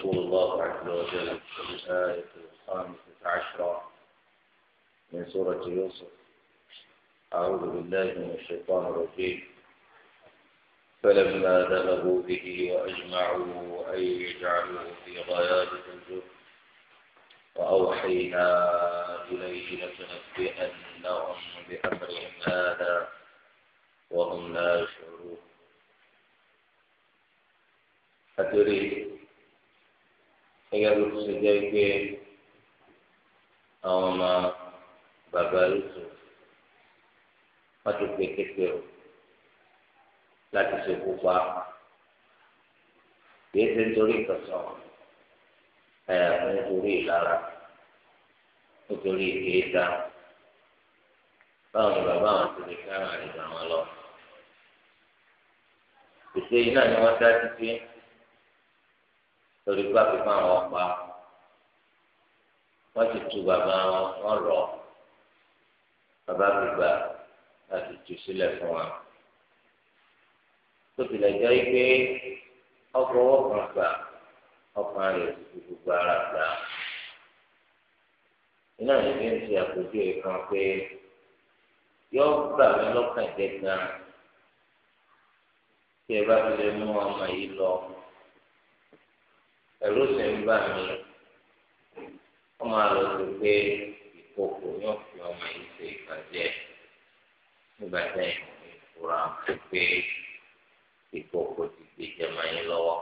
يقول الله عز وجل في الآية الخامسة عشرة من سورة يوسف أعوذ بالله من الشيطان الرجيم فلما ذهبوا به وأجمعوا أن يجعلوا في غيابة الجب وأوحينا إليه لتنبئنهم بأمرهم هذا وهم لا يشعرون أدري gẹ́gẹ́ bó ti ṣe jẹ́ pé àwọn ọmọ bàbá lùtù wọ́n ti pè kékeré láti ṣekú pa kìí ṣe nítorí ìkọ̀sán ẹ̀ nítorí ìlara nítorí ìkéèdá báwọn bàbá àwọn ti lè fẹ́ràn ìgbà wọn lọ. ìṣe iná ni wọ́n dá títí lórí gbà pé fún àwọn ọpa wọn ti tu bàbá wọn wọn rọ bàbá gbígbà láti tu sílẹ̀ fún wa tó tilẹ̀ jẹ́ pé ọkọ̀ ọkàn gbà ọkàn rẹ̀ ti gbogbo ara gbà iná ìdí ń ṣe àpèjúwe kan pé yọ gbà mí lọ́kàn jẹ́ gan-an ẹ bá fi mú ọmọ yìí lọ. ẹ̀rú sì ń bà mí wọ́n máa lọ sí pé ìkòkò yóò fi ọmọ yìí ṣe ìbàjẹ́ nígbà fura pé ti gbé jẹmọ yín lọ́wọ́.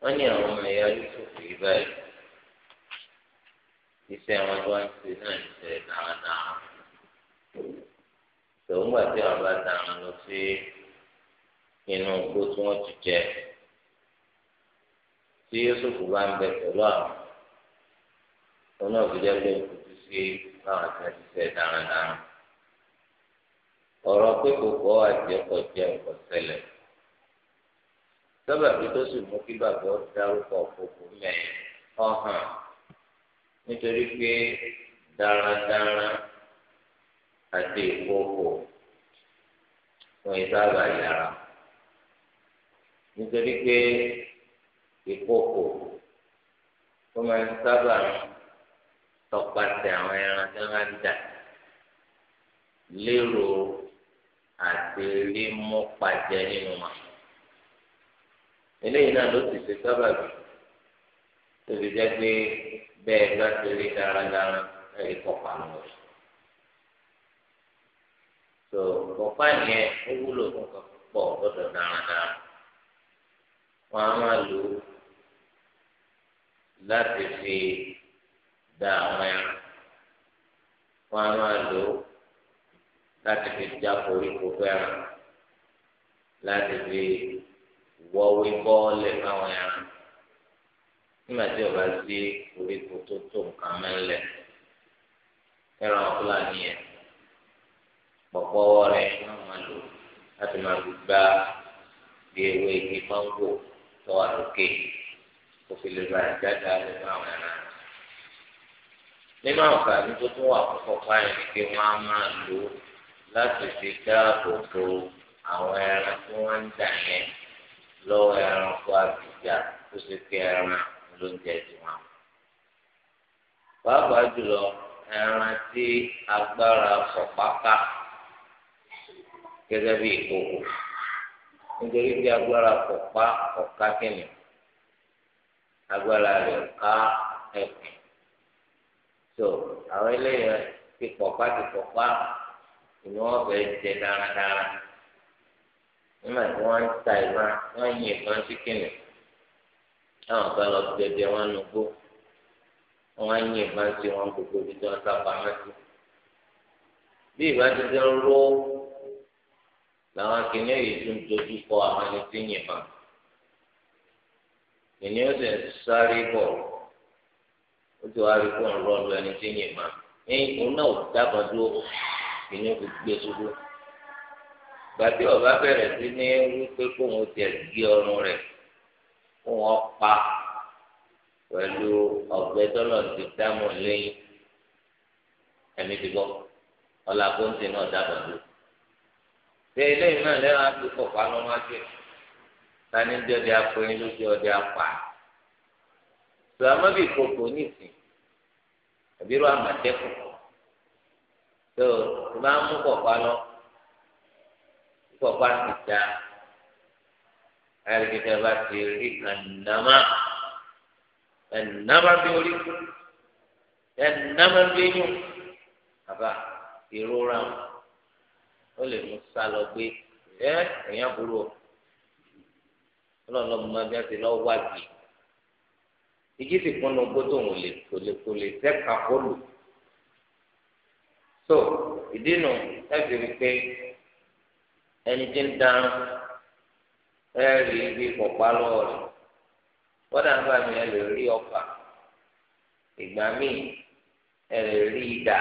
wọ́n ní àwọn ọmọ yusuf yìí báyìí wọn tó ń ṣe náà ń ṣe dáadáa. tòun tí Yéṣùfù bá ń bẹ pẹ̀lú àwọn òun náà fi jẹ́ pé ojú sí báwọn àti ẹ̀ ti sẹ́ dáradára ọ̀rọ̀ pé kòkó àti ọkọ̀ jẹ́ ọkọ̀ sẹlẹ̀ sábàbí tó sì mú kí bàbá dárúkọ òkòkò mẹ́ẹ̀ ọ̀hàn nítorí pé dáradára àti ìkókò wọn ìsáàbà yára nítorí pé. ìkókò tó máa ń sábà tọpasẹ̀ àwọn ẹran tí wọ́n máa ń dà lérò àti rí mú nínú wọn. eléyìí náà ló sì ṣe sábà bì tóbi jẹ́ pé bẹ́ẹ̀ bá ti rí dáradára ẹ̀rí kọ̀ọ̀kan tó yẹn láti fi da àwọn ẹran wọn á máa lò ó láti fi já koríko fẹ́ràn láti fi wọ́wé bọ́ọ̀lẹ̀ fáwọn ẹran nígbà tí ọba sí koríko tó tó nǹkan mẹ́lẹ̀ ẹran fúlàní yẹn pọ̀pọ́wọ́ rẹ̀ wọ́n máa lò láti máa fi bí ewé igi máńgò tó wà yìí kò fi lè ba ìjáde nínú àwọn ẹran nínú àǹfààní tó tún wà púpọ̀ báyìí ni pé wọ́n á máa lò ó láti fi dáàbò bo àwọn ẹran tí wọ́n ń dà yẹn lọ́wọ́ ẹranko àbíjà tó ṣe pé ẹran ló ń jẹ tiwọn. pàápàá jùlọ ẹran tí agbára sọ̀pápá gẹ́gẹ́ bí ìkókò nítorí pé agbára kọ̀pá ọ̀ká kìnìún agbára rẹ̀ ká ẹ̀kùn so àwọn eléyìí ti pọ̀pá ti pọ̀pá ìní wọn fẹ́ jẹ dáradára nígbà tí wọ́n ń ta ìbá wọ́n yin ìbọn síkìnì táwọn kan lọ dẹdẹ wọn nu gbó wọ́n yin ìbọn sí wọn gbogbo ibi tí wọ́n sá pamọ́ sí bí ìbá ti dẹ́ ń ró làwọn kìnìún yìí tún dojú kọ àwọn ẹni tí ń yìnbọn ìní ó sì ń sáré bọ̀ ó ti wá rí kó ń rọ́ọ̀lù ẹni tí yìí máa ní òun náà dábàá dúró ìní ó fi gbé ṣubú gbàtí ọba bẹ̀rẹ̀ sí ní wípé kóun tiẹ̀ gé ọrùn rẹ̀ kóun ọ̀pá pẹ̀lú ọ̀gbẹ́ tọ́lọ̀ ti dámọ̀ lẹ́yìn ẹ̀mí ti bọ́ ọ̀làkóńtì náà dábàá dúró. ṣé eléyìí náà lẹ́wọ̀n á fi pọ̀ pa lọ́wọ́ á jẹ́ tani ń jọdẹ akọrin lójú ọdẹ apá tó a má bí koko nísìn àbí irú àmọ̀tẹ́kùn tó o bá ń mú kọ̀ọ̀pá lọ kọ̀ọ̀pá ti dá ayélujára bá ti rí ẹ̀nàmá ẹ̀nàmá bí orí kú ẹ̀nàmá bí yún àbá ìrora ó lè mú sálọ gbé ẹ̀ ẹ̀yàn burú o ọlọ́run lọ́mọ máa bí wọ́n ti lọ́ọ́ wá gbé igi sì kún un kó tóun lè kò lè kò lè tẹ́ka kó lò tó ìdí nu láti rí i pé ẹni tí ń dán ẹ rí ibi pọ̀pá lọ́wọ́ rẹ̀ wọ́dà ń bá mi ẹ lè rí ọfà ìgbà míì ẹ lè rí idà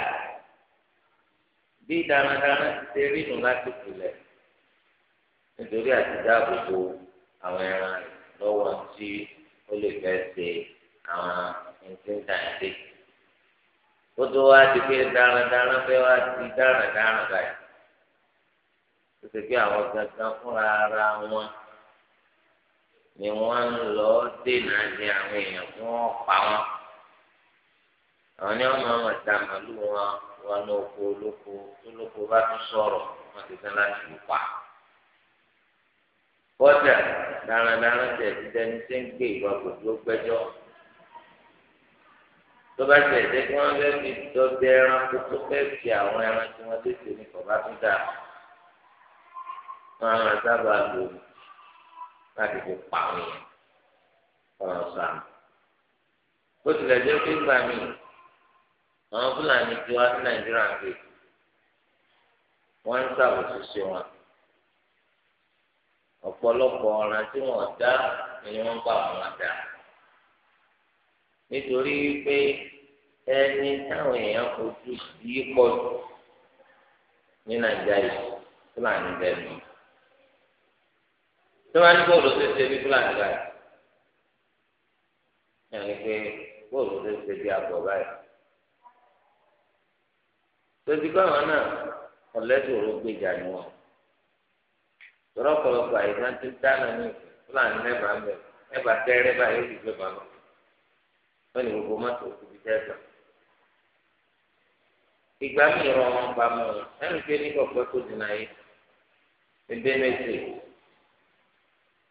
bí darandaran ti ṣe rí nu láti kulẹ̀ nítorí àti dáàbò bò ó àwọn ẹran rẹ̀ lọ́wọ́ tí ó lè fẹ́ ṣe àwọn ìtìǹtà ẹ̀dẹ́. ó tó wá di pé darandaran fẹ́ wá di darandaran báyìí. ó ti pé àwọn gangan fúnra ara wọn ni wọ́n ń lọ dènà ní àwọn èèyàn tí wọ́n wọn. àwọn ní ọmọ ọmọ ìta màlúù wọn wọn lóko olóko tó lóko bá tún sọ̀rọ̀ wọn ti tán láti lù pa kọ́dà darandaran tẹ̀ ti dẹni tí ń gbé ìwà gbogbo gbẹ́jọ́ tó bá tẹ̀ ẹ̀jẹ̀ kí wọ́n fẹ́ fi dọ́dẹ ẹranko tó fẹ́ fi àwọn ẹran tí wọ́n tètè ní kọ̀ bá tún dà wọ́n á sábà lò láti fi pa àwọn èèyàn ọ̀rọ̀ sàn. bó tilẹ̀ jẹ́ pé gbà mí àwọn fúlàní tí wọ́n á nàìjíríà ń gbé wọ́n ń sàbòsí sí wọn. ọ̀pọ̀lọpọ̀ ọ̀ràn tí wọ́n dá ni wọ́n bá wọn dá nítorí pé ẹni táwọn èèyàn pọ̀ jù ní nàìjíríà tó ṣe bí fúlàní báyìí ẹni pé bọ́ọ̀lù tó ṣe bí àgọ́ báyìí tó ti bá wọn náà ọ̀lẹ́dùn ló tọ́lọ́ ọ̀pọ̀lọpọ̀ àyíká ti dáná ní fúlàní mẹ́bàá ń bẹ̀ mẹ́bàá tẹ́rẹ́ báyìí ó sì gbé bàmọ́ wọ́n ní gbogbo mọ́tò òkú tẹ́sán. ìgbà míì wọn pa mọ́ wọn pé nígbà pẹ́ kó dì náà yé ebé méjì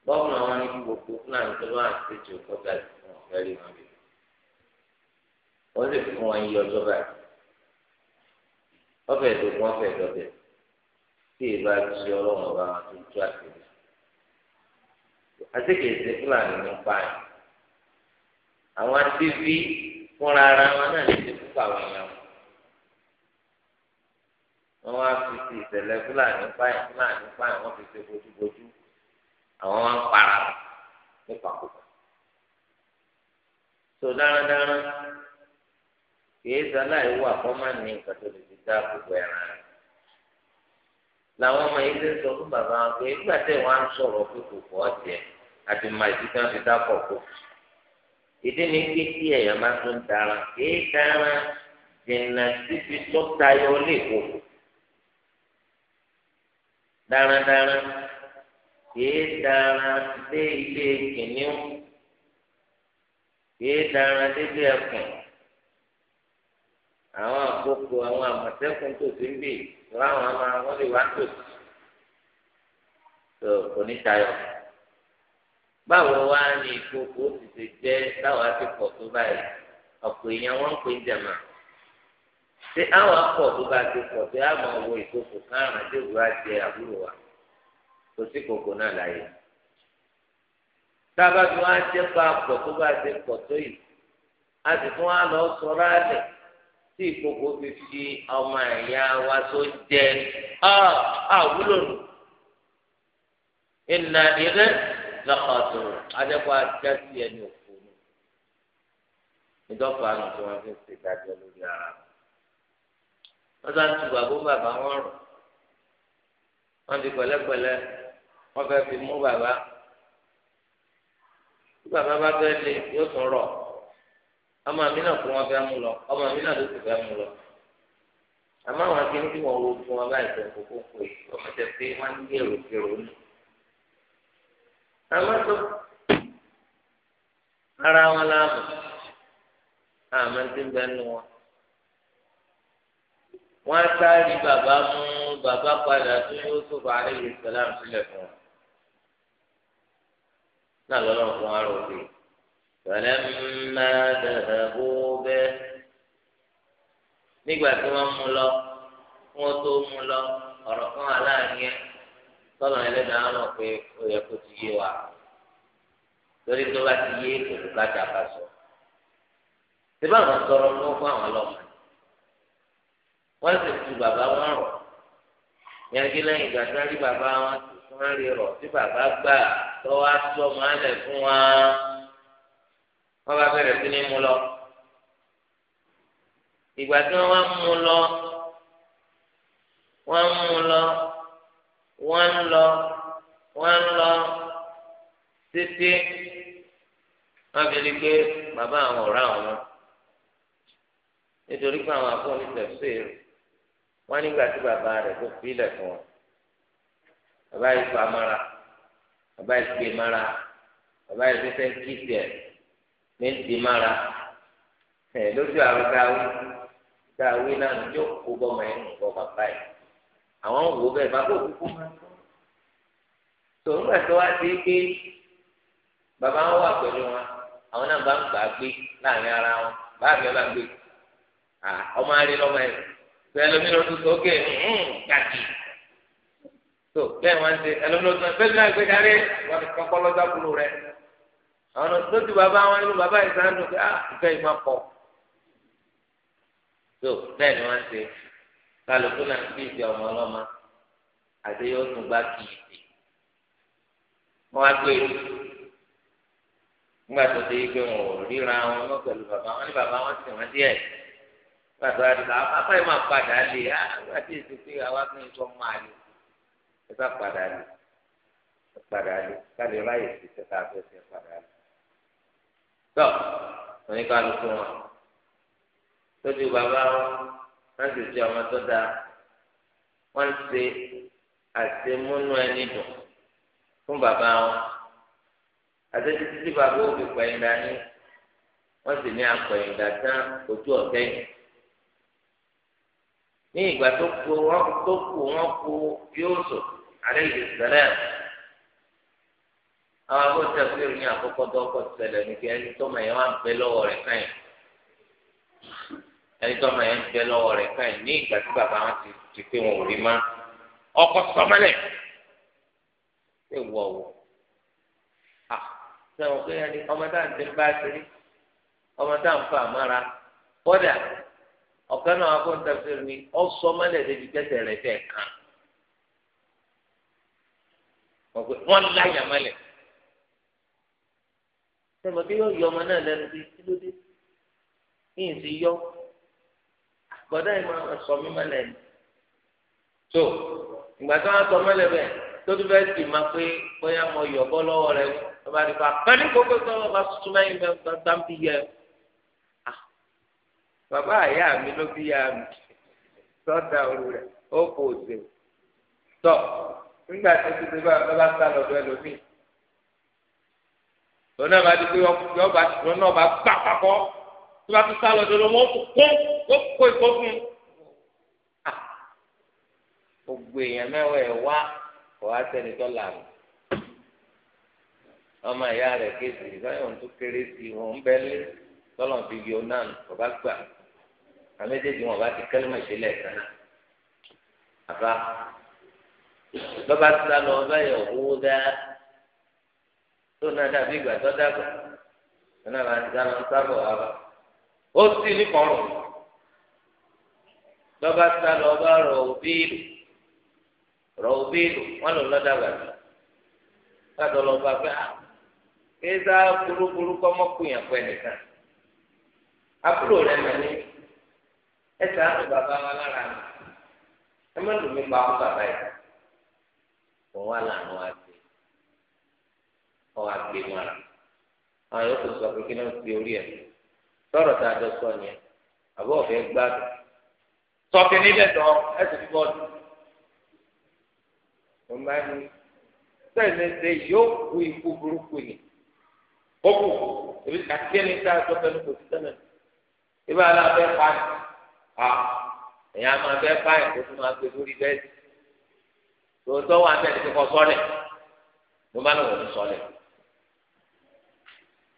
bọ́ọ̀mù àwọn ní gbogbo fúlàní tó bá àti ètò ìkọ́jà fún ọ̀fẹ́ wọn bí wọ́n sì fún wọn yí ọjọ́ báyìí wọ́n tí ìbá ti ọlọ́run ọba wọn tó tú àṣírí àtẹ̀kẹ̀sẹ̀ fúlàní nípa ẹ̀ àwọn tv fúnra ara wọn náà lè ti fún àwọn èèyàn wọn wá fi ti ìṣẹ̀lẹ̀ fúlàní báyìí fúlàní báyìí wọ́n fi ṣe bójúbójú àwọn wọn para nípa kókò tó dáradára kìí sáláì wà kọ́ máa ní nǹkan tó lè fi dá gbogbo ẹran rẹ̀ làwọn ọmọ yìí ti ń sọ fún bàbá wọn pé nígbà tí wọn á ń sọ̀rọ̀ pé kò fọ ọjẹ àti mọ ìdí tí wọn fi dápọ kó ìdí ni pé tí èèyàn máa tún dára kéé dára jìnnà síbi tó tayọ lè wò dáradára kéé dára dé ilé kìnìún kéé dára débi ẹkùn àwọn àkókò àwọn àmọ̀tẹ́kùn tó ti ń bèèrè. ìwà àwọn ọmọ wọn lè wá tó tó oníṣayọ báwo wá ní ìkókó ti jẹ táwọn á ti pọ̀ tó báyìí ọ̀pọ̀ èèyàn wọn ń pè ń jẹ̀mà ṣé àwọn akọ̀ tó bá ti pọ̀ tó yà máa ìkókó tí àti àbúrò a sì tún wá lọ tí ìkókó fi fi ọmọ ẹ̀yà wa tó jẹ àwúlò nù ìnà ìrẹ lọkọtò adẹ́kọ̀ adásí ẹni òkú nù ìdọ́fà nù tí wọ́n fi ṣe ìdájọ́ lórí ara wọn sá ń tu bàbá bàbá wọn rọ wọn di pẹ̀lẹ́pẹ̀lẹ́ wọn fẹẹ fi mú bàbá tí bàbá bá fẹẹ lé yóò tún rọ ọmọ mi náà kó wọn fẹ́ mú lọ ọmọ mi náà ló sì fẹ́ mú lọ àmọ́ àwọn akéwì tí wọ́n wo fún wọn báyìí tó kókó pé ọmọ tẹ pé wọ́n ń gbèrò kèrò ní. àmọ́ tó ara wọn láàmú àmọ́ tí ń bẹ nu wọn. wọ́n sáré bàbá mú bàbá padà tó yóò tó bá àríyé sàlámù sílẹ̀ fún wọn. náà lọ́lọ́run fún wa rò ó bẹ́ẹ̀. فلما ذهبوا به nígbà tí wọ́n mú lọ wọ́n tó mú lọ ọ̀rọ̀ kan aláàárín yẹn tọ́lọ̀ ẹlẹ́dàá mọ̀ pé ó yẹ kó ti yé wa lórí tó bá ti yé òkú kájà ká sọ. síbá wọn sọ̀rọ̀ fún fún àwọn ọlọ́mọ wọ́n sì tu bàbá wọn rọ̀ yanjú lẹ́yìn ìgbà tí wọ́n rí bàbá wọn tí wọ́n rí rọ̀ tí bàbá gbà tọ́wọ́ á sọ mọ́ fún wọn wọn bá bẹ̀rẹ̀ sí ní mú lọ ìgbà tí wọn wá mú lọ wọn mú lọ wọn ń lọ wọn ń lọ títí wọn fi rí i pé bàbá àwọn ọ̀rá àwọn náà nítorí pé àwọn àbọ̀ nípa ṣèé wọ́n nígbà tí bàbá rẹ̀ tó filẹ̀ fún wọn bàbá yìí fa mara bàbá yìí gbé mara bàbá yìí tó fẹ́ kí tiẹ̀ ní ti mára ẹ lójú àwọn káwé káwé náà níjó kó bọ́mọ ẹ̀ ń bọ́ bàbá ẹ̀ àwọn wò bẹ́ẹ̀ bàbá òkúkú máa ń bọ́ tòun gbà tó wá sí pé bàbá wọn wà pẹ̀lú wọn àwọn náà bá ń gbà gbé láàrin ara wọn bá mi ọba gbé ọmọ àrí lọ́mọ ẹ̀ ẹlòmínú ọdún tó gé kàkì tó bẹ́ẹ̀ wọ́n ń ṣe ẹlòmínú ọdún tó gé kàkì wọ́n ti kọ́kọ́ lọ́jà kúrò rẹ̀ àwọn tó ti bàbá wọn nínú bàbá yìí sáà ń dùn pé ah ìfẹ́ yìí máa pọ̀ tó bẹ́ẹ̀ ni wọ́n ṣe kálukú náà ń kíyèsí ọmọ ọlọ́mọ àti yóò tún gbá kíyèsí wọ́n á gbé nígbà tó ṣe yìí pé wọn ò ríra wọn lọ pẹ̀lú bàbá wọn ní bàbá wọn sì wọ́n díẹ̀ nígbà tó wá di ká ah, apá yìí máa padà lé àgbà ah, tí èsì pé àwa kì í sọ máa lé ẹ bá padà lé padà lé ká lè ráyè sí sẹ́ta afẹ́fẹ́ tọ oníkálukú wọn lójú bàbá wọn wọn sì ti ọmọ tó dáa wọn ṣe àṣemúnú ẹni dùn fún bàbá wọn àtẹ̀tí títí bàbá òbí pẹ̀yìn dání wọ́n sì ní apẹ̀yìn dàtán ojú ọ̀tẹ́ yìí ní ìgbà tó kú wọn tó kú wọn kú Yusuf alayhi salam àwọn akóso tẹ̀síìrì ní àkọ́kọ́ dọ́kọ̀ ṣẹlẹ̀ ní kí ẹni tọ́mọ yẹn wà ń bẹ lọ́wọ́ rẹ̀ káyìn ẹni tọ́mọ yẹn ń bẹ lọ́wọ́ rẹ̀ káyìn ní ìgbà tí bàbá wọn ti ti pé wọn ò rí má ọkọ̀ sọmọlẹ̀ ṣé wọ̀ wọ̀ à sẹ́wọ̀n pé ẹni ọmọ tá à ń tẹ́ bá ṣeré ọmọ tá à ń fa àmọ́ra kódà ọ̀kan náà akóso tẹ̀síìrì ní ọ sọmọlẹ̀ débi tẹ́sẹ̀ rẹ̀ fẹ́ kàn wọ́n láyà mọ́lẹ̀ sẹ́mi pé yóò yọ ọmọ náà lẹ́nu bíi kí ló dé kí n sì yọ gbọ́dọ̀ yìí máa sọ mí má lẹ́nu tó ìgbà tí wọ́n sọ mọ́ lẹ́bẹ̀ tó tún fẹ́ẹ́ tì máa pé bóyá mo yọ bọ́ lọ́wọ́ rẹ wọ́n bá ti fa pẹ́ẹ́lí kókó tó wọ́n bá tuntun mẹ́yìn bẹ́ẹ̀ gbàgbà ń bí yẹ bàbá àyà mi ló bí ya mi sọ́dà òru rẹ̀ ó kò ṣe tọ́ nígbà tó ti ti bá bá sá lọ́dọ̀ ẹlòmíì lọ́nà bá di pé ọba lọ́nà ọba gbà papọ̀ tó bá tún sá lọ dolo wọn kó kó kó ìkó fún un. gbogbo èèyàn mẹ́wàá ẹ̀ wá kò wá sẹ́ni tó lànà ọmọ ìyá rẹ̀ kéésì sáyọ̀ tó kéré sí i wọn ń bẹ́ lé tọ́lọ̀ fi yọ náà ọba gbà àméjèèjì wọn bá ti kẹ́lẹ́mọ̀ ìṣẹ̀lẹ̀ kan náà. àbá lọ́ba sá lọ bẹ́ẹ̀ owó dáa. tó náà dàbí ìgbà tó dàgbà tó náà láti dáná ń sábà ó sì ní kọrùn lọ́ba sá lọ́ba rọ̀ òbíìlù rọ̀ òbíìlù wọ́n lò lọ́dàgbà jù látọ̀ lọ́ba pé à kí sá burúburú kọ́ mọ́kùnyàn pẹ́ nìkan àbúrò rẹ̀ mọ̀ ní bàbá wa lára ẹ má pa bàbá yìí ọwọ́ àgbè mọ́ra àwọn yòókù sọ pé kí ló ń fi orí ẹ̀ sọ̀rọ̀ tá a jọ sọ nìyẹn àbọ̀ ọ̀fẹ́ gbádùn sọ́ọ̀kì níbẹ̀ tán ẹ̀sìn fi bọ́ọ̀dù mo máa ń sẹ́ẹ̀lẹ́sẹ̀ yóò kú ikú burúkú ni ó kù ebi kàkíyèlé tá a sọ pẹ̀lú kò sí sẹ́nà ibà alábẹ́ pààyàn à èèyàn máa bẹ́ pààyàn kó tó máa gbé lórí bẹ́ẹ̀dì tòótọ́ wà bẹ́ẹ̀ ní kíkọ́ sọ́ọ̀lẹ̀ mo máa ń wọ̀ ní sọ́ọ̀lẹ̀.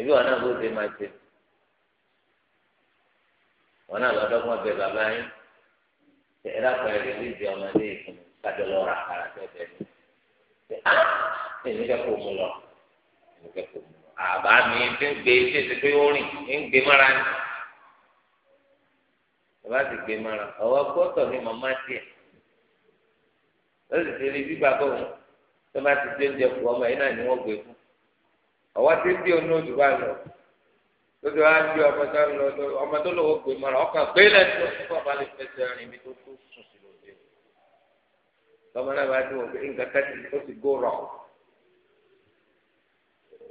ẹbí wọn náà bó ṣe máa ṣe wọn náà lọdọgbọn bẹ bàbá yín ṣe ẹ ẹ ìfún ra àkàrà tẹ bẹ ah, ní ṣe á èmi fẹ́ kó lọ èmi fẹ́ kó ti ń gbé ṣe ti pé ó rìn ń gbé mọ́ra ni bàbá ti gbé mọ́ra ọwọ́ gbọ́tọ̀ ni tiẹ̀ bíbá bọ̀ ọwọ́ dị ń bí onú oṣù bá lọ lóṣù wa ń bí ọmọ tó ń lọ ọmọ tó lówó gbé mọ́ra ọkàn gbé lẹ́sìn lọ sí bàbá lè fẹsẹ̀ rìn ibi tó tó sùn sí lòdì lọ́mọ náà bá dùn òkè nǹkan kẹ́tì ó sì gó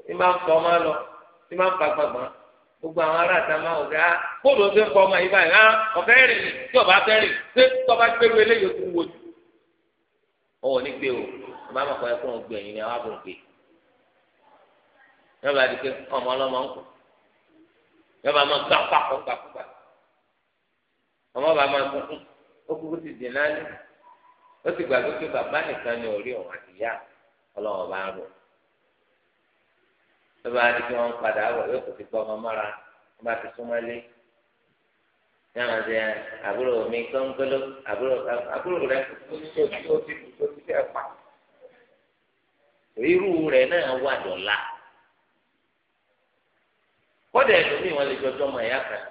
ní máa ń lọ ní ọba rìn ṣé eléyìí ó wò ní gbé o ni àwọn yọba di pé ọmọ ọlọmọ ń kù yọba máa gbà pàkó gbàkúgbà ọmọ bàbá máa tuntun ó kúkú ti dì náà ní ó ti gbàgbé pé bàbá nìkan ni orí òun àti ìyá ọlọ́wọ́n bá rò yọba di pé wọ́n padà wọ̀ yóò kò ti gbọ́ ọmọ mọ́ra wọ́n bá ti súnmọ́ lé yàrá ṣe àbúrò mi gbọ́ngbọ́lọ́ àbúrò àbúrò rẹ̀ kò tó ti tó ti pa irú rẹ̀ náà wà dọ̀la. kọ́dà ẹlòmíì wọn lè jọjọ́ ọmọ ẹ̀yà kan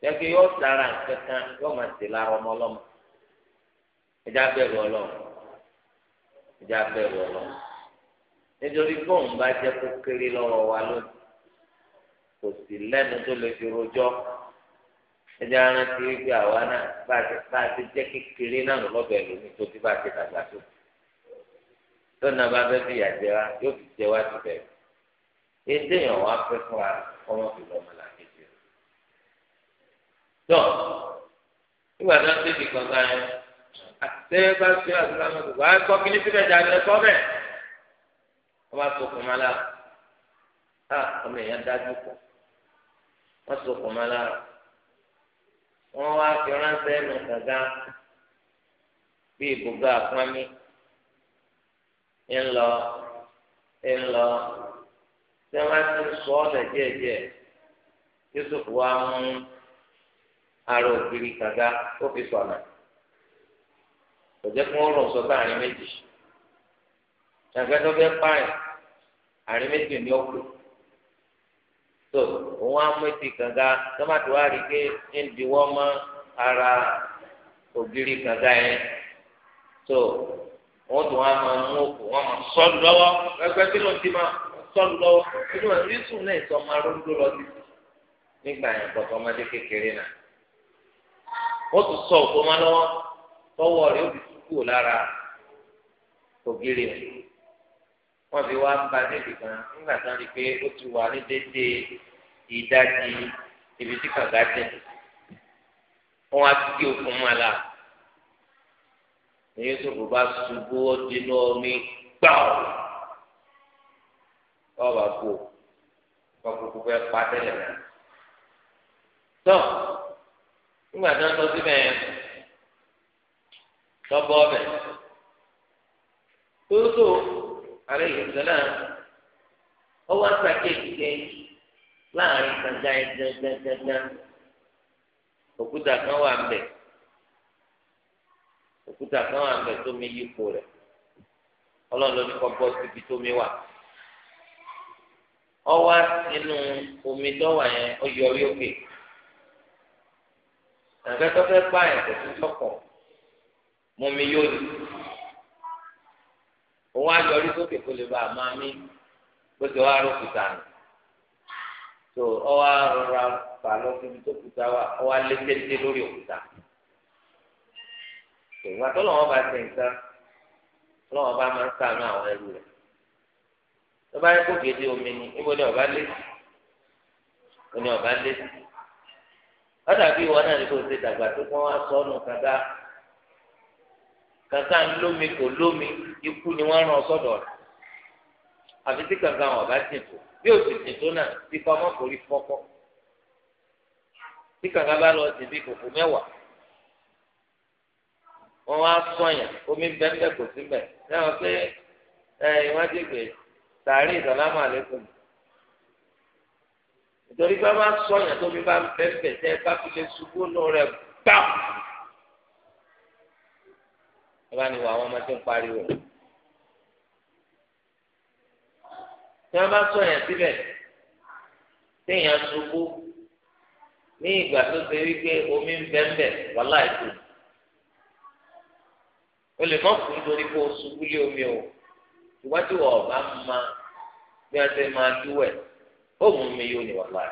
jẹ́kẹ́ yọ sára kankan yọ máa ṣe lára ọmọ ọlọ́mọ ẹja bẹ̀rù ọlọ́mọ ẹja bẹ̀rù ọlọ́mọ nítorí bóun bá jẹ́ kó kéré lọ́wọ́ wa lónìí kò sí lẹ́nu tó lè fi rojọ́ ẹja rántí wípé àwa náà bá a ti jẹ́ kékeré náà lọ́bẹ̀ lónìí tó ti bá a ti dàgbà tó tó fi yà jẹ wa yóò fi jẹ ètè yẹn wà fẹ́ fún wa ọmọ ìlú ọmọ làkejì rẹ̀. tó ìgbà tó ń tètè kan sáyẹn àtẹ́yẹ bá ṣe àdúrà mọ́tò wà á kọ́ kí ní síbẹ̀ jáde lẹ́kọ́ bẹ́ẹ̀ wọ́n bá sokùn má lára á ọmọ èèyàn dájú pọ̀ wọ́n sokùn má lára wọ́n wá fi ránṣẹ́ ẹnu gàgá bí ibùdó àpọ́nmí ńlọ ńlọ. tí wọn ti ń sọ ọlẹ díẹ̀díẹ̀ Yusuf wa mú ara ògiri kàga ó fi sọnà kò jẹ́ kí wọ́n rọ̀ méjì ṣàgbẹ́tọ́ fẹ́ pààyàn méjì ni ó tó kàga rí ara ògiri kàga yẹn tó tún wá máa mú òkú tí sọlù lọ́wọ́ ojú wọn náà sọ ọmọ arúgbó lọ sí nígbà yẹn pọ̀tọ́ ọmọdé kékeré náà wọ́n tún sọ òkú ọmọ lọ́wọ́ tọwọ́ rẹ̀ ó fi kú lára ògiri rẹ̀ wọ́n fi wá ba débi kan nígbà tán pé ó ibi tí jẹ wọ́n á kí òkú la ní bá ṣubú lọ́ọ̀bà kú kọ́kùkù fẹ́ pa tẹ́lẹ̀ náà. Tọ, nígbà tí wọ́n tọ́ síbẹ̀ yẹn lọ́bọ̀ ọbẹ̀ tóótó àrẹ ìgbésẹ̀lá ọwọ́ àtàkéèkì kẹ́ láàrin gbàngàn ẹ̀dẹ́gbẹ́gbẹ́gbẹ́ òkúta kan wà ń òkúta kan wà ń bẹ̀ yípo rẹ̀ ọlọ́run ló ní ọwá inú omi dọ́wà yẹn ọyọrí òkè àgbẹ̀tọ́ fẹ́ pa ẹ̀kọ́ tó sọ̀kọ̀ mọ̀mí yóò di òun ayọrí sókè kó lè bá a máa mí bó ti wá rò kùtà nù tó ọwá rọra fà lọ síbi tó kùtà wà ọwá lé téńté lórí òkúta tó ìgbà tó lọ́wọ́ bá ṣe nǹkan lọ́wọ́ bá máa ń sàánú àwọn ẹrú rẹ̀. tó bá yẹ kó gèdè omi ni ibo ni ọba lé ibo ni ọba lé ọdàbí ìwọ náà ní kò ṣe dàgbà tó kọ́ wá sọ́nù kàkà kàkà ńlómi kò lómi ikú ni wọ́n rán sọ́dọ̀ rẹ̀ àfi tí kàkà wọn tì tó bí o sì tì tó náà ti ọmọkùnrin fọ́kọ́ tí kàkà bá lọ sí bí kòkó mẹ́wàá wọ́n wá sọ̀yàn omi bẹ́ẹ̀ bẹ́ẹ̀ kò sí bẹ́ẹ̀ pé ìwádìí gbèsè. sàárè ìsàlámù àlékún nítorí bá bá sọyàn tó fi bá ń bẹ́ẹ̀ tẹ́ bá fi lè ṣubú nù rẹ̀ gbà. ẹ bá ní wọ àwọn ọmọ tí ń pariwo tí wọ́n bá sọyàn síbẹ̀ téèyàn ṣubú ní ìgbà tó ṣe wípé omi ń bẹ́ẹ̀ wàhálà ètò o lè mọ̀ fún nítorí pé o ṣubú lé omi o ìwádìí wọ̀ ọ̀bá máa bí wọn ṣe máa dúwẹ̀ ó mú mi yóò ní wàhálà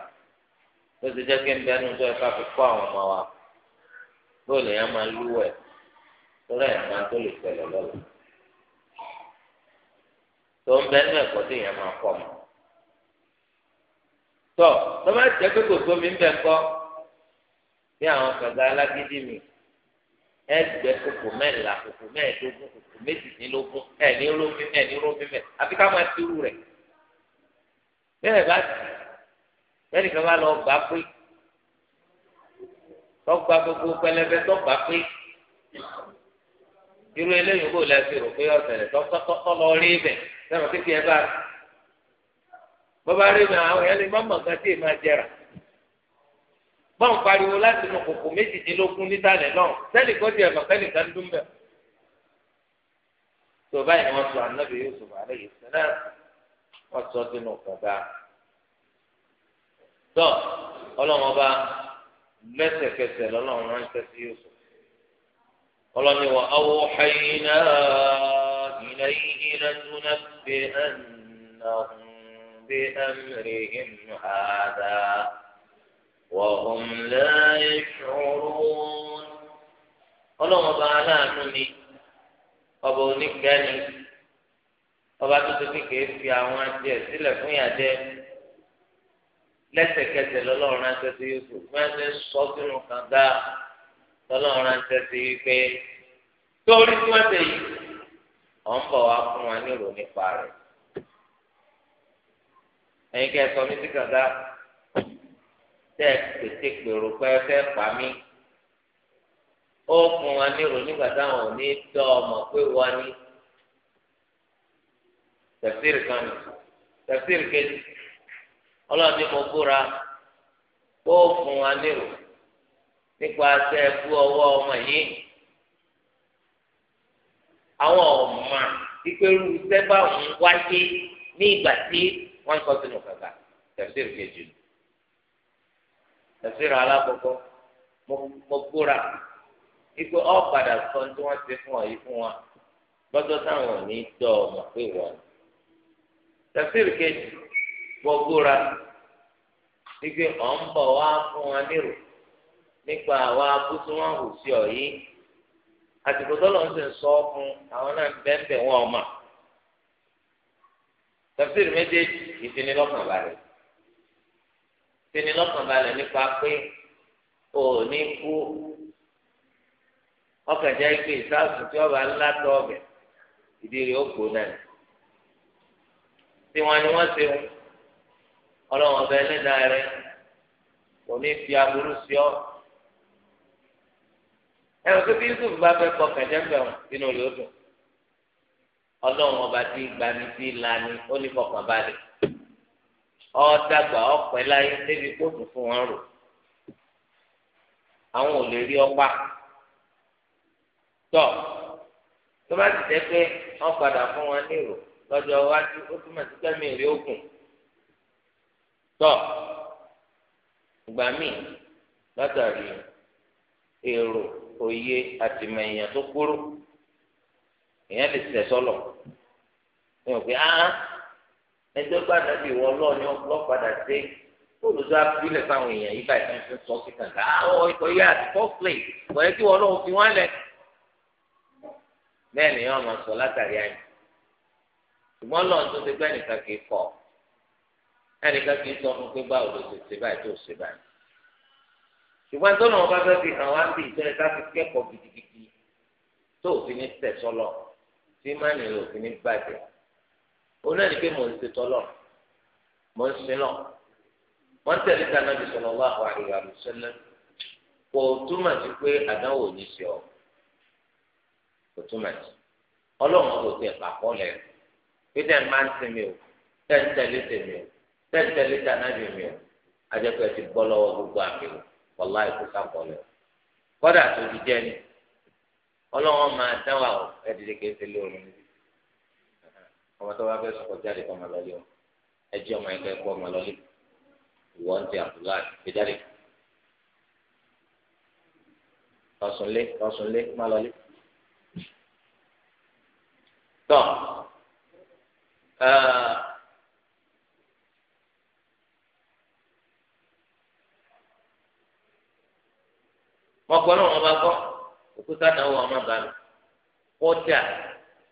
ló ti jẹ́ kí n bẹnu tó ẹ̀ka fi kọ́ àwọn ọmọ wa bóyá lèèyàn máa lúwẹ̀ lórí ẹ̀yàn máa tó lè ṣẹlẹ̀ lọ́la tó ń bẹnu ẹ̀kọ́ tí èèyàn máa kọ́ mọ́ tọ́ tó bá jẹ́ pé kò sómi ń bẹ̀ kọ́ bí àwọn kàga alágídí mi ẹgbẹ́ kòkò mẹ́la kòkò mẹ́ẹ̀ẹ́dógún kòkò méjìdínlógún ẹ̀ ní rómi mẹ́ẹ̀ ní rómi mẹ́ẹ̀ àfi ká máa tirú rẹ̀ bẹ́ẹ̀ bá ti bẹ́ẹ̀ kan bá lọ gbà pé tọ́gbà gbogbo pẹlẹbẹ tọ́gbà pé irú eléyìí kò lẹ́sìn rò pé ọ̀sẹ̀lẹ̀ tọ́tọ́tọ́ lọ rí ibẹ̀ sẹ́wọ̀n kí tiẹ̀ bá rẹ̀ bọ́bá rí ibẹ̀ àwọn yẹn lè má mọ̀ nǹkan tí èèmà jẹrà bọ́n pariwo láti nu kòkò méjìdínlógún nísàlẹ̀ náà sẹ́ni kò tiẹ̀ mọ̀ sẹ́ni kan dún bẹ̀ tó báyìí wọ́n sọ ànábì Yusuf alayhi salam wọ́n sọ sínú kànga. tọ́ ọlọ́run ọba lẹ́sẹ̀kẹsẹ̀ lọ́lọ́run ránṣẹ́ sí Yusuf. ọlọ́ni wa awhayna ilayhi latunabbi'annahum bi'amrihim hadha wahum la yash'urun. ọlọ́run ọba aláàánú ni ọba onígbẹ́ni. ọba tó ti kékeré fi àwọn adìẹ sílẹ̀ fún yàjẹ́ lẹ́sẹ̀kẹsẹ̀ lọ́lọ́run ránṣẹ́ sí Yusuf fún ẹsẹ̀ sọ sínú kànga lọ́lọ́run ránṣẹ́ sí wípé torí tí wọ́n ṣe yìí ọ̀n bọ̀ wá fún wa nírò nípa rẹ̀ ẹ̀yin kẹ́ ẹ sọ mí sí kànga tẹ́ ẹ pété pèrò pé ẹ fẹ́ pa mí ó fún wa nírò nígbà táwọn ò ní dọ́ ọmọ pé wọ́n ní. tẹ̀síìrì kan ní tẹ̀síìrì kejì ọlọ́ọ̀ni mo búra kó fún wa nírò nípa ṣe é fú ọwọ́ ọmọ yìí àwọn ọ̀ma ìpẹ́rù sẹ́fà ń wáyé ní ìgbà tí wọ́n kọ́ sínú kàkà tẹ̀síìrì kejì alákọ̀ọ́kọ́ mo búra padà sọ ní tí wọ́n ti fún ọ yìí fún wa táwọn ò ní dọ̀ tafsir keji gbọ́gbóra wípé ọ̀ ń bọ̀ wá fún wa nírò nípa àwa abúsí wọn hù sí ọ yìí àsìkò tọ́lọ̀ ń sì ń sọ fún àwọn náà bẹ́ẹ̀ wọn ọmọ tafsir méjèèjì ìfinilọ́kànbalẹ̀ nípa pé o ní kú ọkàn jẹ́ pé tí ọba ńlá tọ́ ọbẹ̀ tí wọn ni wọn ṣe o ọlọ́run ọbẹ ẹlẹ́dàá rẹ kò ní fi aburú sí ọ ẹnu tó bí yusuf bá fẹ́ kọ kẹjẹmbẹ ọ sínú rẹ ó dùn ọlọ́run ọba tí gbani tí lani ó ní fọkàn balẹ̀ ọdàgbà ọpẹ láyé débi kóòtù fún wọn rò àwọn ò lè rí ọpa tọ tó bá ti jẹ pé wọn padà fún wọn ní ìrò lọ́jọ́ iwájú ó túmọ̀ sí kẹ́mi èrè ogun tọ́ ìgbà míì látàrí èrò òye àtìmọ̀ èèyàn tó kúrú èèyàn lè sẹ̀ sọ́lọ̀ ẹ ò pé áá ẹjọ́ gbàdá bí ìwọ ọlọ́ọ̀ni ọlọ́padà dé olùdó abúlé fáwọn èèyàn yìí báyìí fẹ́ẹ́ fẹ́ẹ́ sọ sí kàńtà àwọn ikọ̀ yìí àti fọ́ọ̀plẹ̀ kò yẹ kí wọn náà fi wọn lẹ̀ bẹ́ẹ̀ ni wọn máa sọ látàrí àyè ṣùgbọ́n lọ́n tó ti gbẹ́ nìkan kì í kọ̀ ẹnìkan kì í sọ fún pé báwo ló ti ṣe báyìí tó ṣe báyìí ṣùgbọ́n tó náà bá fẹ́ fi hàn wá sí ìtọ́ ẹ̀ka fi kẹ́kọ̀ọ́ gidigidi tó òfin ní tẹ̀ sọ́lọ̀ tí má nílò òfin ní bàjẹ́ òun náà ní pé mò ń ṣe tọ́lọ̀ mò ń sin lọ wọ́n tẹ̀lé ta náà bí sọ̀rọ̀ wá àwọn àríwá mi sẹ́lẹ̀ pété ẹ̀ máa ń sinmi o tẹ́ ń tẹ̀lé tèmi o tẹ́ ń tẹ̀lé tànábì mi o ajẹ́pẹ́ ti bọ́ lọ́wọ́ gbogbo àmì o wọ́lá ìkú sábọ̀lẹ̀ o kọ́dà tó ti jẹ́ ni ọlọ́wọ́n máa dán wa o ẹ̀ dìde kìí ṣe lóorun níbi ọmọ tó bá fẹ́ sọ̀kọ̀ jáde kọ́ ọmọ lọ́lé o ẹ jẹ́ ọmọ ẹgbẹ́ kọ́ ọmọ lọ́lé ìwọ ti Abdullahi gbé jáde má lọ́lé tọ́ wọn gbọ́ lọ́wọ́ bá gbọ́ òkúta náà wọ́n má bàa kọjá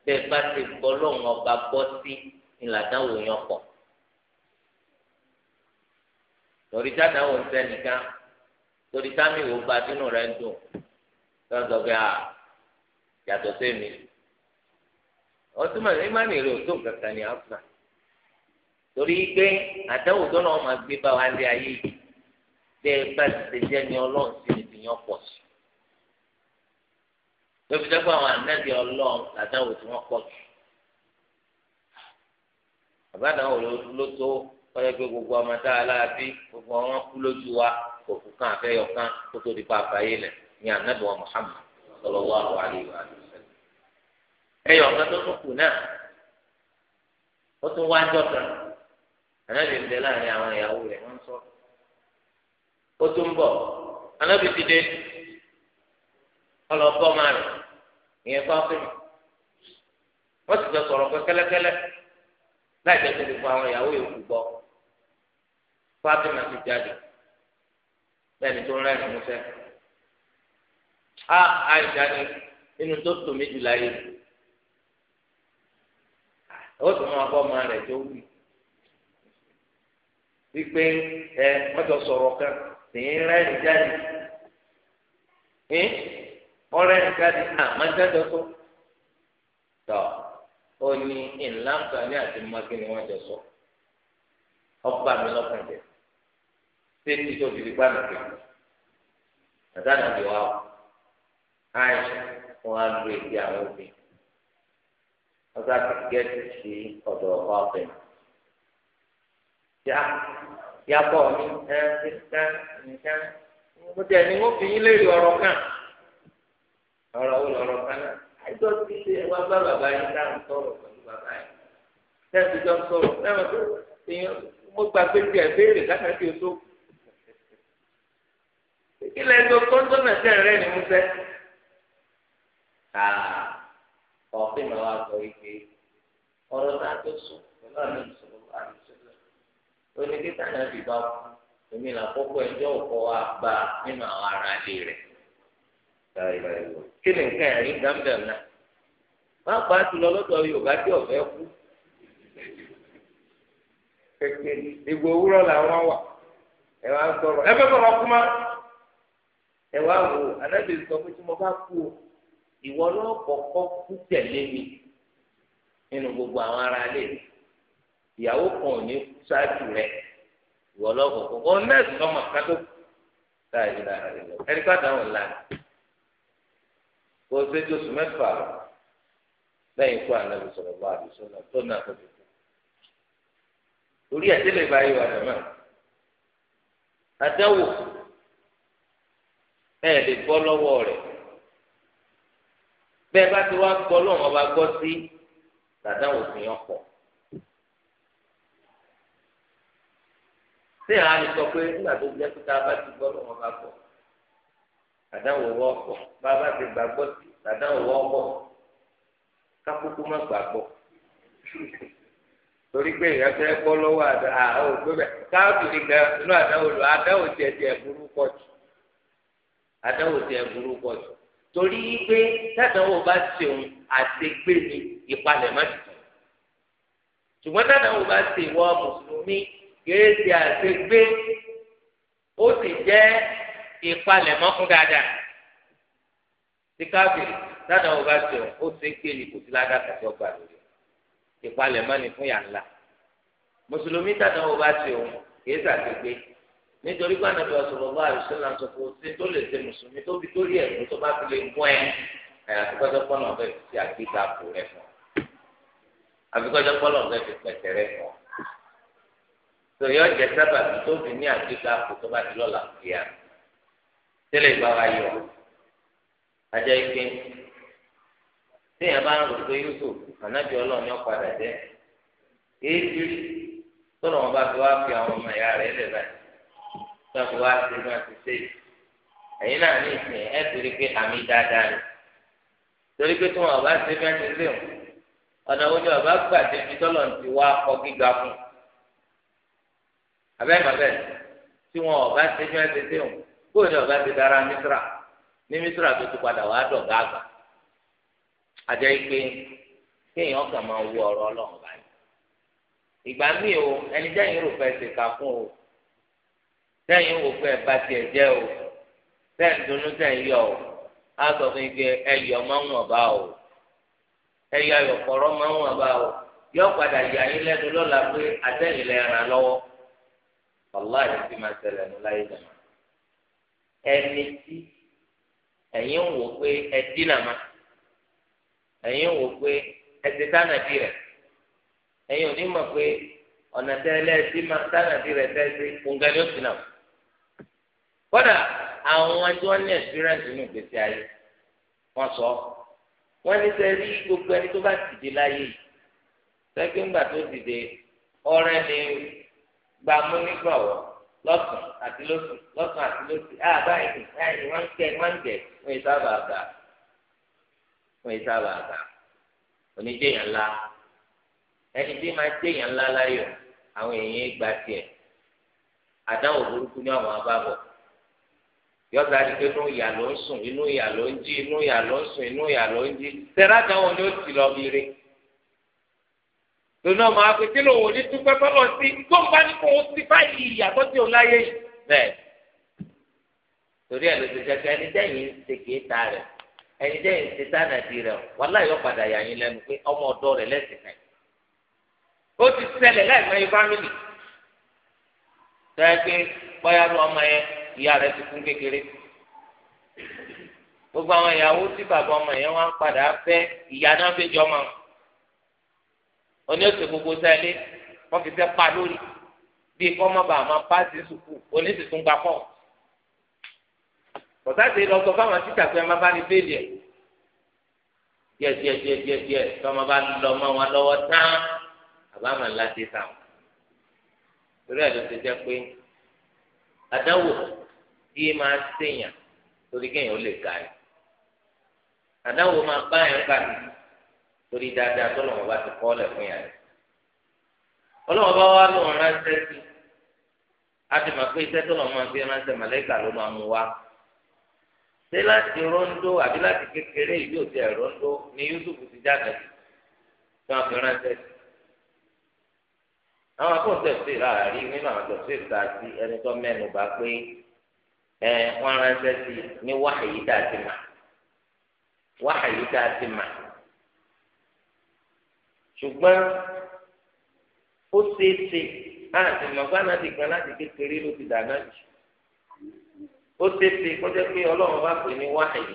bẹ́ẹ̀ bá ti gbọ́ lọ́wọ́ bá gbọ́ sí ìlàdáwò yẹn pọ̀ torí dáadáa wò ń sẹ́nìkan torí táwọn ìwò bá dínú rẹ̀ ń dùn lọ́dọ̀ bí a yàtọ̀ sí mi ọtún mọ̀ ní mánì rẹ̀ òtún kankan ní afa torí pé àdáwò tó náà máa gbé bá wa lé ayé yìí bẹ́ẹ̀ bá ti jẹ́ ní ọlọ́run sí ni ti yàn pọ̀ sí lóbi dẹ́gbẹ́ àwọn ànábì ọlọ́run àdáwò tí wọ́n pọ̀ jù àbádáwò ló tó wọ́n yẹ pé gbogbo ọmọ tá a lára bí gbogbo wọn kú lójú wa kò kan àfẹ́yọ̀ kan kó di pa àbáyé lẹ̀ ní ànábì wa Muhammad sallallahu alaihi wa sallam. ẹyọ ọ̀gá tó tún kù náà ó tún wá jọ kan anábì ń bẹ láàrin àwọn ìyàwó rẹ̀ wọ́n sọ ó tún bọ̀ anábì ti dé ọlọ́bọ̀ máa rẹ̀ ìyẹn fáfíìmù wọ́n sì jọ sọ̀rọ̀ pé kẹ́lẹ́kẹ́lẹ́ láì jẹ́ kó fún àwọn ìyàwó yòókù gbọ́ fáfíìmù ti jáde bẹ́ẹ̀ni tó ń rẹ́rìn músẹ́ á nínú tó tòmí jù láyé ó tún máa bọ́ ọmọ rẹ̀ tó wí wípé ẹ mọ́tò sọ̀rọ̀ kan tèyí rẹ́rìn jáde ẹ ọ̀rẹ́rìn jáde àmọ́ jáde tó tọ̀ ó ní ìlànà ní àti mọ́kí ni wọ́n jọ sọ ọba mi lọ́kàn jẹ tẹ́tí tó fi gbá mi pè àdánù ìwà àìsàn wọn á èdè àwọn obìnrin. ọ̀sá kẹ̀kẹ́ sí ọ̀dọ̀ ọ̀pá ọ̀fẹ́. Yá yá bọ̀ mí ẹ ẹ ẹ mo tẹ̀ ni mo fi yín léèrè ọ̀rọ̀ kan. Ọ̀rọ̀ wo lọ̀rọ̀ kan náà? Àjọ ti ṣe wá bá bàbá yín dáhùn sọ̀rọ̀ pẹ̀lú bàbá yín. Tẹ́sí jọ sọ̀rọ̀ lẹ́wọ̀n tó ìyẹn mo gbà pé bí ẹ béèrè lákàtí o tó. Ìkílẹ̀ ẹjọ́ kọ́ńtọ́nà tẹ̀ rẹ̀ ni mo fẹ́. فاطمة وأبويه ورزعت الصوم ولا النبي صلى الله عليه وسلم وإن جيت أنا في باب èmi là kókó ẹjọ́ òkò wa gba nínú àwọn ará ilé rẹ̀. kí ni nǹkan ẹ̀rí gàmbẹ̀m náà má bàa jùlọ lọ́dọ̀ yorùbá tí ọ̀fẹ́ kú. ìgbò òwúrọ̀ làwọn wà ẹ wá sọ̀rọ̀ ẹ fẹ́ sọ̀rọ̀ kú má. ẹ wá wò anábìrì sọ pé tí mo bá kú o ìwọ náà kọ́kọ́ kú tẹ̀lé mi nínú gbogbo àwọn ará ilé ìyàwó kan ò ní ṣáájú rẹ ìwọ náà kọ́kọ́ ọ nẹ́ẹ̀sì ọmọ kan tó táyà ìlà rẹ lọ ẹni ká dáhùn ńlá kó o ṣe tó sùn lẹ́yìn ikú ànábi sọ̀rọ̀ bá àdùsọ̀ náà tó náà tó ti kú orí ẹ̀dẹ́lẹ̀ báyìí wà lọ́mọ àdáwò ẹ̀ lè bọ́ lọ́wọ́ rẹ̀ bẹ́ẹ̀ bá ti wá gbọ́ lọ́wọ́ bá gbọ́ sí dàda òsìn ọkọ̀. sí àwọn àlè sọ pé nígbà tó jẹ́ pé tá a bá ti gbọ́ lọ́wọ́ bá gbọ́ dàda òwò ọkọ̀ bá a bá ti gbàgbọ́ sí dàda òwò ọkọ̀ kákókó má gbàgbọ́ torí pé ìrẹsẹ̀ kọ́ lọ́wọ́ àdá àwọn òpébẹ̀ káàkiri gan inú àdáwò lọ àdáwò tiẹ̀ tiẹ̀ burú pọ̀ jù àdáwò tiẹ̀ burú jù torí pé tádàwọ̀ bá ṣe òun àṣegbè ni ìpalẹ̀ má ti tàn ṣùgbọ́n tádàwọ̀ bá ṣe ìwọ mùsùlùmí kìí ṣe àṣegbè ó sì jẹ́ ìpalẹ̀ mọ́ fún dáadáa tí káfíìn bá ṣe ó ṣe gbé kò sí ládàá kàtí ọgbà lórí ìpalẹ̀ mọ́ ni fún yàrá mùsùlùmí tádàwọ̀ bá ṣe òun kìí ṣe nítorí pé ànábì ọ̀sọ̀rọ̀ bá àrùsọ̀lá sọ pé ṣé tó lè ṣe mùsùlùmí tó fi torí ẹ̀mí tó bá fi lè gún ẹ àyàfi kọjọ pọ́nà ọ̀fẹ́ fi ti àgbéga àpò rẹ fún ọ àfi kọjọ pọ́nà ọ̀fẹ́ fi pẹ̀tẹ̀ rẹ fún ọ tòyí ọ̀jẹ̀ sábà tó fi ní àgbéga àpò tó bá ti lọ́la fi hàn tẹ́lẹ̀ ìgbà wa yọ ajá ike téèyàn ń rò pé Yusuf ànábì ọlọ́run yọ tọ́kù wá sí máa ti ṣe ẹ̀yin náà ní ìsìn ẹ̀ torí pé àmì dáadáa ni torí pé tí wọn ọba ṣe ọ̀nà wo ni ọba gbà ṣe fi tọ́lọ̀ wá gíga fún tí wọn ọba ṣe ti bóyá mísírà ní mísírà tó ti padà àjẹ́ ìpè kéèyàn kàn máa wú ọ̀rọ̀ ọlọ́run báyìí ìgbà sẹ́yìn wò pé ẹ̀bá tiẹ̀ jẹ́ o sẹ́yìn dunu sẹ́yìn yọ o á sọ fún ike ẹ̀yọ máa ń wọ̀n bá o ẹ̀yọ ayọ̀kọ̀rọ̀ máa ń bá o yọ padà yà yín lẹ́nu lọ́la pé àtẹ̀yìn lẹ́ ara lọ́wọ́ wàláhì ti ma ṣẹlẹ̀ ní láyé ẹni tí pé wò pé ti rẹ pé ọ̀nà tẹ́lẹ̀ tí nà kódà àwọn tí ní experience nínú ìgbésí ayé wọ́n sọ wọ́n ní sẹ́ rí gbogbo ẹni tó bá dìde láyé yìí sẹ́kẹ́ ńgbà tó dìde ọ̀rẹ́ ni gbàmú nígbàwọ́ lọ́sùn àti lọ́sùn lọ́sùn àti lọ́sùn á ah, báyìí báyìí wọ́n ń kẹ́ wọ́n ń jẹ wọ́n yìí sábà gbà wọ́n yìí sábà gbà oníjẹ̀yàn ńlá ẹni tí máa jẹ̀yàn ńlá láyọ̀ àwọn èèyàn gba tiẹ̀ àdáwò burúkú ní àwọn abábọ̀ yọta di pé inú ìyà ló ń sùn inú ìyà ló ń jí inú ìyà ló ń sùn inú ìyà ló ń jí tẹ̀lá wọn ni ó ti lọ bìrì lónà ọmọ akéké ló wò ní dúpẹ́ fọlọ́ sí tó ń bá ní kó o sí báyìí ìyàtọ̀ tí o láyé yìí bẹ́ẹ̀ torí ẹ̀ ló ti jẹ́ pé ẹni dẹ́yìn ṣe kìí ta rẹ̀ ẹni dẹ́yìn ṣe tánà di rẹ̀ wọ́n láyọ̀ padà yà yín lẹ́nu pé ọmọ ọ̀dọ́ rẹ̀ lẹ́sìn náà ó ti ṣẹlẹ̀ láì mọ ifá mílì tẹ́ pé bọ́yá ló ọmọ yẹn ìyá rẹ̀ ti kún kékeré gbogbo àwọn ìyàwó tí bàbá ọmọ yẹn wá ń padà fẹ́ ìyá náà fẹ́ jọ ọmọ oní oṣù gbogbo sẹ́lé wọ́n fi fẹ́ pa lórí bí kọ́mọ́bà máa pàṣẹ sùkú oníṣètò ń gbà pọ̀ kọ̀tàṣe lọ sọ fáwọn títà pé ọmọ bá ní bẹ́ẹ̀lì ẹ̀ díẹ̀ díẹ̀ díẹ̀ díẹ̀ díẹ̀ tí ọmọ bá lọ mọ́ wọn lọ́wọ́ tán àbámọ̀ ńlá ti tà torí ẹ̀ ló jẹ́ pé àdáwò yìí máa ṣèyàn torí kéèyàn ó lè ga ẹ àdáwò máa bá yẹn kà ní torí dáadáa ti kọ́ ọ́ lẹ̀ fún yàrá ọlọ́wọ́ bá wá a ti mọ̀ pé iṣẹ́ tó lọ́wọ́ máa fi ránṣẹ́ màlẹ́kà ló máa mú wá. ṣé láti rọ́ńdó àbí láti kékeré ìlú òtí ẹ̀ rọ́ńdó ni Yusuf ti jáde fi ránṣẹ́ àwọn sí ìlà àwọn àjọṣe ìta sí ẹni ẹ wọn ránṣẹ́ sí ní wáhàyí tá a ti mà wáhàyí tá a ti mà ṣùgbọ́n ó ṣeéṣe láti mọ̀gbá náà ti gan láti kékeré ló ti dáná jù ó ṣeéṣe kọjá pé ọlọ́run bá pè ní wáhàyí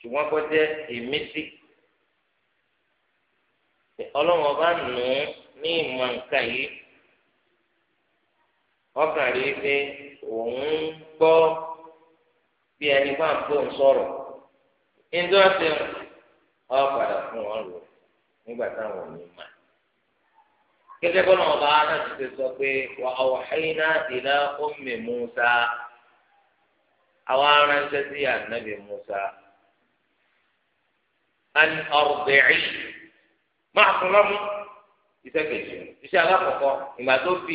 ṣùgbọ́n kọjá ìmísí ọlọ́run bá nù ú ní ìmọ̀ nǹkan yìí. ọkàn rí pé òun ń gbọ́ bí ẹni bá ń ọrụ ń sọ̀rọ̀ indọ́sí ọ padà fún wọn lò nígbà táwọn ò ní mà. ọba náà ṣe sọ pé wà á wà Musa àwa aránṣẹ́ sí ànábì Musa an máa lọ́mú kejì iṣẹ́ alákọ̀ọ́kọ́ ìgbà tó fi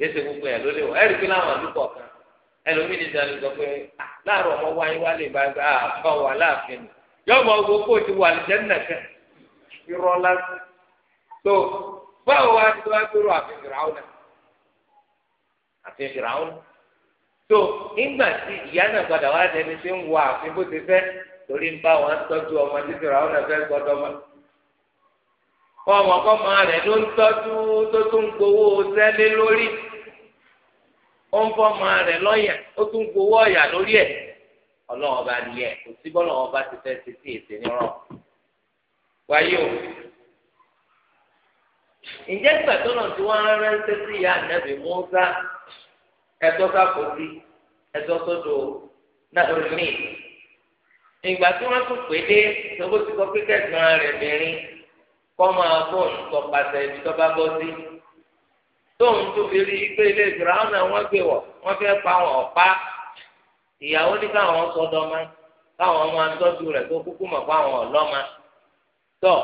yéésì gbogbo yẹn ló lè wọ ẹrí pé láwọn àdúgbò kan ẹlòmíì ní sani sọ pé ah, láàárọ̀ ọmọ wáyé wá lè bá gbà àbá ah, wà láàfin ni yọmọ owó kó ti wà lẹ́yìn nàkẹ́ irọ́ lásán tó báwo wá ní wá gbèrò àfin fìràwọn àfin fìràwọn tó nígbà tí ìyá náà padà wá dẹni tí ń wọ àfin bó ti fẹ́ torí ń bá wọn tọ́jú ọmọ títí ràwọn náà fẹ́ gbọ́dọ̀ mọ́ kọ́ ọmọkọ́mọ rẹ̀ ló ń tọ́jú tó tún gbowó sẹ́lé lórí ó ń fọ́mọ rẹ̀ lọ́yà ó tún gbowó ọ̀yà lórí ẹ̀ ọlọ́wọ́n bá ní ẹ̀ kò sí bọ́lọ́wọ́n bá ti fẹ́ ti sí èsì nírọ̀ wáyé o ǹjẹ́ ìgbà tó náà tí wọ́n á ránṣẹ́ sí ìyá ànábì Mùsá ẹ̀tọ́ sáfòsí ẹ̀tọ́ sọ́dọ̀ nàdọ́rìmí ìgbà tí wọ́n tún pè dé ìṣòwò ti kọ́ pé kẹ́sàn kọ́ máa bọ̀ nǹkan pàṣẹ ibi tó bá bọ́ sí. tóun tó fi rí i pé ilé ìfìràwọ̀n náà wọ́n gbé wọ̀ wọ́n fẹ́ pa wọn ọ̀pá. ìyàwó ní káwọn ma káwọn máa ń rẹ̀ tó kúkú mọ̀ fáwọn ọ̀lọ́mà. tọ́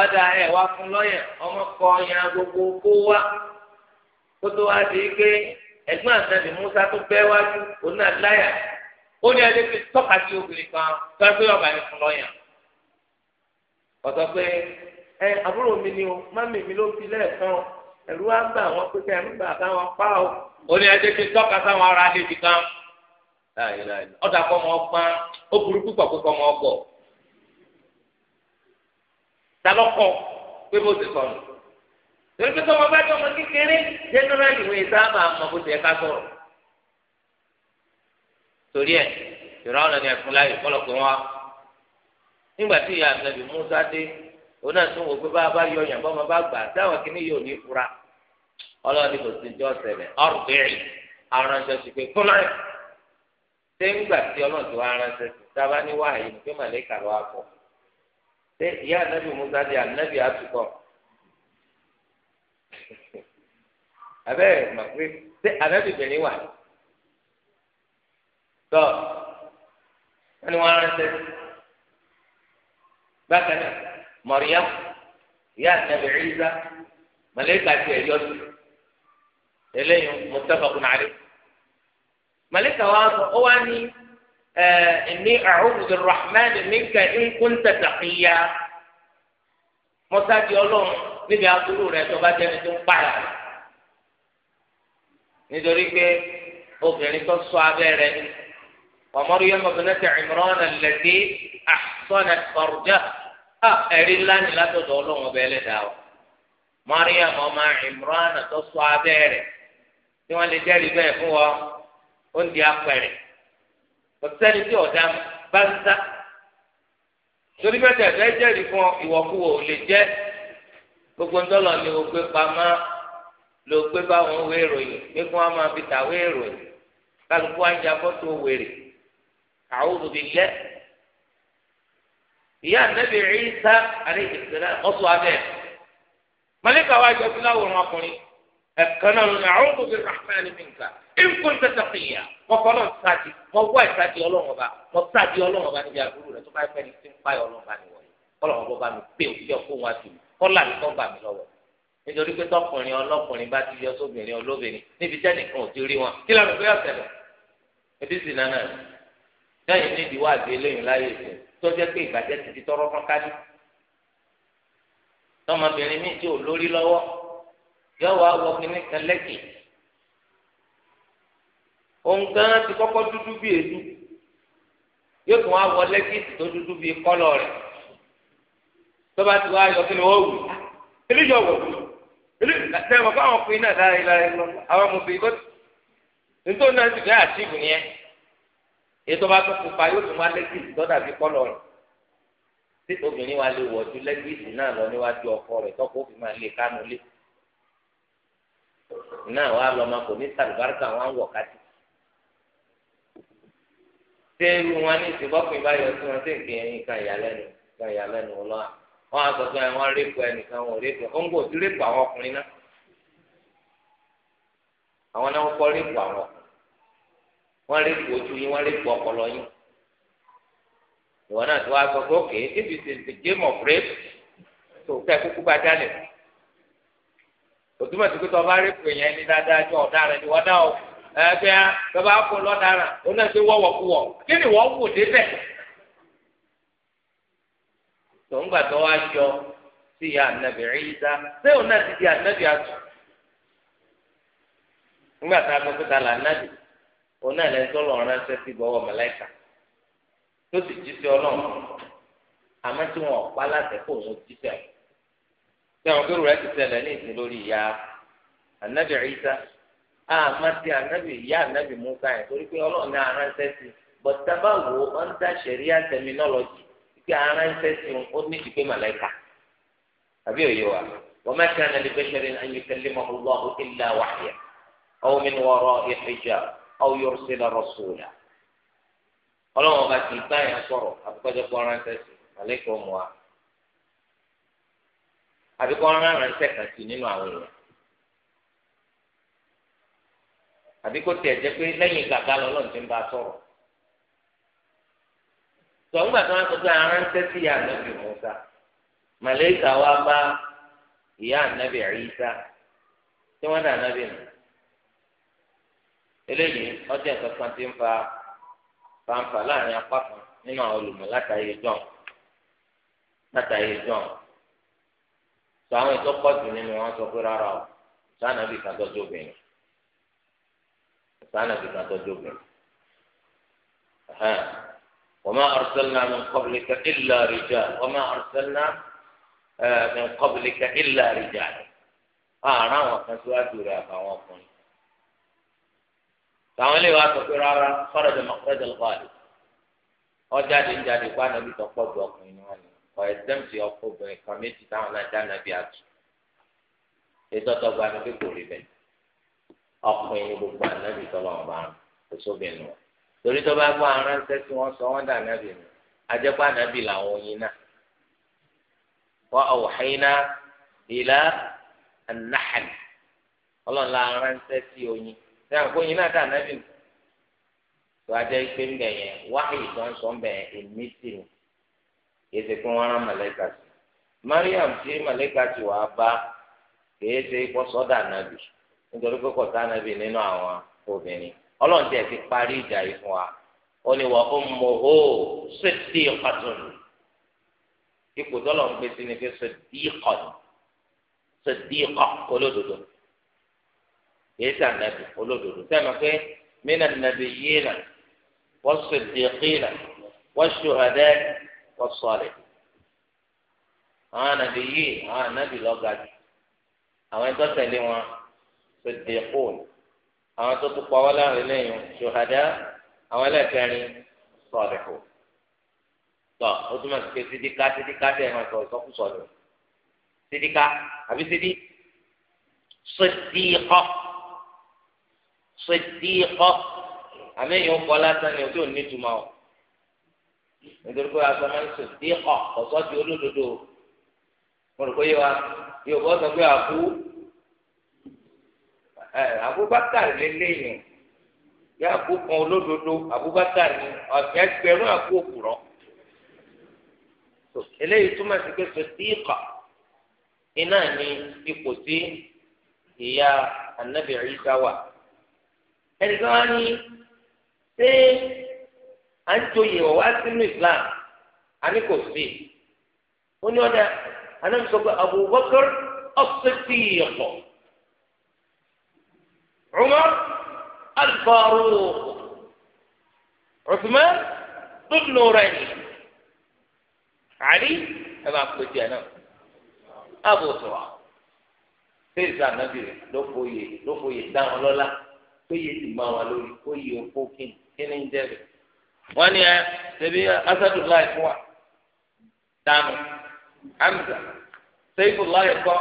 ọ̀dà ẹ̀ wá fún lọ́yẹ̀ ọmọ kọ yan gbogbo kó wá kó tó wá Musa tó bẹ́ wájú òun náà láyà ó ní ẹni tọ́ka sí ẹ àbúrò mi ni o mami mi ló fi lẹ́ẹ̀kan ẹ̀rú wa gbà wọn pé kẹ́ ẹ̀ ń gbà káwọn pa o ó ní ẹjẹ́ kí n tọ́ka sáwọn ará débi kan ọ̀dà kọ́ mọ́ pọ́n ó burú púpọ̀ pé kọ́ mọ́ bọ̀ talọ́kọ̀ pé bó ti sọ nù torí pé sọmọ bá jẹ ọmọ kékeré jẹnẹrẹ́lì wọ́n sábà mọ bó ti yẹ ká sọ̀rọ̀ torí ẹ̀ ìrọ̀ ni ẹ̀fún láyè kọ́lọ̀ pé nígbà tí ìyá àtẹ̀bí Musa dé. òun náà tún aba pé bá a bá yọ yàn bọ́mọ bá gbà táwọn kìíní yóò ní fura ọlọ́ọ̀ni kò sí jọ́ sẹ̀lẹ̀ ọ̀rùbẹ̀rì aránṣẹ́ ti pé fúnlẹ̀ ṣé ń gbà tí ọlọ́ọ̀tì aránṣẹ́ ti sábà ní wáyé ní pé màlẹ́kà ló pọ̀ ṣé ìyá musa di ànábì àtúkọ̀ abẹ́rẹ́ màpé ṣé ànábì bẹ̀rẹ̀ wà tọ́ wọ́n wọ́n Maryam ya nabi Ìsá màlẹ́kà ti ẹ̀yọ́ sí eléyìí muttafaqun alayh màlẹ́kà wa sọ ọ wá ní ẹ̀ ní a'udhu birrahman minka in kunta taqiyya mọ́sáàdì ọlọ́run níbi aburú rẹ̀ tó bá jẹ́ni tó ń kpara nítorí pé obìnrin tó sọ abẹ́ rẹ̀ ni ẹ wa Maryam ibnata Imran ẹ̀ ahsanat jẹ́. a ẹ̀rí ńlá ni látọ̀dọ̀ ọlọ́run ọba ẹlẹ́dàá o mariam ọmọ imran tó sọ abẹ́rẹ́ tí wọ́n lè jẹ́rìí bẹ́ẹ̀ fún ọ ó ń di apẹ̀rẹ̀ kò tí ọ̀dà bá ń sá torí jẹ́rìí fún ò lè jẹ́ gbogbo ni o gbé pamọ́ gbé báwọn wé ìròyìn pé kí wọ́n máa fi tàwé ìyá ànábì Ìsá alayhi salam ọsọ abẹ malika wa jọ sí láwùrán ọkùnrin ẹkan náà lónìí àwọn òbí rahman minka in kunta taqiyya wọn kọ náà sáàdì wọn wá ìsáàdì Ọlọ́run ọba wọn sáàdì Ọlọ́run ọba níbi àbúrò rẹ tó bá fẹ́ ní sí ń páyọ Ọlọ́run ọba nìwọ yìí Ọlọ́run ọba bá mi pé òkú ọkọ wa tù mí kọlà mi tó ń bà mí lọ́wọ́ nítorí pé tọkùnrin ọlọ́kùnrin bá ti yọ sóbìnrin olóbìnrin níbi tẹ́ nìkan ò ti rí wọn kí lóun fi ọ̀sẹ̀ lọ ebi sì nánà rẹ̀ lẹ́yìn níbi wá àgbélé yìí láyé ìsìn tọ́jọ́ pé ìbàjẹ́ ti di tọrọ fún kálí tọmọbìnrin mi tí ò lórí lọ́wọ́ yọ wá wọ kíní kan lẹ́kì òun gan ti kọ́kọ́ dúdú bíi èdú yóò tún wá wọ lẹ́kì tó dúdú bíi kọ́lọ̀ rẹ̀ tọ́ba ti wá yọ kíni wọ́n wù ah, ilé yọ wọ̀ ilé tẹ̀wọ̀n fún àwọn ọkùnrin náà láyé láyé lọ àwọn ọmọbìnrin kọ́ nítorí náà ti fẹ́ àtìkù nìyẹn ètò bá tó pupa yóò tún wá lẹ́gìsì tó dàbí kọ́lọ̀ rẹ̀ tí obìnrin wa lè wọ̀ ju lẹ́gìsì náà lọ níwájú ọkọ rẹ̀ tọ́kọ fi máa lè kánú lé náà wàá lọ máa kò ní sàlùbáríkà wọn á wọ̀ kájí tẹ́rù wọn ní ìsìnkọ́kùnrin bá yọ sí wọn sí nǹkan ẹ̀yìn kan ìyàlẹ́nu kan ìyàlẹ́nu ọlọ́wà wọn á sọ pé wọn rẹ́pọ̀ ẹnìkan wọn rẹ́pọ̀ ó ń gbòòdú rẹ́pọ̀ àwọn ọkùnrin náà àwọn náà wọ́n lè kó ojú yín ọkọlọ lè kó ọpọlọ yín ìwọ náà tó wá sọ pé ok if it is the game of rape tó kẹ́ kúkú bá dálẹ̀ òtúmọ̀ sí pé ya bá pè yẹn ní dáadáa jọ ọ̀daràn ni wọ́n náà o ẹgbẹ́ bàbá kó lọ́daràn ó náà ṣe wọ́wọ́kúwọ̀ kí ni wọ́n wò débẹ̀ tó ń gbà tó wá yọ sí ànábì ṣé òun náà ti di ànábì àtọ̀ tá a gbọ́ pé ta là ànábì. ona na lẹ́yìn tó lọ́ọ́ ránṣẹ́ sí gbọ́wọ́ màláíkà tó sì jí sí ọlọ́run àmọ́ tí wọn ọ̀pá láti kó òun jí ya tí àwọn kérò ti ṣẹlẹ̀ ní ìsìn lórí ya anabi Ìsá àmọ́ tí ànábì ìyá ànábì Mùsá yẹn torí pé ọlọ́run náà ránṣẹ́ sí bọ̀tàbá wo ọ́ ń dá sẹ̀ríà tẹminọ́lọ́jì pé aránṣẹ́ sí ó ní ìpè màláíkà àbí òye ma aw yursila rasula ọlọ́run ọba kì í ya yẹn sọ̀rọ̀ àbíkọ́jọ́ pọ̀ ránṣẹ́ sí àlékún ọmọ wa àbíkọ́ ránṣẹ́ kan sí nínú àwọn èèyàn àbíkọ́ tiẹ̀ jẹ́ pé lẹ́yìn gàgà lọ́lọ́run ti ń wa eléyìí ọjọ́ nǹkan kan ti ń fa fanfa láàrin apá kan nínú àwọn olùmọ̀ látàyè john látàyè john sọ àwọn ètò pọ̀jù nínú wọn sọ pé rárá o sáànà bí kan tọ́jú obìnrin sáànà bí kan tọ́jú obìnrin وما أرسلنا من قبلك إلا رجال وما أرسلنا من قبلك إلا رجال آه أنا وكان سؤال دوري أخوان tàwọn ilé wa sọ pé rárá kọ́rọ̀dọ̀ mọ̀kúrẹ́dọ̀ lọ́ọ̀lì ọ̀jáde ń jáde pa nàbí tọ́pọ̀ ju ọkùnrin ni wọ́n ní ọ̀ ẹ̀sẹ̀mùsì ọkọ̀ obìnrin kan méjì táwọn náà já nàbí àtù ètò ọ̀tọ̀gba ni pé kò rí bẹ́ẹ̀ ọkùnrin ni gbogbo ànábì tọ́lọ̀ ọ̀bá kò sóbìnrin wọn torí tó bá gbọ́ aránṣẹ́ tí wọ́n sọ wọ́n dà nàbì mi ajẹ́pọ̀ ànábì làwọn oyin náà wọ́n ọ̀wọ̀hẹ́yìnà ìlà ànáhàlì ọlọ́ọ̀la aránṣẹ́ sí oyin ṣé àkóyin náà dà nábì nù tó a jẹ́ pé ńbẹ yẹn wáyé tó ń sọ ńbẹ èmi sì kìí Mariam tí màlẹ́kà ti wàá bá kìí ṣe kó sọ́dà nábì nítorí pé kò sá nábì nínú àwọn obìnrin ọlọ́run tiẹ̀ ti parí ìjà yìí fún wa ó ní wọ́n ó mọ ó ipò kìí sàn nàbì olódodo sẹ́nu pé mina nàbì yéèna wọ́sọ̀dẹ̀kìnà wọ́sọ̀hẹ́dẹ́ wọ́sọ̀lẹ̀ àwọn nàbì yìí àwọn nàbì lọ́gà jù àwọn ẹ̀tọ́ tẹ̀lé wọn sọ̀dẹ̀kùn àwọn tó tún pa wọ́n láàrin lẹ́yìn sọ̀hẹ́dẹ́ àwọn ẹlẹ́kẹrin sọ̀lẹ̀kù tọ́ ó túmọ̀ sí pé sídíkà sídíkà tẹ̀ máa sọ ìsọkúsọ̀lẹ̀ sídíkà àbí sídí sọ̀dẹ̀kọ̀ sadiqa àmẹ́yìn ó kọ́ lásán ni ojú ò ní ìtumọ̀ o nítorí pé aṣọ máa ń sadiqa ọ̀sọ́ di olódodo mo rò pé yé wa yóò bọ́ sọ pé àbú Abubakar lélẹ́yìn yá àbú kan olódodo Abubakar ni ẹgbẹ̀rún àbú òkùrọ̀ eléyìí túmọ̀ sí pé sadiqa iná ni ipò tí ìyá anabi Isa wà ẹnìkan wá ní ṣé à ń joyè wọ̀ wá sínú Islam àní kò sí ó ní ọ̀dà anábìsọ pé Abubakar as-Siddiq Umar al-Faruq Uthman ibn Ghani Ali ẹ máa pè tiẹ̀ náà àbòsọ̀rọ̀ ṣé ìsàn náà bìrì ló fòye ló fòye dáhùn lọ́la tó yẹ ti mọ àwọn lórí kó yẹ òkú kíni kíni ń jẹ bẹ wọn ni ẹ tẹbi asadùnláì fún wa dànù hamza sẹyìfùláì kọ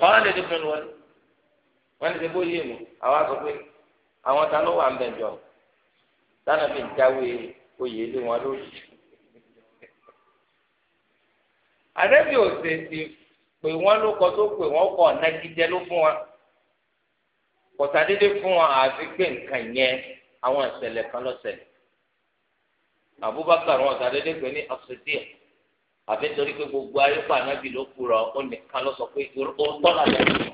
kọ́ńdé tó fún wọn wọn ni sẹ́kọ́ yé mu àwọn sọ pé àwọn ta ló wà ń bẹ̀ jọ dáná fi ń jáwé oyè lé wọn lórí. àdébí ò ṣèṣì pé wọ́n ló kọ́ tó pé wọ́n kọ́ ọ̀nà ló fún wa kọ̀tàdédé fún wọn àfi pé nǹkan yẹn àwọn ìṣẹ̀lẹ̀ kan lọ́sẹ̀lẹ̀ Abubakar wọn kọ̀tàdédé pé ní ọ̀sẹ̀díẹ̀ àfi torí pé gbogbo ayé pa ànábì ló kúrọ̀ ó nìkan ló sọ pé ó tọ́lá lẹ́yìn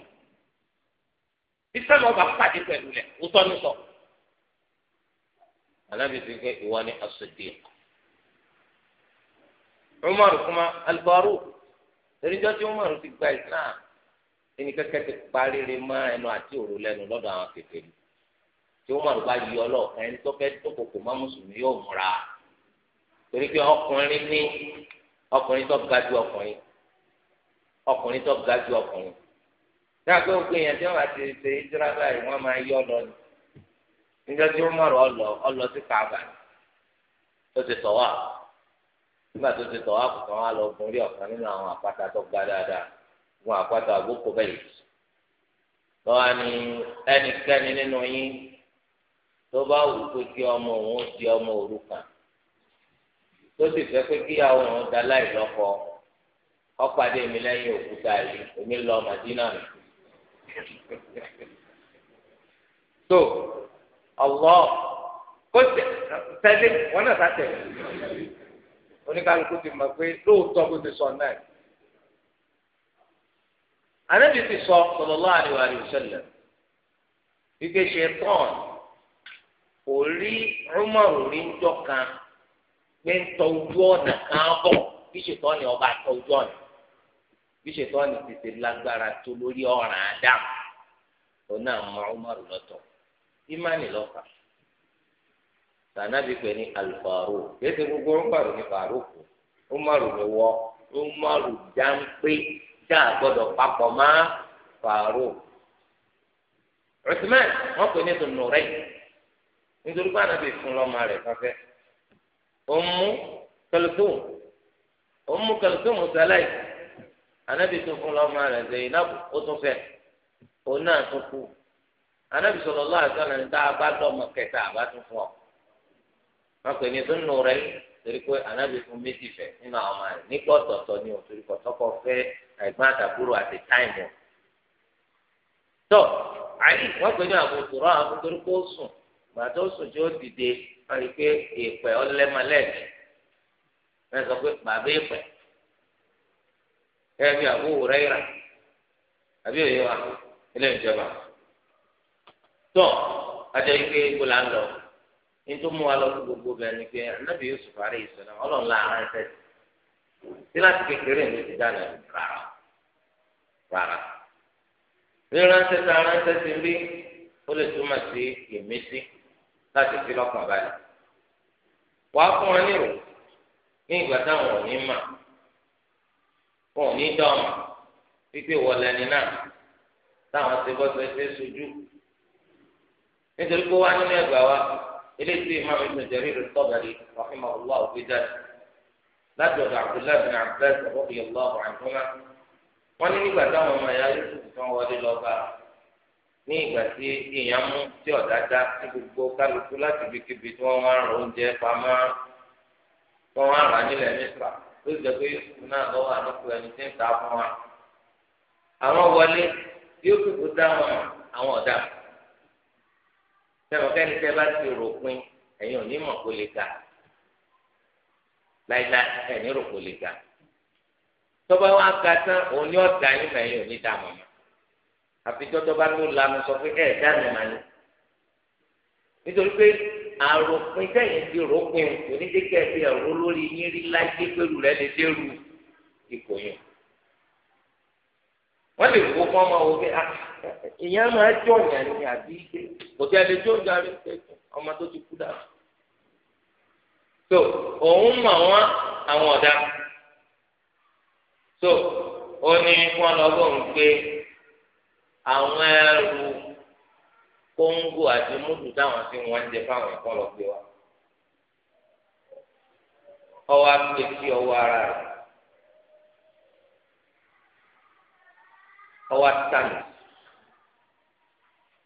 sísẹ́lẹ̀ ọba pàdé pẹ̀lú rẹ̀ ó tọ́nu sọ ànábì fi pé ìwọ ni ọ̀sẹ̀díẹ̀ Umar kuma alibaru erijọ́ tí Umar ti gba Islam ẹni kẹ́kẹ́ ti parí rẹ mọ́ ẹnu àti òru lẹ́nu lọ́dọ̀ àwọn kékeré tí wọ́n máa bá yí ọlọ́ọ̀kan ẹni tó fẹ́ dókòkò má mùsùlùmí yóò múra torí pé ọkùnrin ní ọkùnrin tó ga ju ọkùnrin ọkùnrin tó ga ju ọkùnrin tí a gbé òkú yẹn tí wọ́n bá ti ṣe ìdúrà báyìí wọ́n máa yí ọlọ́ ni níjọ́ tí wọ́n mọ̀rọ̀ ọlọ ọlọ sí kààbà tó ti tọ̀wá nígbà tó ti tọ̀wá kùtàn wà lọ gun orí ọ̀kan nínú àwọn àpáta tó ga dáadáa gun àpáta àbókò bẹ́ẹ̀ lọ́wọ́ ni ẹnikẹ́ni nínú yín tó bá wù pé kí ọmọ òun di ọmọ òrukàn tó sì fẹ́ pé kíyàwó òun da láì lọ́kọ ọ̀pàdé mi lẹ́yìn òkúta yìí èmi lọ màdínà mi. tó ọ̀wọ́ kó tẹ́lẹ̀ wọ́n náà sá tẹ̀lé oníkálukú ti mọ̀ pé lóòótọ́ bó ti sọ náà anabi ti sọ sallallahu alaihi wa sallam wípé ṣetán kò rí rúmọ̀rù rí ń jọ kan pé ń tọ ojú ọ̀nà kan bọ̀ bí ṣetán ni ọba tọ ojú ọ̀nà bí ṣetán ni tètè lágbára tó lórí ọ̀ràn ádámù ó náà mọ rúmọ̀rù lọ́tọ̀ ìmánì lọ́kà sànàbí pé ní alùpàrọ̀ kéde gbogbo rúmọ̀rù ní pàrọ̀ kù rúmọ̀rù lọ́wọ́ rúmọ̀rù já ń pé tá a gbọ́dọ̀ papọ̀ mọ́ Faruk Usman wọn pè ní Zunnurayn nítorí pé ànábì fún lọ́mọ rẹ̀ fẹ́fẹ́ Ummu Kalthum Ummu Kalthum sálẹ̀ ànábì tún fún lọ́mọ rẹ̀ Zainab ó tún fẹ́ òun náà tún kú ànábì sallallahu alaihi wasallam tá a bá lọ́mọ kẹta àbá tún fún ọ wọn pè ní Zunnurayn torí pé ànábì fún méjì fẹ́ nínú àwọn ọmọ rẹ̀ nígbà ọ̀tọ̀ọ̀tọ̀ ni òtòrí kọ̀tọ́kọ̀ fẹ́ ẹ̀gbọ́n àtàkùrọ àti táìmù tó àyè wọn pè ní àbùtùrọ àwọn torí kó sùn gbà tó sùn tí ó dìde wọn rí i pé èèpẹ ọlẹmọlẹẹkì wọn sọ pé bàbá èèpẹ gẹ́gẹ́ bí àbúrò rẹ rà àbí òye wa ilé ìjọba tó ajẹ́ ike gbọ́dọ̀ là ń lọ nítorí mu lọ sí gbogbo bẹ́ẹ̀ ni pé anábì Yusuf àrẹ ìsọ̀nà ọlọ́run láàárín ẹ̀sẹ̀ tí láti kékeré ní ti dáná rárá ríránṣẹ́ tá ga emesi sí rí ó lè túmọ̀ sí ìmísí láti fi lọ́kàn balẹ̀ wàá fún wọn ní ìròyìn ní ìgbà táwọn ò ní mà wọn ò ní dọ́ọ̀mà wípé wọlé ni náà táwọn ti bọ́ sẹ́sẹ́ sojú nítorí pé wá nínú ẹgbà wa eléyìí imam ibn jarir al-tabari rahimahullah òfin jáde láti ọ̀dọ̀ abdullahi bin abbas radiyallahu anhuma. wọ́n ní nígbà táwọn ọmọ ya yóò tán wọlé lọ́ba ní ìgbà tí èèyàn mú tí ọ̀dá dá ní gbogbo kálukú láti ibikíbi tí wọ́n wá ń ra oúnjẹ pamọ́ wọ́n nílẹ̀ nípa ó jẹ́ pé yóò náà lọ́wọ́ àdókò ẹni tí fún wa. àwọn wọlé yóò àwọn ọ̀dà sẹ́wọ̀n kẹ́ni tẹ́ bá ti rò ní tọ́ba wa ga tán òun ni ọ̀dà yín mẹ́yìn òní dà mọ́ mọ́ àfijọ́ tọ́ba ló lanu sọ pé ẹ̀ dá mi màá ní. nítorí pé àròpin sẹ́yìn ti ròpin onídékẹ́ ti ẹ̀rọ lórí yín rí láyé pẹ̀lú rẹ̀ lè dérú ipò yẹn. wọ́n lè wo fún ọmọ wo pé ah, ìyá máa jọ ìyàn ni àbí kò tí a lè jọ ìyá rẹ̀ ọmọ tó ti kú dáa. tó òun mọ̀ wọ́n àwọn ọ̀daràn. so ó ní wọn lọ bó ń gbé àwọn ẹrù kóńgò àti múdù táwọn fi wọn jẹ fáwọn ẹ̀kọ́ lọ gbé wa àgbè sí ara rẹ̀ ọwọ́ àtàmì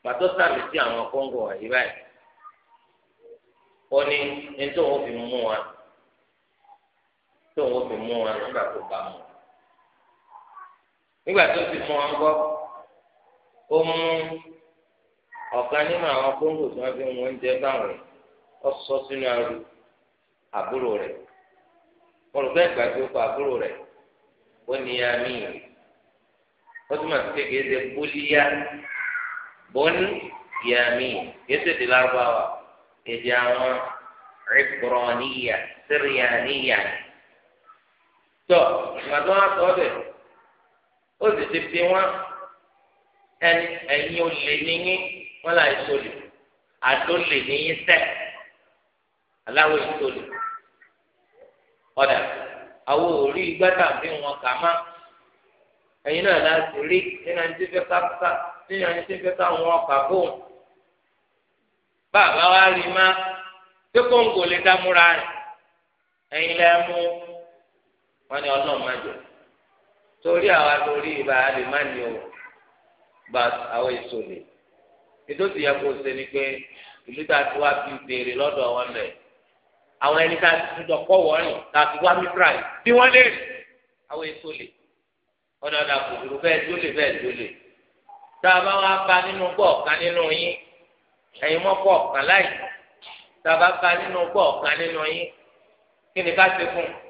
pàtó sàmì sí àwọn kóńgò wọ̀nyí báyìí ó ní ní fi mú wa nígbà tó ti fún wọn gbọ́ ó mú ọ̀kan nínú àwọn kóńgò tí wọ́n fi ń wọ́n jẹ báwọn rẹ̀ ó sọ sínú arú àbúrò rẹ̀ olùkọ́ ẹ̀gbà tó kọ àbúrò rẹ̀ ó ní àmì ó túmọ̀ sí kékeré ṣe bóliá bọ́ni yàmi kéṣe ti lárúbáwá èdè àwọn ìbùrọ̀níyà síríyàníyà tó ìgbà tó wọn sọ ọ́ bẹ́ẹ̀ ó sì ti fi wọn ẹni ẹ̀yin ò lè níyín wọn là ń sọlẹ̀ àdó lè níyín sẹ́ aláwọ̀ ìsọlẹ̀ ọ̀dà àwọn òrí gbàtà bí wọn kà má ẹ̀yin náà láti rí nínú ẹni tí fẹ́ ká ká nínú ẹni tí fẹ́ ká wọn kà fóun bàbá wa rí má pé kóńgò lè dá múra rẹ̀ ẹ̀yin mú wọn ni ọlọ́run má jẹ́ torí àwa lórí ibà lè má ní o bá àwọn èso lè ètò ti yẹ kó ṣe ni pé ìlú tá a ti wá fi béèrè lọ́dọ̀ wọn lẹ̀ àwọn ẹni tá a ti dọ̀ kọ́ wọ́ọ̀rìn tá a ti wá mítírà yìí bí wọ́n lè rí àwọn èso lè ọ̀dọ̀ ọ̀dà kòkòrò bẹ́ẹ̀ tó lè bẹ́ẹ̀ tó lè tá a bá wá bá nínú bọ́ọ̀kan nínú yín ẹ̀yin mọ́ bọ́ọ̀kan láì tá a bá bá nínú bọ́ọ̀kan nínú yín kí ni ká ṣe fún un.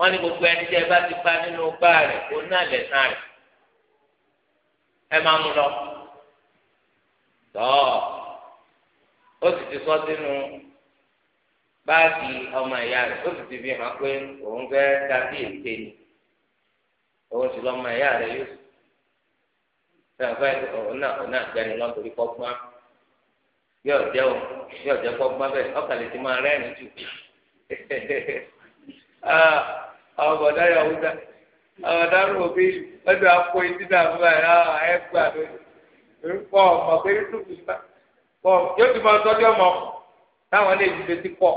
wọn ní gbogbo ẹni tí ẹ bá ti nínú bá rẹ kó ná lẹsán rẹ ẹ máa mú lọ tọ ó sì ti sọ sínú báàgì ọmọ ìyá rẹ ó sì ti fi hàn pé òun fẹ́ dàbí ni òun sì lọ ọmọ ìyá rẹ yóò sọ fẹ́ òun náà òun náà gbẹni lọ torí yóò yóò ti máa jù. Ah. àwọn bọ̀dá yàwó dá àwọn dárò bí lọ́dọ̀ àpò etí dàbí báyìí àwọn ẹgbàá lórí pọ̀ ọmọ pé ní tùkù sí pọ̀ yóò ti máa tọ́jú ọmọ táwọn lè ti fetí pọ̀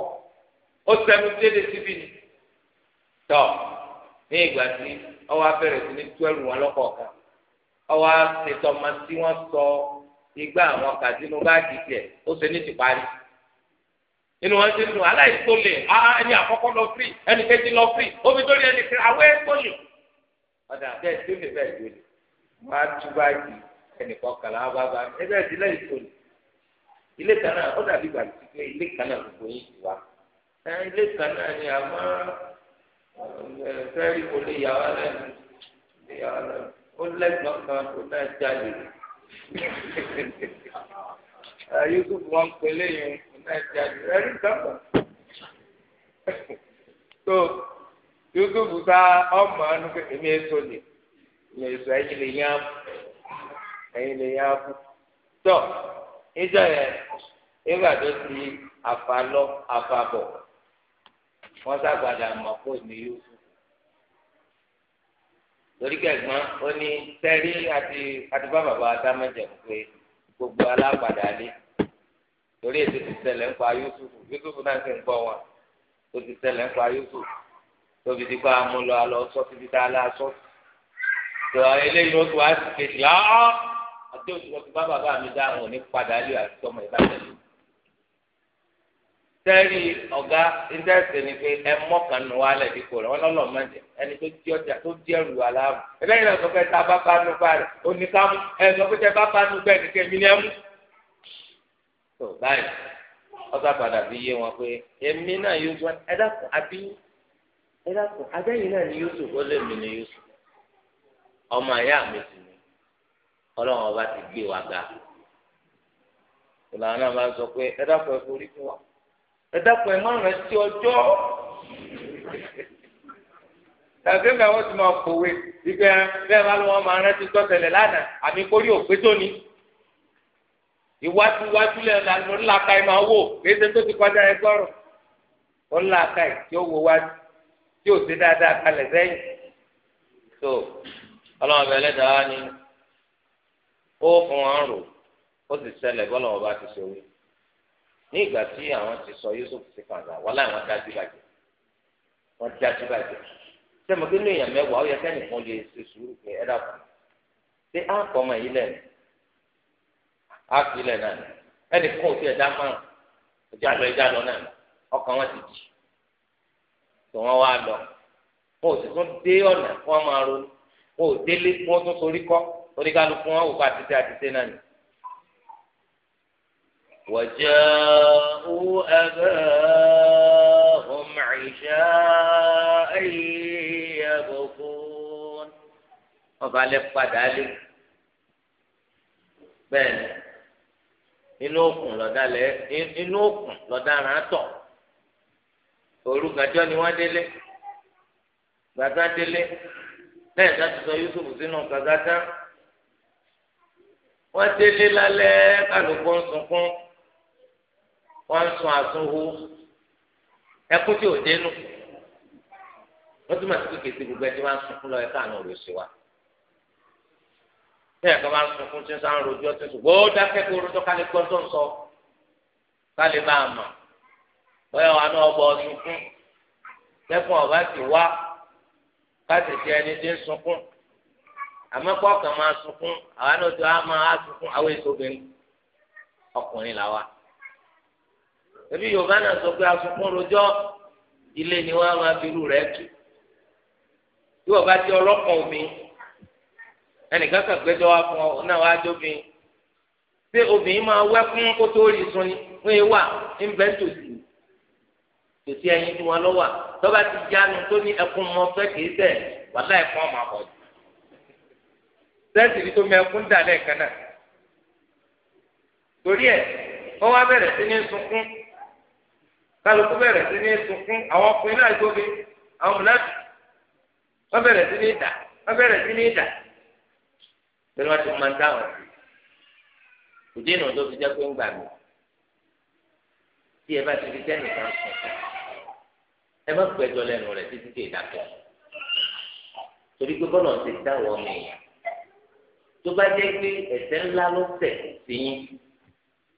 ó sẹ́nu tí èdè síbi ni tọ̀ ní ìgbà tí ọwọ́ abẹ́rẹ́ sí ní túwẹ́rù wọn lọ́kọ̀ọ̀kan ọwọ́ àtẹ̀tọ̀ máa tí wọ́n sọ igbá àwọn kàdínú bá dìtẹ̀ ó ṣe ní tìparí inú wọn ti dùn aláìsó lè ah, ah, ẹni àkọ́kọ́ lọ firi ẹni kejì lọ firi omi tó lé ẹni kiri àwọn ẹ̀kọ́ yìí ọ̀dà bẹ́ẹ̀ tó lè bẹ́ẹ̀ tó lè wọ́n á tú báyìí ẹnì kọkànlá bàbá ẹgbẹ́ ìdílé ìsó lè ilé kan náà ó dàbí ìgbà tí pé ilé kan náà gbogbo yìí ti wá ilé kan náà ni àmọ́ fẹ́ẹ́rì kò lè yà wá lẹ́nu lè yà wá lẹ́nu ó lẹ́gbọ̀n kan kò náà jáde Yusuf wọn pẹ̀lẹ́ yẹn ẹ̀rí nǹkan kan. tó yúdúbù sá ọmọ ẹnu pé èmi èso lè èmi èso ẹyin lè yá ẹyin lè yá kú. tó ìjọ yẹn ìgbà tó ti àfàlọ àfàbọ wọn sàgbàdà mọ kó ní yóò torí kẹgbọn ó ní sẹrí àti àti bá bàbá adámẹjẹ pé gbogbo alápàdé alẹ torí èdè ti ṣẹlẹ̀ ńpa yusufu yusufu náà sì ń gbọ́ wọn ó ti ṣẹlẹ̀ ńpa yusufu tóbi ti pa amú lọ alọ sọ síbi tá a lọ sọ tó eléyìí ó tó wá sí kejì á àti òṣùwọ̀n ti bá bàbá mi dá àwọn òní padà lé àti tọmọ ìbáṣẹ̀lẹ̀ ọ̀gá ìdẹ́sẹ̀ ni pé ẹ mọ́kànnù wa lẹ̀ dípò rẹ̀ wọ́n lọ́lọ́ máa jẹ ẹni tó jí ọjà tó jí ẹrù wà láàmú ẹlẹ́yìn náà sọ pé tá a bá bá nu bá rẹ̀ oníkàmú ẹ sọ pé tẹ bá bá bẹ́ẹ̀ ni kẹ́mi ni ẹ tó báyìí ọ̀sà padà fi yé wọn pé èmi náà Yusuf ẹ dákun àbí ẹ dákun abẹ́yìn náà ni Yusuf ó lè mi ní Yusuf ọmọ àyà mi sì ni ọlọ́run ọba ti gbé wa ga ìlànà máa ń sọ pé ẹ dákun ẹ forí fún wa ẹ dákun ẹ má rẹ sí ọjọ́ tàbí mẹ́wọ́n ti máa kọ̀wé ibẹ̀ bẹ́ẹ̀ bá lọ́wọ́ máa rántí tọ́tẹ̀lẹ̀ lánàá àmì kórìí òpé tóní iwájú iwájú lẹ́nu ńlá ka ẹ̀ máa wò kìí ṣe tó ti kọjá ẹ gbọ́rọ̀ ó ńlá ka ẹ̀ tí ó wo wájú tí ò sí dáadáa kalẹ̀ sẹ́yìn tó ọlọ́run ọbẹ̀ ẹlẹ́dàá ni ó fún wọn rò ó sì ṣẹlẹ̀ bọ́lá wọn bá ti ṣe wí ní ìgbà tí àwọn ti sọ Yusuf ti fàdà wọn láwọn dájú bàjẹ́ wọn dájú bàjẹ́ sẹ́mi kí ní èèyàn mẹ́wàá ó yẹ kẹ́nìkan lè ṣe sùúrù pé ẹ dàpọ̀ àfilẹ̀ náà ẹnì kan ò tiẹ̀ dá márùn ẹjọ́ àlọ́ ẹjọ́ àlọ́ náà ọkàn wọn ti jì tó wọn wá lọ wọn ò sì tún dé ọ̀nà kí wọ́n máa ronú wọn ò délé kí wọ́n tún sorí kọ́ oníkálukú wọn ò bá títí àtìsé náà ni. وجاءوا أباهم عشاء يبكون وقال يبقى ذلك inú òkun lọ́dàlẹ̀ inú òkun lọ́dàrán tọ̀ òru gàjọ́ ni wọ́n délé gbàgbá délé lẹ́yìn tó ti sọ Yusuf sínú gbàgbá tán wọ́n délé lálẹ́ kálukú ń sunkún wọ́n ń sun àsunhu ẹkún tí ò dénú wọ́n tún gbogbo tí wọ́n á sunkún tí ẹ̀ka máa ń sunkún tí ń sá ń rojọ́ tí ń sùn gbọ́ dákẹ́ kó rojọ́ ká lè gbọ́ tó ń sọ ká lè bá a mọ̀ bóyá wa náà bọ̀ sunkún tẹ́kùn ọ̀bá ti wá ká sì ti ẹni tí ń sunkún àmọ́ kó máa sunkún àwa náà tó a máa sunkún àwọn èso obìnrin ọkùnrin làwa ẹbí Yorùbá náà sọ pé asunkún rojọ́ ilé ni wọ́n á máa fi irú rẹ̀ kí tí bá ti ọlọ́kàn omi ẹnìkan kan gbẹjọ wa fún ọ náà wàá jóbin ṣé obìnrin máa wẹ fún kó tó rí sun ni wọn èèwà ń bẹ tòsí tòsí ẹyin tí wọn lọ wà tọba ti jánu tó ní ẹkún mọ fẹ kìí sẹ wàhálà ẹkún ọmọ àbọ jù sẹẹsì tó mẹkún dà lẹ́ẹ̀kan náà torí ẹ wọn wá bẹ̀rẹ̀ sí ní sunkún kálukú bẹ̀rẹ̀ sí ní sunkún àwọn ọkùnrin náà jóbin àwọn mùnàfíì wọn bẹ̀rẹ̀ sí ní dà wọn bẹ̀rẹ̀ sí ní dà bí wọ́n ti máa ń dáhùn sí ìdí ìnù tó fi jẹ́ pé ń gbà mí tí ẹ bá ti fi tẹ́ nìkan sùn ẹ má gbẹjọ lẹ́nu rẹ̀ títí tí ìdákẹ́ torí pé bọ́lá ti dáwọ́ ọmọ èèyàn tó bá jẹ́ pé ẹ̀ṣẹ̀ ńlá ló tẹ̀ sí yín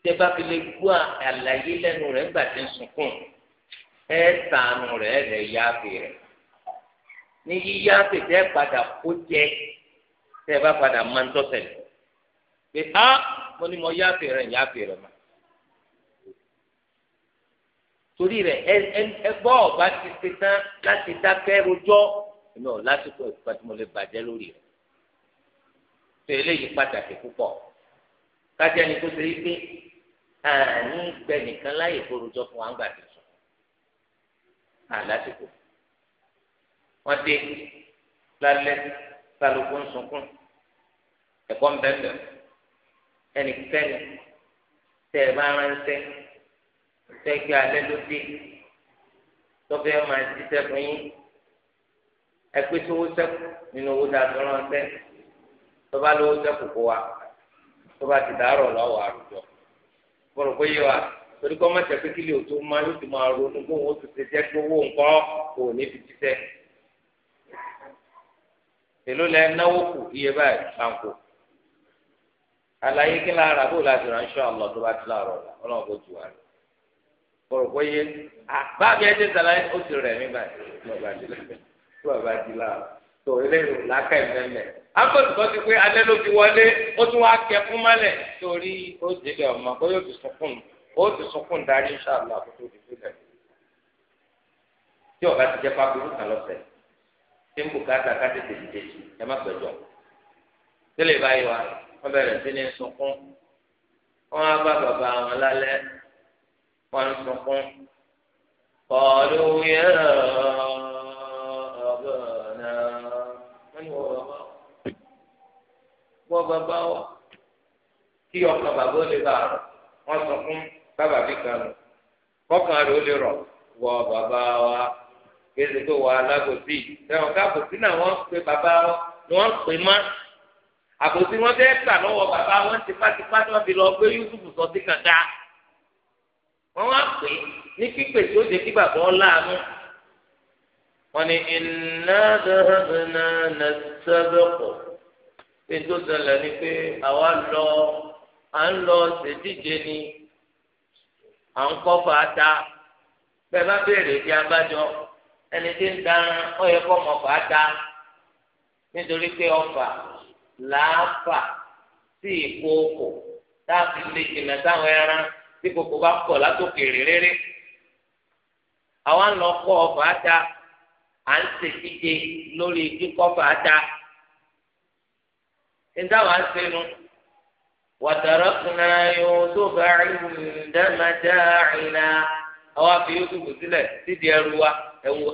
tẹ́ bá fi lè gbọ́ àlàyé lẹ́nu rẹ̀ ńgbà tí ń sunkún ẹ sànù rẹ̀ ẹ̀ yááfì rẹ̀ ní yíyááfì tẹ́ padà kó jẹ́ tẹ ẹ bá padà máa ń tọ́sẹ̀ pé á mo ní mo yáàfẹ́ rẹ̀ yáàfẹ́ rẹ̀ mọ́. torí rẹ̀ ẹgbọ́ ọba ti ṣe tán láti dákẹ́ rojọ́ ẹ̀mí ọ̀ lásìkò ìgbà tí mo lè bàjẹ́ lórí rẹ̀ tó eléyìí pàtàkì púpọ̀ kájá ni tó ṣe é pé àní gbẹ nìkan láyè kó rojọ́ fún wa ń gbà tẹ̀sán àlásìkò wọ́n dé lálẹ́ kálukú sunkún ẹ̀kọ́ ń bẹ́ẹ̀ bẹ́ẹ̀ ẹnikẹ́ni tẹ́ ẹ bá ránṣẹ́ tẹ́ kí alẹ́ ló dé tọ́fẹ́ máa ṣiṣẹ́ fún yín ẹ pé sówó sẹ́kù nínú owó dàtọ́ ránṣẹ́ tọ́ba lówó sẹ́kù kó wa tọ́ba ti dàárọ̀ lọ́wọ́ àrùjọ mo rò pé yé wa torí kọ́ mọ̀tẹ́ pé kílì òtún máa yóò ti máa ronú bó wọn ti ṣe jẹ́ pé owó nǹkan kò ní fi ṣiṣẹ́ èló lẹ náwó kù iye báyìí pàǹkó àlàyé kí lára bó láti ràn ṣọ́ àlọ́ tó bá ti láàrọ̀ ọ̀la ọlọ́run kò jù wá rẹ̀ kọ̀rọ̀ pé yé báàbí ẹ̀jẹ̀ sàlàyé ó ti rẹ̀ nígbà tí bàbá ti láàrọ̀ tó eléyìí làákà ìmẹ́lẹ̀ akọ̀tù kan ti pé alẹ́ ló ti wọlé ó tún wá kẹ fún mọ́lẹ̀ torí ó délé ọmọ bó yóò ti sunkún ó ti sunkún darí ṣọ́ àlọ́ àkókò ti sílẹ̀ tí ọba ti jẹ́ pápẹ́rù kan lọ́sẹ̀ tí ń bùkátà ká tètè dìde sí ẹ má pẹ́jọ́ tẹ́lẹ̀ báyìí wá wọ́n bẹ̀rẹ̀ sí ní sunkún wọ́n á bá bàbá wọn lálẹ́ wọ́n ń sunkún kọ́ọ̀lù yẹ ọ̀gọ́nà wọ́n ní wọ́n bàbá wọ́n bàbá wọ́n kí ọkàn bàbá ó lè bá rọ̀ sunkún bàbá bí kan rọ̀ kọ́kàn rẹ̀ ó lè rọ̀ wọ́n bàbá wa kí ẹ tó wọ alágòsí ẹ̀wọ̀n káàbòsí náà wọ́n pe bàbá wọn ni wọ́n pe má àpótí wọn fẹẹ gbà lọ́wọ́ bàbá wọn tipátipá tí wọn fi lọ gbé Yusufu sọ sí kànga wọn wá pè é ní pípè tí ó jẹ kí bàbá ọ láàánú wọn ni iná dáhàbìnà nà sábẹ́kọ̀ pé tó ṣẹlẹ̀ ni pé àwa lọ à ń lọ ṣèdíje ni à ń kọ́ fàáta bẹ́ẹ̀ bá béèrè bí abájọ ẹni tí ń daran ó yẹ kó mọ̀ fàáta nítorí pé ọfà. làáfà sí ìkókò tá a fi lè jìnnà sáwọn ẹran tí kòkò bá pọ̀ látòkè àwa ń lọ kọ́ ọ̀fà ta à ń lori lórí kíkọ́fà ta. níta wàá sẹ́nu wàtàrọ́kùnà yóò tó bá rí ndàmàdà àìlà àwa fi yóò tó kù sílẹ̀ sídìí ẹrú wa. ẹwù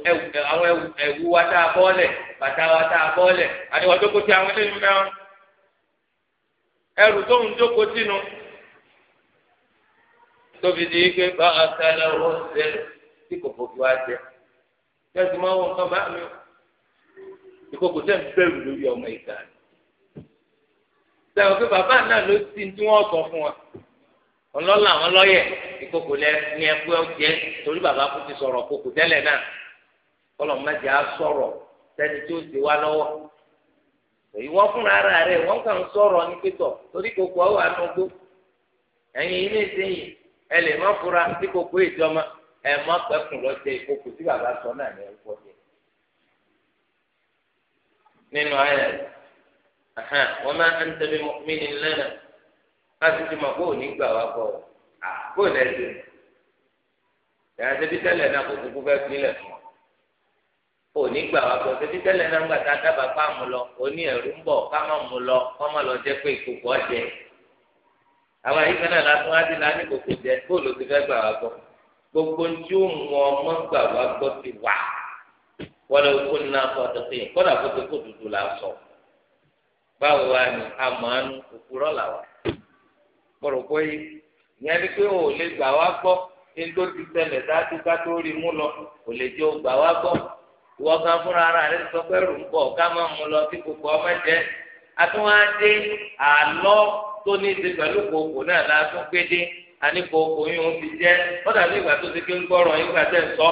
àwọn ẹwù wa tá a bọ́ lẹ̀ bàtà wa tá a bọ́ lẹ̀ àdéhùn ọjọ́ tí àwọn eléyìí mẹ́wọ́n ẹrù tó ń jókòó sínú tóbi di ike bá a kálẹ̀ wọ́n ṣe tí kò fòkì wá jẹ jẹ́sí máa wọ nǹkan bá mi ìkókò tẹ̀ ń bẹ̀rù lórí ọmọ ti tí wọ́n sọ fún wa ọlọ́lá àwọn lọ́yẹ̀ kọlọ̀ mẹ́jẹ á sọ̀rọ̀ sẹ́ni tí ó ti wá lọ́wọ́ èyí wọ́n fúnra ara rẹ̀ wọ́n kàn ń sọ̀rọ̀ ní pẹ́tọ̀ torí kòkó ọ̀wọ́ ànúgbó ẹ̀yin ilé ìsẹ́yìn ẹ lè má fura sí kòkó ìjọba ẹ má pẹ́kùn lọ jẹ ìkókò tí bàbá sọ náà ní ẹ̀kọ́ jẹ. nínú ayẹ wọn máa ń tẹ̀lé mí ní lẹ́nà láti ti mọ̀ kó ò ní gbà wá bọ̀ kó lẹ́sìn. ìyá tẹ́bí tẹ́lẹ̀ náà kó kúkú fẹ́ sílẹ̀ fún ọ òní gbà wá gbọ́ títí tẹ́lẹ̀ náà gbà tá a dábàá pa mú lọ òní ẹ̀rú ń bọ̀ ká má mú lọ kọ́ má lọ jẹ́ pé ìkòkò ọ̀jẹ̀ àwọn yìí fẹ́ràn lásán á ti la ní kòkò jẹ bóòlù ti fẹ́ gbà wá gbọ́ gbogbo tí ó mú ọmọ gbà wá gbọ́ ti wà wọlé okó ní náà sọ tètè kọ́dà kó tó kó dúdú la sọ báwo wá ní amọ̀ánú òkúrọ̀ là wà kọ̀rọ̀ pé ìyẹn ni pé ò lè gbà wá gbọ́ ní tó ti ṣẹlẹ̀ sáájú ká tó rí mú lọ ò lè jẹ́ ò gbà wá gbọ́ ìwọ kan fúnra ara rẹ sọ pé rò ń bọ̀ ká máa mú lọ sí kòkó ọmọ jẹ àtúwádé àlọ́ tó ní ti pẹ̀lú kòkó náà la tún gbé dé àní kòkó yìí ń fi jẹ́ lọ́dà bí ìgbà tó ti ké ń gbọ́rọ̀ tẹ̀ ń sọ.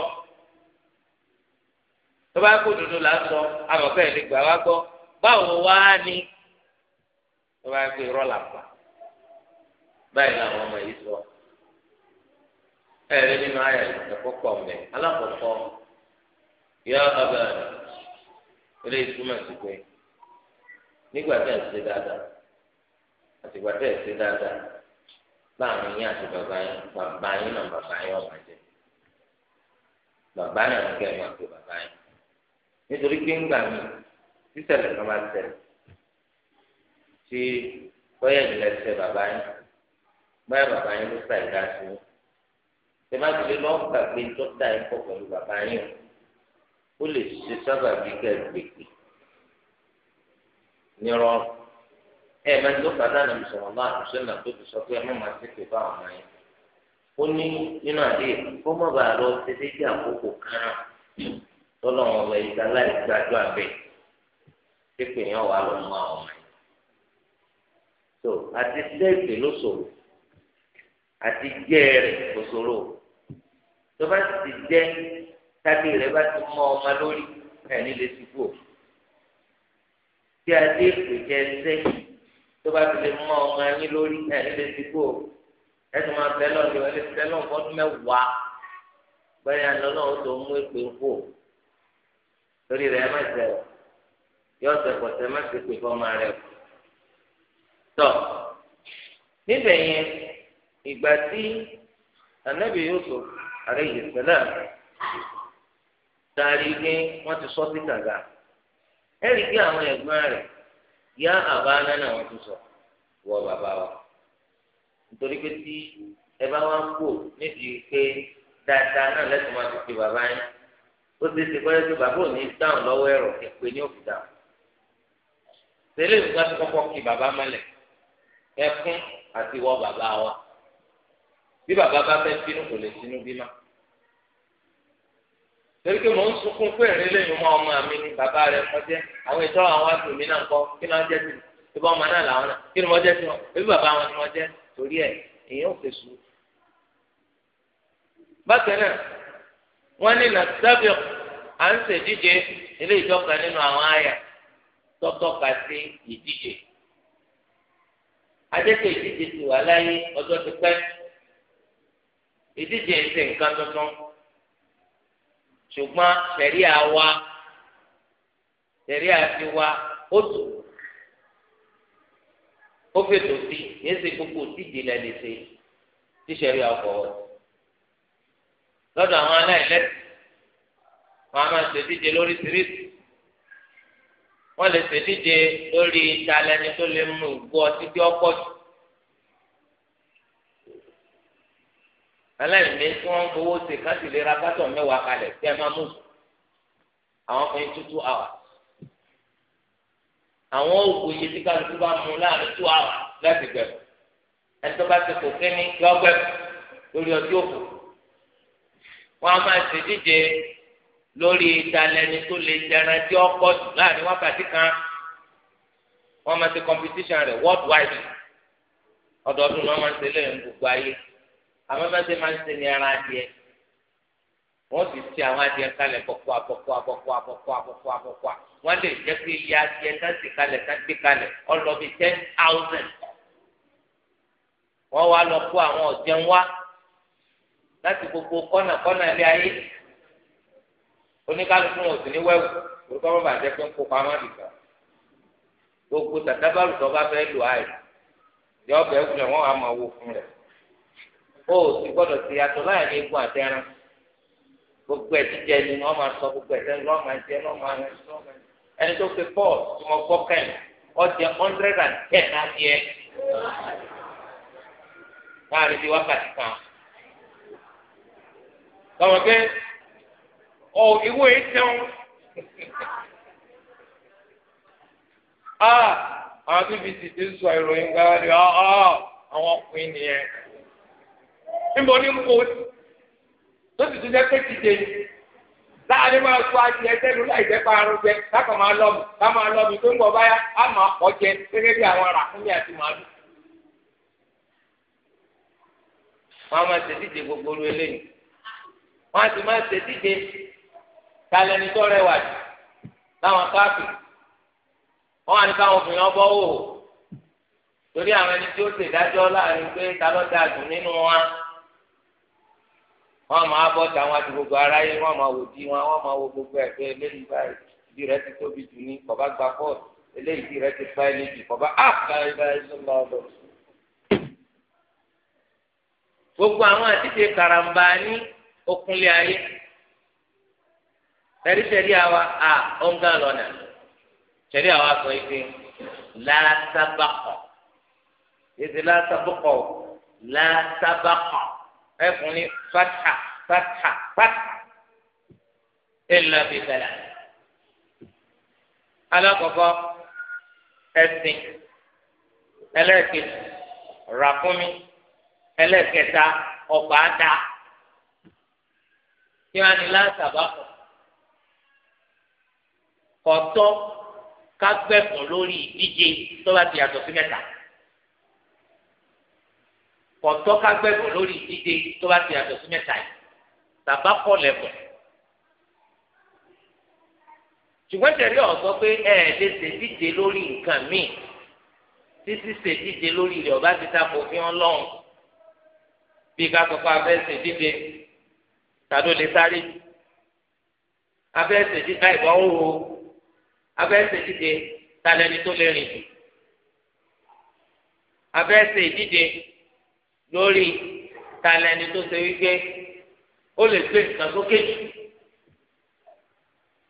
tó bá sọ ẹ̀ lè gbà wá gbọ́ báwo wá yá abàdì ilé ìtumọ̀ sí pé nígbà tẹ̀ ń ṣe dáadáa àtìgbà tẹ̀ ń ṣe dáadáa láàrin yín àti bàbá yín bàbá yín náà bàbá yín ọ̀mà jẹ bàbá náà nìkẹ́ yín àti bàbá yín nítorí pé ń gbà mí sísẹ̀lẹ̀ kan máa ṣẹlẹ̀ tí bọ́yẹ̀ ìlẹ̀ ṣe bàbá yín báyà bàbá yín ló ṣàìdá sí i tẹ̀mátìlélọ́ọ̀gbà gbé tó ta ẹ̀kọ́ pẹ̀lú bàbá yín o ó lè ṣe sábà bí kẹ́gbègbè nírọ̀ ẹ mẹ́rin tó fàdá nàbì sọ̀rọ̀ bá àrùsọ̀nà tó fi sọ pé ẹ má máa tètè bá àwọn ọmọ yẹn ó ní nínú àdé kó má bàa lọ tètè dé àkókò kan tọ́lọ̀ wọn lọ ìgbà láì gbájú abẹ pípé yẹn wà lọ mú àwọn ọmọ yẹn tó àti sẹ́ẹ̀kì ló ṣòro àti jẹ́ rẹ̀ kò ṣòro tó bá ti jẹ́ tàbí rẹ bá ti mọ ọmọ lórí ẹni lè ti kú tí adé ìpèjẹ ẹsẹ tó bá ti lè mọ ọmọ yín lórí ẹni lè ti kú ẹsùn máa bẹ lọ lọ ẹni bẹ lọ fọdún mẹ́wàá bẹ́ẹ̀ ni Ọlọ́run tó mú èpè ń kú lórí rẹ má ṣe ọ yọ ọsẹ pọtẹ má ṣe pè fọmọ rẹ tọ níbẹ̀ yẹn ìgbà tí anabi Yusuf alayhi salam. tààrí ike wọn ti sọ sí kàga ẹ̀rí pé àwọn ẹ̀gbọ́n rẹ̀ yá àbá nánà ti sọ wọ bàbá wa nítorí pé tí ẹ bá wá kú nídìí pé dáadáa náà máa fi pe bàbá yín ó ti ṣe kọ́lé pé bàbá ò dáhùn lọ́wọ́ ẹ̀rọ ẹ̀pẹ́ ní òkúta tẹ́lẹ̀ nígbà tó kí bàbá ẹkún àti wọ bàbá wa bí torí pé mò ń sunkún pé èrè lẹ́yìn mọ́ ọmọ mi ni bàbá rẹ̀ kọjá àwọn ìtọ́ àwọn àti mi náà kọ́ kí ni wọ́n jẹ́ sí mi ibi ọmọ náà làwọn náà kí ni wọ́n jẹ́ sí wọn ibi bàbá wọn ni wọ́n jẹ́ torí ẹ̀ èèyàn ò fẹ́ sùn. bákan náà wọ́n ní nàìjíríà à ń ṣèdíje ilé ìjọba nínú àwọn àyà tọ́tọ́ka sí ìdíje. ajẹ́kẹ́ ìdíje ti wà láyé ọjọ́ ti pẹ́ ìdíje ṣùgbọ́n ṣẹ̀ríà wa ṣẹ̀ríà ti wa ó tò ó fètò sí yẹn ṣe gbogbo òtíje lẹ́nu ṣe tí ṣẹ̀ríà ọkọ̀ wọ̀ lọ́dọ̀ àwọn aláìlẹ́sìn wọn a máa ṣèdíje lórí síríìsì wọn lè ṣèdíje lórí ìta lẹni tó lè mú ìgbọ́ títí ọ̀pọ̀ jù aláìní tí wọ́n ń fowó ṣe ká sì lè ra kátọ̀ mẹ́wàá kalẹ̀ tí ẹ máa mú sùn àwọn kan yín tútù àwà àwọn oògùn yìí tí kálukú bá mú láàrin tú àwà láti gbẹ̀mù ẹtọ́ bá ti kò kéne yọ gbẹ̀mù lórí ọtí òkú wọn a máa ṣèdíje lórí ìdálẹ́ni tó lè jẹran tí ó pọ̀ jù láàrin wákàtí kan wọn máa ṣe competition rẹ̀ world wide ọdọọdún ni wọn máa ń ṣe lẹ́yìn gbogbo ayé àmọ́ bá ṣe máa ń ṣe ní ara adìẹ wọ́n sì ṣe àwọn adìẹ kalẹ̀ bọ̀kọ̀ àbọ̀kọ̀ àbọ̀kọ̀ àbọ̀kọ̀ àbọ̀kọ̀ àbọ̀kọ̀ wọ́n lè jẹ́ pé iye adìẹ náà sì kalẹ̀ ká gbé kalẹ̀ ọlọ́bi ten thousand wọ́n wá lọ kó àwọn ọ̀jẹun wá láti gbogbo kọ́nà kọ́nà ilé ayé oníkálukú wọn ò sì ní wẹ́wù orúkọ bàbá jẹ́ pé ń kó pamọ́ nìkan gbogbo tàtàbàrù tó bá fẹ́ lò áì yọ ọbẹ̀ wúlẹ̀ wọ́n wà máa wo fún rẹ̀. ó sì ti yàtọ̀ láàrin egun àtẹran gbogbo ẹ̀ jíjẹ ni wọ́n máa sọ gbogbo ẹ̀ sẹ́ni wọ́n máa jẹ wọ́n máa rẹ ẹni tó fi pọ́ọ̀lù tí wọ́n gbọ́ kẹ́yìn ọjẹ hundred and ten láti ẹ láàrin wákàtí kan pé ọ ìwé ah àwọn bíbí ti ti sọ ìròyìn ọ ọ ah, ah, àwọn ọkùnrin nìyẹn. níbo ní kó tó sì tún jẹ́ pé dìde láàrin máa sọ adìẹ sẹ́nu láì jẹ́ pa arun jẹ kákan máa lọ́mù ká máa tó ń báyà á máa jẹ bí àwọn àti màálù. á máa ṣe díje gbogbo eléyìí á máa ṣe díje jù láwọn káàpì á ní káwọn obìnrin wò torí àwọn ẹni tí ó ṣèdájọ́ ta ló dáa jù nínú wọn máa bọ táwọn àti gbogbo aráyé wọn máa wò di wọn wọn máa wo gbogbo ẹgbẹ eléyìí báyìí ibi rẹ ti tóbi jù ní kọba gba bọọlù eléyìí ibi rẹ ti fa eléyìí kọba áàpù báyìí báyìí ló lọ lọ. gbogbo àwọn àtìsẹ karamba ní okunlé ayé tẹ̀lítẹ̀lí àwa à ọ̀ǹgá lọ́nà tẹ̀lí àwa sọ ife làtàbàkọ̀ èsì làtàbàkọ̀ làtàbàkọ̀ ẹ fún ní fatha fatha fatha illa bi salam alákọ̀ọ́kọ́ ẹ̀sìn ẹlẹ́ẹ̀kejì ràkúnmí ẹlẹ́ẹ̀kẹta ọ̀pá àdá kí wọ́n á ní láǹtàbà kọ̀ kọ̀tọ́ kágbẹ́kùn lórí ìdíje tó bá ti yàtọ̀ sí mẹ́ta kọtọ kagbẹbọ lórí ìdíje tó bá ti yàtọ̀ sí mẹ́ta yìí tàbá kọ lẹbọ ṣùgbọ́n tẹ̀lé ọ̀sọ́ pé ẹ ẹ̀ lè ṣèdíje lórí nǹkan míì títí ṣèdíje lórí rẹ̀ ọba ti ta kò fi hàn lọ́hùn bí ká sọ pé abẹ́ ṣèdíje tàdó lè sáré abẹ́ ṣèdíje àìbọ̀ òhò abẹ́ ṣèdíje tàlẹ́ni tó lè rìn jù abẹ́ ṣèdíje lórí talẹni tó ṣe wípé ó lè gbé nǹkan sókè jù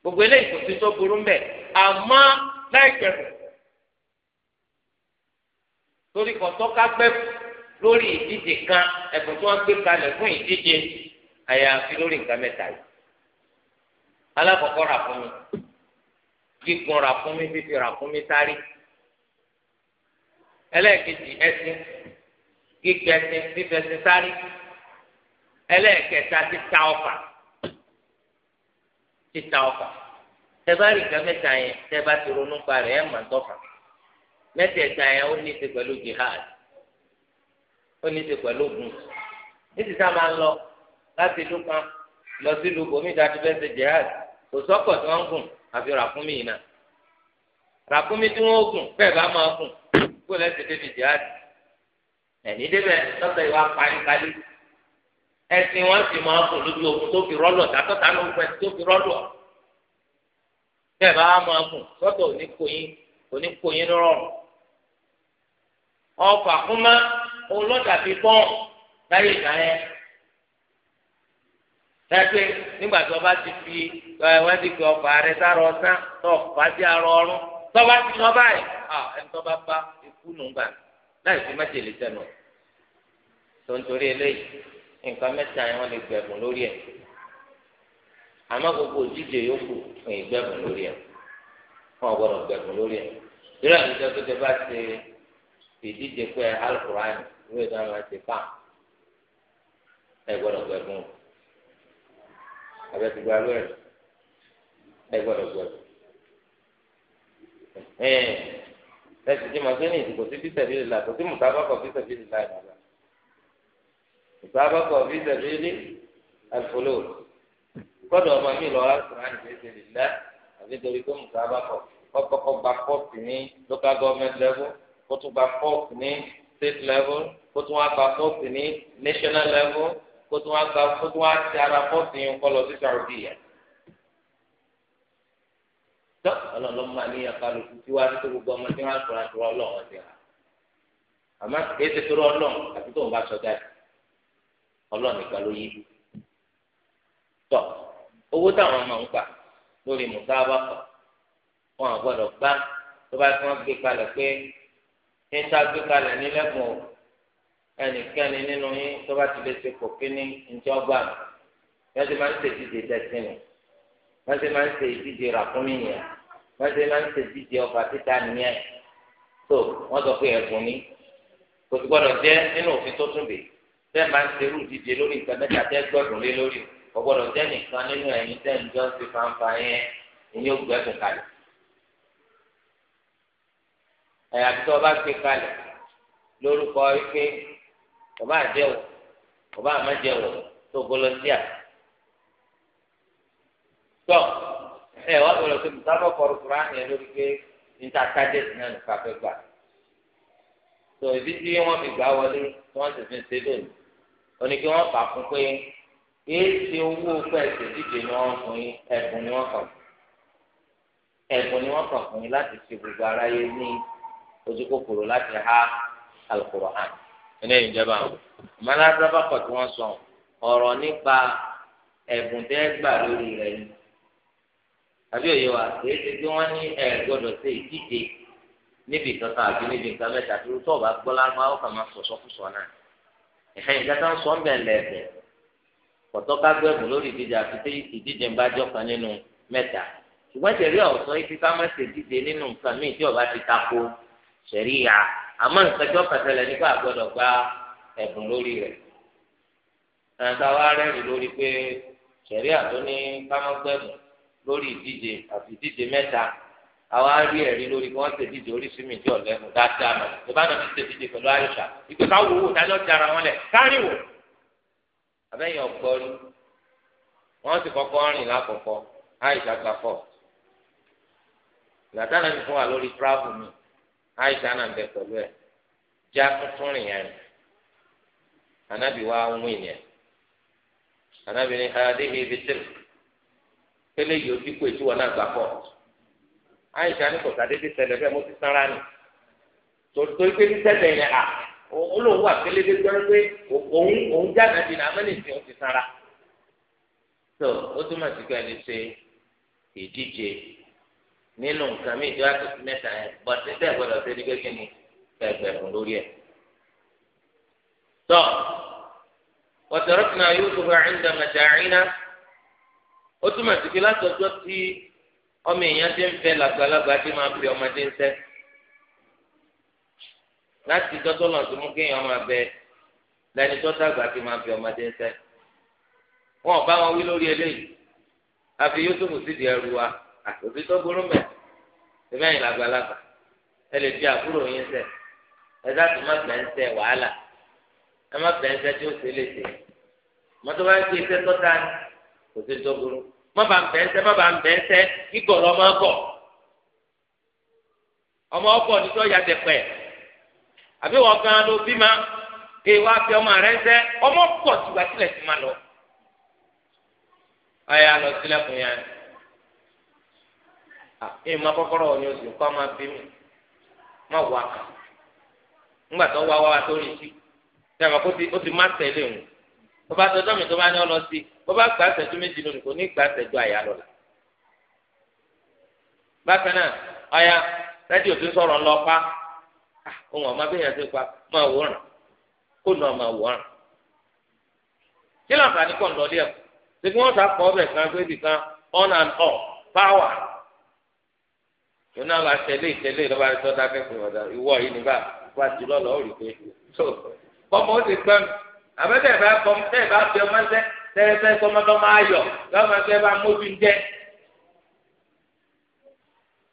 gbogbo eléyìí kò sí tó burú mbẹ àmọ́ láì gbẹrù torí kọtọka gbẹrù lórí ìdíje kan ẹ̀bùn tí wọ́n gbé kalẹ̀ fún ìdíje àyàfi lórí nǹkan mẹ́ta yìí alákọ̀ọ́kọ́ rà fún mi gígùn rà fún mi fífi rà fún mi sáré ẹlẹ́ẹ̀kejì ẹṣin gbígbẹ̀sìn fífẹ̀sìn sáré ẹlẹ́ẹ̀kẹta títa ọfà títa ọfà tẹ́bá rí nǹkan mẹ́ta yẹn tẹ́bá ti ronú pa rẹ̀ ẹ̀ máa tọ́fà mẹ́tẹ̀ẹ̀ta yẹn ó ní í ṣe jihad ó ní í ṣe pẹ̀lú ogun níbi tá a máa ń lọ láti ìlú kan lọ sí ìlú bòmí ìdájú fẹ́ jihad kò sọ́kọ̀ tí wọ́n ń gùn àfi ràkúnmí yìí náà ràkúnmí tí wọ́n ń gùn bẹ́ẹ̀ bá máa gùn kó lẹ́sìn débi jihad ẹni débẹ̀ lọ́sọ̀ ìwà pàǹkálí ẹsìn wọn sì máa kù lójú ogun tó fi rọlọ dàtọta ló ń pẹ tó fi rọlọ bẹ́ẹ̀ bá máa kù sọ́tọ̀ òní kòyìn òní kòyìn rọrùn ọfà kúmá olódà fi bọ́ọ̀n láyé ìgbà yẹn ẹgbẹ́ nígbà tí ọba ti fi wọ́n ti fi ọfà rẹ sára ọ̀sán tó ọfà sí ara ọrùn tọ́ba ti lọ báyìí ẹni tọ́ba bá ikú nù ń tó ń torí eléyìí nǹkan mẹ́ta yẹn wọ́n lè gbẹ̀bùn lórí ẹ̀ àmọ́ gbogbo òjíjẹ yòókù fún ìgbẹ̀bùn lórí ẹ̀ wọ́n gbọ́dọ̀ gbẹ̀bùn lórí ẹ̀ irú àwùjọ tó ti bá ṣe ìdíje pé alukuraan ìwé ìdáná ti fà ẹ gbọ́dọ̀ gbẹ̀bùn abẹ́tìgbà lórí ẹ gbọ́dọ̀ gbẹ̀bùn ẹ̀ẹ́n tẹ̀sí tí màá fẹ́ ní ìdìbò sí bísẹ̀bí lè la kò sí mùsàlùmá kò bísẹ̀bí lè la ìmọ̀ ìfowópamọ́ fi tẹ̀lé ní àfọlọ́ gbọ́dọ̀ ọmọ mi lọ́wọ́ alukur'an ti ṣe lè dá àbí torí kó mùsàbàkọ̀ kọ́kọ́kọ́ gba kọ́ọ̀tù ní local government level kó tún gba kọ́ọ̀tù ní state level kó tún wá gba kọ́ọ̀tù ní national level kó tún wá gba kó tún wá ti ara kọ́ọ̀tù yẹn kọ́ lọ sí Saudi yẹn. tó ọlọ́lọ́ máa ní akálùkù tí wàá tó gbogbo ọmọ tí wọ́n á sọ̀rọ̀ àti wọ́n sí wa àmọ́ èyí ti tó rọ́ ọlọ́run àti tó ń bá sọ jáde ọlọ́nìkan ló yí tọ owó táwọn ọmọ ń gbà lórí mùsáàbàkọ wọn àgbọ́dọ̀ gbá tó bá tí wọn gbé kalẹ̀ pé níta gbé kalẹ̀ nílẹ̀kùn o ẹnikẹ́ni nínú yín tó bá ti lè ṣe kò kíní njẹ ọgbà wọn ti máa ń ṣe ìdíje ni. wọn ti máa ń ṣe ìdíje ràkúnmí yẹn wọn ti máa ń ṣe ìdíje ọba títa nìyẹn tó wọn sọ pé ẹ̀bùn ni kò sì gbọ́dọ̀ jẹ nínú òfin tó tún tẹ́ máa ń serú ìdíje lórí nǹkan mẹ́ta tẹ́ gbọ́dún lé lórí o gbọ́dọ̀ jẹ́ nìkan nínú ẹ̀yin tẹ́ ń jọ ń fi fanfa yẹn ìyẹn ògbẹ́ fún kalẹ̀. ẹ̀yà tó o bá gbé kalẹ̀ lórúkọ wípé ọba àjẹwò ọba àmàjẹwò tó volunteer tọ́ ẹ wá gbọ́dọ̀ tó mi sábà kọ́ ọ̀rọ̀ kúránì ẹ lórí pé níta tájẹ́ sí náà nípa fẹ́ gbà. tó ibi tí wọ́n fi gbà wọlé tí sì fi ń ṣe lónìí oní kí wọ́n fà fún pé èsì owó pẹ̀sẹ̀ díje ni wọ́n fún yín ẹ̀bùn ni wọ́n kàn ẹ̀bùn ni wọ́n kàn fún yín láti fi gbogbo aráyé ní ojú kòkòrò láti há Al-Qur'an eléyìí ìjọba mọ́nàdọ́bà pọ̀ tí wọ́n sọ ọ̀rọ̀ nípa ẹ̀bùn tẹ́ gbà lórí rẹ̀ yìí àbí òye wa kìí ṣe wọ́n ní ẹ̀ gbọ́dọ̀ ṣe ìdíje níbi kankan àbí níbi nǹkan mẹ́ta tó tó ọ̀bá gbọ́ lárúbáwọ́ kàn máa sọ̀sọ́kùsọ náà ẹ̀hẹ́ ìjà tó ń sọ ń bẹ̀ lẹ́ẹ̀bẹ̀ pọ̀tọ́ ká gbẹ̀bùn lórí ìdíje àti pé ìdíje ń bá jọ kan nínú mẹ́ta ṣùgbọ́n ṣẹ̀ríà ọ̀sán ibi ká má ṣe díje nínú nǹkan míì tí ọba ti tako ṣẹ̀ríà àmọ́ nǹkan tí ọkàn ṣẹlẹ̀ nípa àgbọ̀dọ̀ gba ẹ̀bùn lórí rẹ̀ ẹ̀ka wa rẹ́rìn lórí pé ṣẹ̀ríà tó ká má gbẹ̀bùn lórí ìdíje àti ìdíje mẹ́ta àwọn arí ẹ̀rí lórí kí wọ́n ṣe díje oríṣi mi jọ lẹ́nu dáadáa lọ ìbáná ti ṣe díje pẹ̀lú àyíṣà ìpè káwọ dájọ́ ti ara wọn lẹ̀ káríwò. abẹ́yẹn ọgbọ́n wọ́n sì kọ́kọ́ rìn lákọ̀ọ́kọ́ àyíṣà gba fọ́ ìgbàdànà ti fún wa lórí tíráàbù mi àyíṣà náà bẹ pẹ̀lú ẹ̀ já tuntun rìn yẹn wa ń wí yẹn ànábì yìí ó àyìnṣà ní kò sàdédé ṣẹlẹ̀ bẹ́ẹ̀ mo ti sanra nì torí pé ṣẹlẹ̀ yẹn a olóhùn wà kélédé pé òun òun jáde dì náà mẹ́lẹ̀ tí ti sanra tó ó túmọ̀ sí pé ẹni ṣe ìdíje nínú nǹkan mi ìjọba tó ti yẹn bọ́tẹ́ bẹ́ẹ̀ gbọ́dọ̀ ṣe ní kékeré ni ẹgbẹ̀rún lórí tó náà yóò ọmọ èèyàn ti ń fẹ́ làgbàlagbà tí máa fi ọmọdé ń sẹ́ láti dọ́tọ́ náà tó mú kéèyàn máa bẹ lẹ́ni tó dàgbà tí máa fi ọmọdé ń sẹ́ wọn ò bá wọn wí lórí eléyìí àfi Yusuf sídìí ẹrù wa àtòbí tó burú mẹ́ ìmẹ́yìn làgbàlagbà ẹ lè fi àbúrò yín sẹ́ ẹ dáàtú má bẹ̀ ń sẹ́ wàhálà ẹ má bẹ̀ ń sẹ́ tí ó ṣe léṣe mọ́tò bá ń ṣe iṣẹ́ tó dáa kò sí tó burú. má bàa ń bẹ ẹsẹ má bàa ń bẹ ẹsẹ kíkọ lọ ọmọ ọgọ nítorí ọyà àbí ma ké wá fi ọmọ rẹ ọmọ ma lọ ọyà lọ sílẹ̀kùn yẹn ẹ má kọ́kọ́rọ́ wọn ni má bí mi má wà ńgbà tó wá wá bàbá àtọ́jọ́ mi tó bá ní ọ lọ sí bàbá gbà àtẹ̀jú méjì lónìí kò ní gbà àtẹ̀jú àyà lọ́la. bákan náà ọ̀ya tó ń ńlọ pa ohun ah, ọ̀ma bẹ́ẹ̀ yẹn pa máa wòran kó nà máa wòran. kí ló ń fa ní kọ́ ńlọ díẹ̀ ṣé kí wọ́n ta kọ́ ọbẹ̀ kan gbé and off power. ìwọ yìí jùlọ rí àbẹ́tẹ̀ bá kọ́ tẹ́ bá fi ọmọ sẹ́ tẹ́lẹ̀tẹ́ sọmọdọ́ máa yọ lọ́mọ ẹgbẹ́ bá mójú ń jẹ́.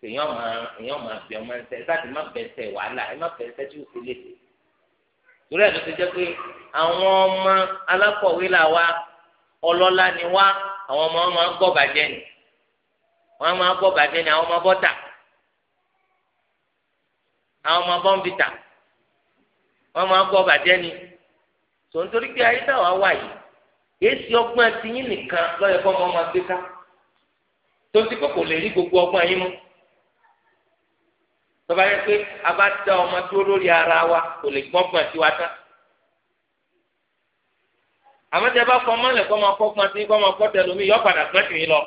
èèyàn máa èèyàn máa fi ọmọ sẹ́ láti má bẹ̀sẹ̀ wàhálà ẹ má bẹ̀sẹ̀ tí ó fi léṣe. torí ẹ̀ ló ti jẹ́ pé àwọn ọmọ alákọ̀wé là wa ọlọ́lá ni wá àwọn ọmọ máa ń ni wọ́n máa ń ni àwọn ọmọ bọ́tà àwọn ọmọ bọ́ǹbìtà wọ́n máa ń ni. Tontori ń torí pé ayé táwọn wà yìí èsì ọgbọ́n tiyín nìkan lọ́yẹ̀ kọ́ ọmọ máa gbé ká tó ti kókò lè rí gbogbo ọgbọ́n yín mú tọ́ba yẹ pé a bá da ọmọ dúró lórí ara wa kò lè gbọ́gbọ́n tiwa tán àmọ́ tẹ́ bá fọ ọmọ lẹ̀ kọ́ máa kọ́ gbọ́n tí kọ́ máa kọ́ tẹ̀ lómi yọ padà gbọ́n tìyín lọ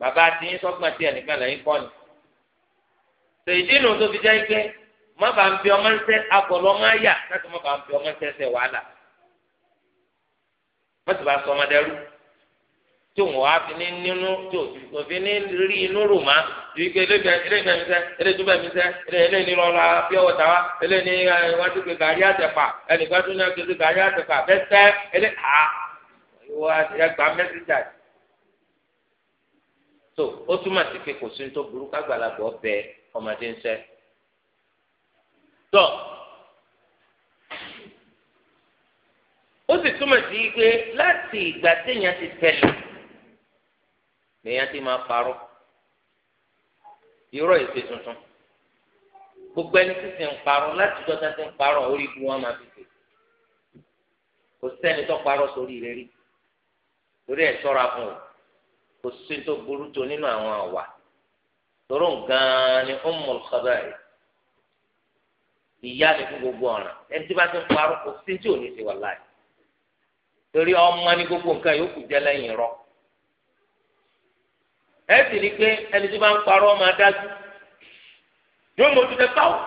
bàbá tiyín sọ́gbọ́n tiẹ̀ nìkan lẹ́yìn kọ́ ni ṣèjì nù tó fi jẹ́ ike má bàa ń bí ọmọ ń sẹ́ agbọ̀lọ́ má yà láti má bàa ń bí ọmọ ń sẹ́ sẹ́ wàhálà wọ́n sì bá sọ ọmọdé rú tí òun wá fi ní nínú tí òun fi ní rí inú rò má wípé eléyìí mi sẹ́ eléyìí túbẹ̀ mi sẹ́ lọ́la wọ́n ti gàrí àtẹ̀pà ẹnìkan tún náà gàrí àtẹ̀pà bẹ́ẹ̀ sẹ́ ha ìwọ ẹgbà mẹ́síjà tó ó túmọ̀ sí pé kò sí ní tó burú kágbàlagbọ̀ bẹ ọmọdé ń sẹ́. tọ́ ó sì túmọ̀ sí pé láti ìgbà téèyàn ti tẹ̀lé lèèyàn ti máa parọ́ irọ́ èsè tuntun gbogbo ẹni tí ti ń parọ́ láti dọ́ta ti ń parọ́ orí ibu wọn máa fi tè kò sẹ́ni tó parọ́ sórí rẹ̀ rí torí ẹ̀ sọ́ra fún o kò sí tó burú tó nínú àwọn àwà tóró gan-an ni ó mọ̀ ọ́ rẹ̀ ìyá ni fún gbogbo ọ̀ràn ẹni tí bá ti ń parọ́ kò sí tí ò ní ti wà láì torí ọmọ ní gbogbo nǹkan yòókù jẹ́ lẹ́yìn rọ ẹ sì rí i pé ẹni tí bá ń parọ́ ọmọ adájú yóò mọ ojútẹ pàwọ́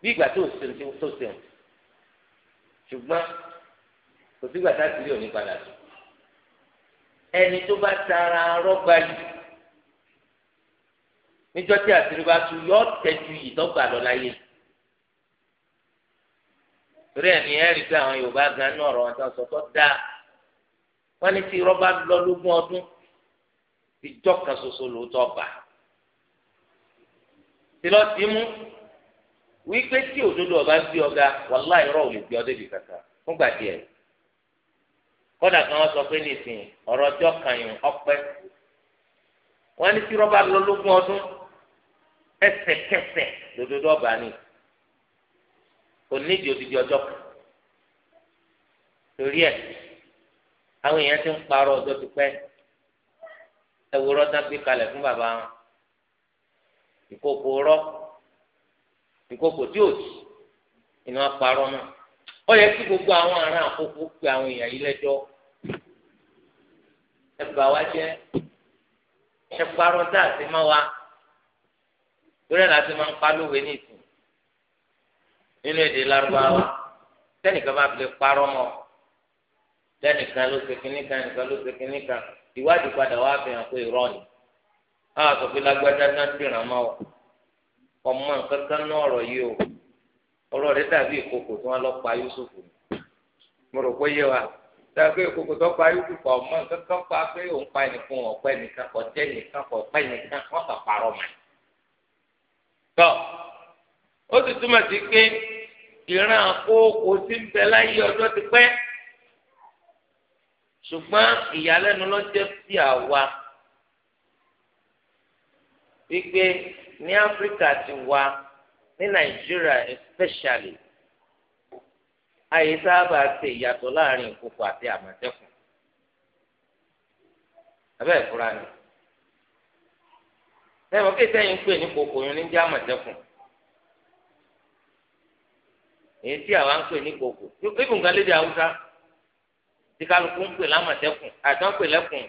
bí ìgbà tó ṣe ní tó ṣe ń ṣùgbọ́n kò sígbà tá a ti rí òní padà tó ẹni tó bá tara rọ́gbà yìí níjọ́ tí àṣírí bá tú yọ ọ́ tẹ́jú yìí dọ́gba lọ láyé yìí torí ẹ̀ ní ẹ̀rí pé àwọn yorùbá gan ní ọ̀rọ̀ wọn tó sọ tó dáa wọ́n ní tí rọ́bà lọ lógún ọdún ìjọ kan ṣoṣo lóòótọ́ bá tí lọ́ọ́ ti mú wípé tí òdodo ọba gbé ọ̀gá wàhálà irọ́ ò lè gbé ọdẹ bì kàkà fúngbà díẹ̀ kan wọ́n sọ pé nìsín ọ̀rọ̀ ọjọ́ kan yìí ọpẹ́ wọ́n ní tí rọ́bà lọ ọdún ẹsẹ̀kẹsẹ̀ lódodo ọba nìyí kò nídìí odidi ọjọ́ kan torí ẹ̀ àwọn èèyàn ti ń parọ́ ọjọ́ ti pẹ́ ẹwúrọ́ tán gbé kalẹ̀ fún bàbá wọn ìkókó rọ́ ìkókó tí ò sí inú apárọ́ náà ó yẹ kí gbogbo àwọn ará àkókò pe àwọn èèyàn yìí lẹ́jọ́ ẹ bà wá jẹ́ ẹ parọ́ tá a ti máa wá lórí ẹ̀ láti máa ń pa lówe ní ìsìn nínú èdè lárúbáwá tẹnìkan bá fi lè parọ́ mọ́ tẹnìkan ló ṣe kínní kan nìkan ló ṣe kínní kan ìwádìí padà wá fi hàn pé irọ́ ni àwọn àtọ̀fẹ́ lágbájá náà ti ràn mọ́ ọ ọmọ nǹkan kan náà ọ̀rọ̀ yìí o ọ̀rọ̀ rẹ̀ dàbí ìkòkò tí wọ́n lọ pa Yusuf ni mo rò pé yé wa dàbí ìkòkò tó pa Yusuf ọmọ nǹkan kan pa pé òun pa ẹnìkan ọ̀pẹ nìkan ọ̀jẹ́ nìkan ọ̀pẹ nìkan wọ́n kà parọ́ mọ́ tọ́ ó sì túmọ̀ sí pé ìran àkókò tí ń bẹ láyé ọjọ́ ti pẹ́ ṣùgbọ́n ìyàlẹ́nu ló jẹ́ sí àwa wípé ní áfíríkà ti wà ní nàìjíríà especially àyè sábà ṣe ìyàtọ̀ láàrin ìkókò àti àmọ̀tẹ́kùn abẹ́ ìfura ni sẹ́wọ̀n kí sẹ́yìn ń pè ní kòkòrò ní jẹ́ àmọ̀tẹ́kùn èyí tí àwa ń pè ní kòkò ibùn kan lédè haúsá tí kálukú ń pè lámàtẹ́kùn àtọ́ ń pè lẹ́kùn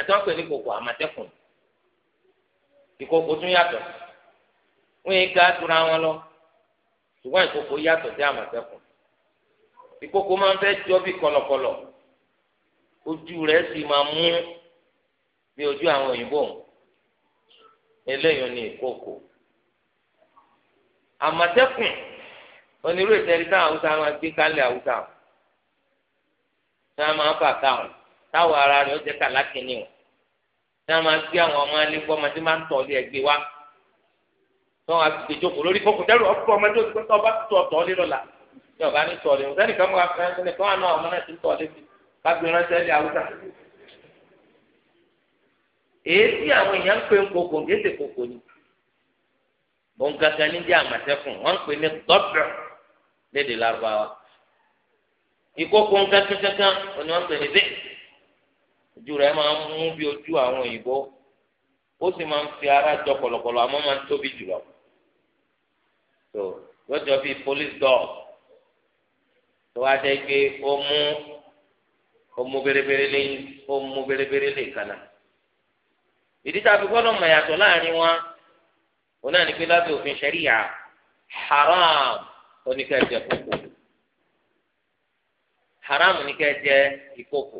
àtọ́ ń pè ní kòkò àmàtẹ́kùn ìkòkò tún yàtọ̀ wọ́n yẹn ga tura wọn lọ ṣùgbọ́n ìkòkò yàtọ̀ sí àmàtẹ́kùn ìkòkò máa ń fẹ́ jọ bí kọ̀lọ̀kọ̀lọ̀ ojú rẹ̀ sì máa mú bí ojú àwọn òyìnbó eléyìí ni ìkòkò àmàtẹ́kùn onírú ìtẹ́rí táwọn haúsá máa gbé kálẹ̀ haúsá o tí wọ́n máa fà káwọn táwọn ara rẹ̀ ó jẹ́ kàlákìíní o tí wọ́n máa gbé àwọn ọmọ alẹ́ gbọ́ ọmọdé máa ń tọ̀lé ẹgbẹ́ wa tí wọ́n á ti gbé jókòó lórí kókò dẹ́rù ọkọ̀ ọmọdé ó ti pẹ́ tọ́ba tó tọ̀lé lọ́la tí ọba ní tọ̀lé o sẹ́nìkan mú afẹ́ sẹ́nìkan wà náà ọmọ náà ti tọ̀lé fi kágbé ránṣẹ́ lé haúsá èyí tí àwọn èèyàn ń pè léde lárúbáwá ìkókó nǹkan kankan òní wọn pè ní bẹ́ẹ̀ ojú rẹ̀ máa ń mú bí ojú àwọn òyìnbó ó sì máa ń fi ara jọ kọlọkọlọ àmọ́ máa ń tóbi jùlọ tó lọ́jọ́ bíi police dog tó wá jẹ́ pé ó mú ó mú bèrèbèrè lé ó mú bèrèbèrè lé kànáà ìdí tá a fi gbọ́dọ̀ mọ̀ yàtọ̀ láàrin wa òun náà ní pé lábẹ́ òfin ṣẹ̀ríyà haram. oníkẹjẹ kókò haram oníkẹjẹ ìkókò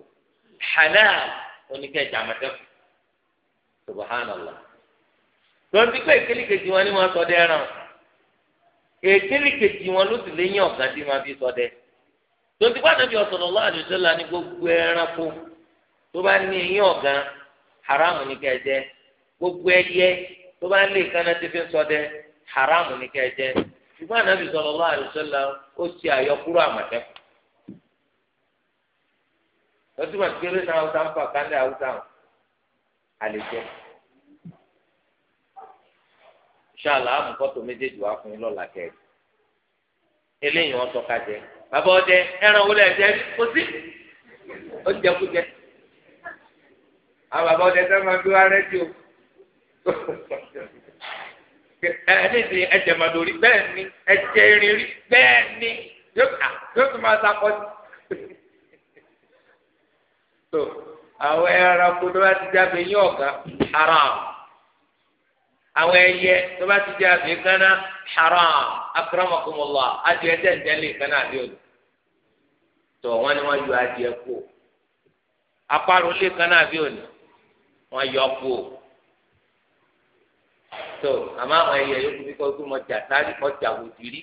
halal oníkẹjẹ àmọ̀tẹ́kùn subhanallah tonti pé ìkíni wọn ni wọn sọ dẹ ẹran ìkíni wọn ló sì lé yín ọ̀gá tí wọn fi sọ dẹ tonti pé ànábi sallallahu ní gbogbo ẹranko tó bá ní eyín ọ̀gá haram ní gbogbo ẹyẹ ṣùgbọ́n ànábì sallallahu alaihi wasallam ó ṣe àyọkúrò àmọ̀tẹ́kùn lọ́sùn máa kéré náà ń fà hàn ṣáàlà àmùkọ́tò méjèèjì wá fún yín lọ́la kẹ́ẹ̀dì eléyìí wọn tọ́ka jẹ bàbá ọdẹ ẹran wọlé kò sí ó àwọn bàbá ọdẹ máa wá rẹ́díò. ẹnìdì ẹjẹmọdòrí bẹ́ẹ̀ ni ẹjẹ ìrírí bẹ́ẹ̀ ni yóò tún máa sakọ sí. tó àwọn ẹranko tó bá ti yín haram àwọn ẹyẹ tó bá ti jáde gánà haram akramakumullah adìẹ tẹ̀ntẹ̀lé gánà àdéhùn tó wọn ni wọn yọ adìẹ kú gánà wọn yọ kú tó àmọ́ àwọn ẹyẹ yòókù bí kò tó mọ jà sáré mọ jà wòdì rí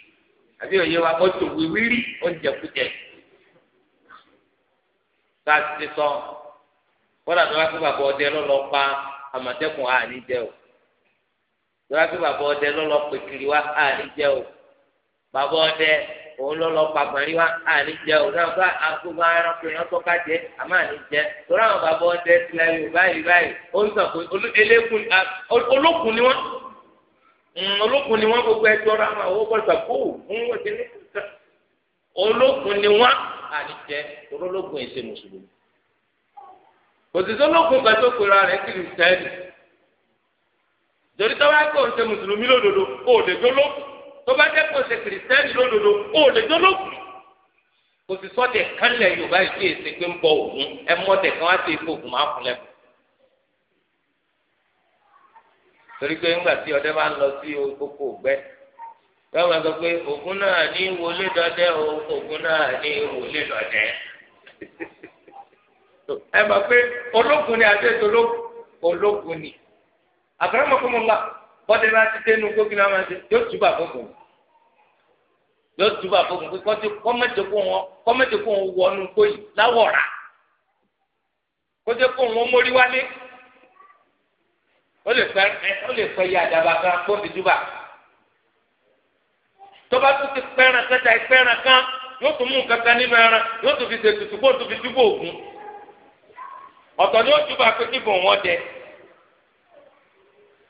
àbí òye wa mọ tó wíwí rí ó ń jẹ kújẹ ká ti sọ kódà tó bá tó bàbá ọdẹ lọlọ pa àmọ̀tẹ́kùn àní jẹ o tó bá tó bàbá ọdẹ lọlọ pè kiri wa o bàbá ọdẹ òun lọ lọ pàgbọ́nrí wa àní jẹ òun náà bá agbóhùn aránkò yẹn tó ká jẹ àmọ́ àní jẹ torí àwọn bàbá ọdẹ tilẹ̀ yorùbá yìí báyìí ó ń sọ̀kò elékun olókun ni wọ́n mm, olókun ni wọ́n gbogbo ẹjọ́ ra wọn owó bọ́ọ̀lù sàkó fún òde ní kúta olókun ni wọ́n àní jẹ torí olókun èsè mùsùlùmí kò sí sólókun kan tó pera rẹ̀ kìlì sẹ́ẹ̀lì torí tọ́wá kò ń ṣe mùsùlùmí lódodo kò ò tó bá jẹ́ kó ṣe kìrìsìtẹ́nì lódodo ó lè dọ́lọ́kùn kò sì sọ́dẹ̀ kánlẹ̀ yorùbá ìṣe èsè pé ń bọ ògún ẹ mọ́dẹ̀ kan á ti fò ògún máa fún lẹ́kùn. torí pé ńgbà tí ọdẹ bá ń lọ sí oko ògbẹ́ báwo la sọ pé ògún náà ní wọlé dọdẹ o ògún náà ní wọlé dọdẹ ẹ mọ̀ pé ológun ni àti ètò ológun ni àbúrò mọ̀kúnmọ́lá bọ́dẹ bá ti dénú gómìnà máa ń ṣe yóò túbà fún ògún yóò túbà fún mi pé kọ́mẹ́tì kó wọn kọ́mẹ́tì kó wọn wọnú kóyì láwọ̀ra kọ́jẹ́ kó wọn mórí wálé ó lè fẹ́ ó lè fẹ́ yá àdàbà kan kó fi túbà tọ́ba tó ti pẹ́ràn kẹta ìpẹ́ràn kan yóò tún mú kankan nínú ẹran yóò tún fi ṣètùtù kó tún fi túbọ̀ ògún ọ̀tọ̀ ni ó túbà pé kíbo wọn jẹ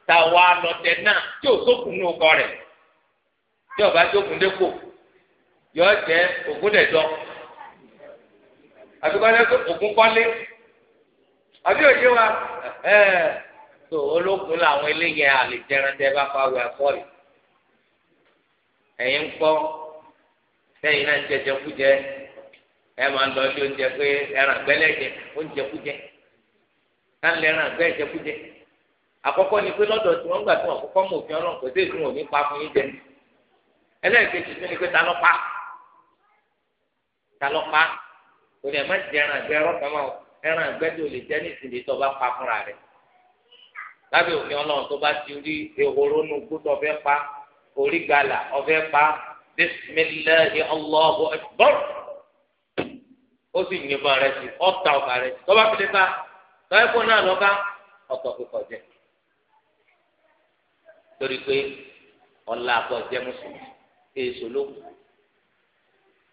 tàwa lọ̀tẹ̀ náà tí ò sókùn ní ọkọ rẹ̀ tí ọba jókòó dé kò. yọ jẹ́ ògúndẹ̀jọ àbí kọ́lé ògún kọ́lé àbí òye wa tó olókùn làwọn eléyẹn àlè jẹran bá fa wẹ̀ fọ́ọ̀lì ẹ̀yin ń kọ́ sẹ́yìn náà ń jẹjẹ kújẹ ẹ máa ń lọ ilé oúnjẹ pé ẹran gbẹ́lẹ́jẹ oúnjẹ kújẹ táwọn ẹran gbẹ́lẹ́jẹ kújẹ ni pé tí gbà tí òfin kò sí èdè wọn ò ní pa fún yín jẹ pé ta ló pa. talọ́pá torí ẹ̀ má jẹ ẹran àgbẹ̀ ẹ̀rọ kan mọ́ ẹran àgbẹ̀ tó lè jẹ́ ní ìsìlẹ̀ tó bá pa fúnra rẹ̀ lábẹ́ òfin ọlọ́run tó bá ti rí ehoro nù gbódò ọ̀fẹ́ pa orí gàlà ọ̀fẹ́ pa bisimilahi allahu akbar ó sì yìnbọn rẹ̀ sí ọ̀tá ọ̀fà rẹ̀ tó bá fi lè ka tọ́yẹ́ kó náà lọ́ka ọ̀tọ̀ kíkọ̀ jẹ torí pé ọ̀la àpọ̀ jẹ́ mùsùlùmí èso ló kù.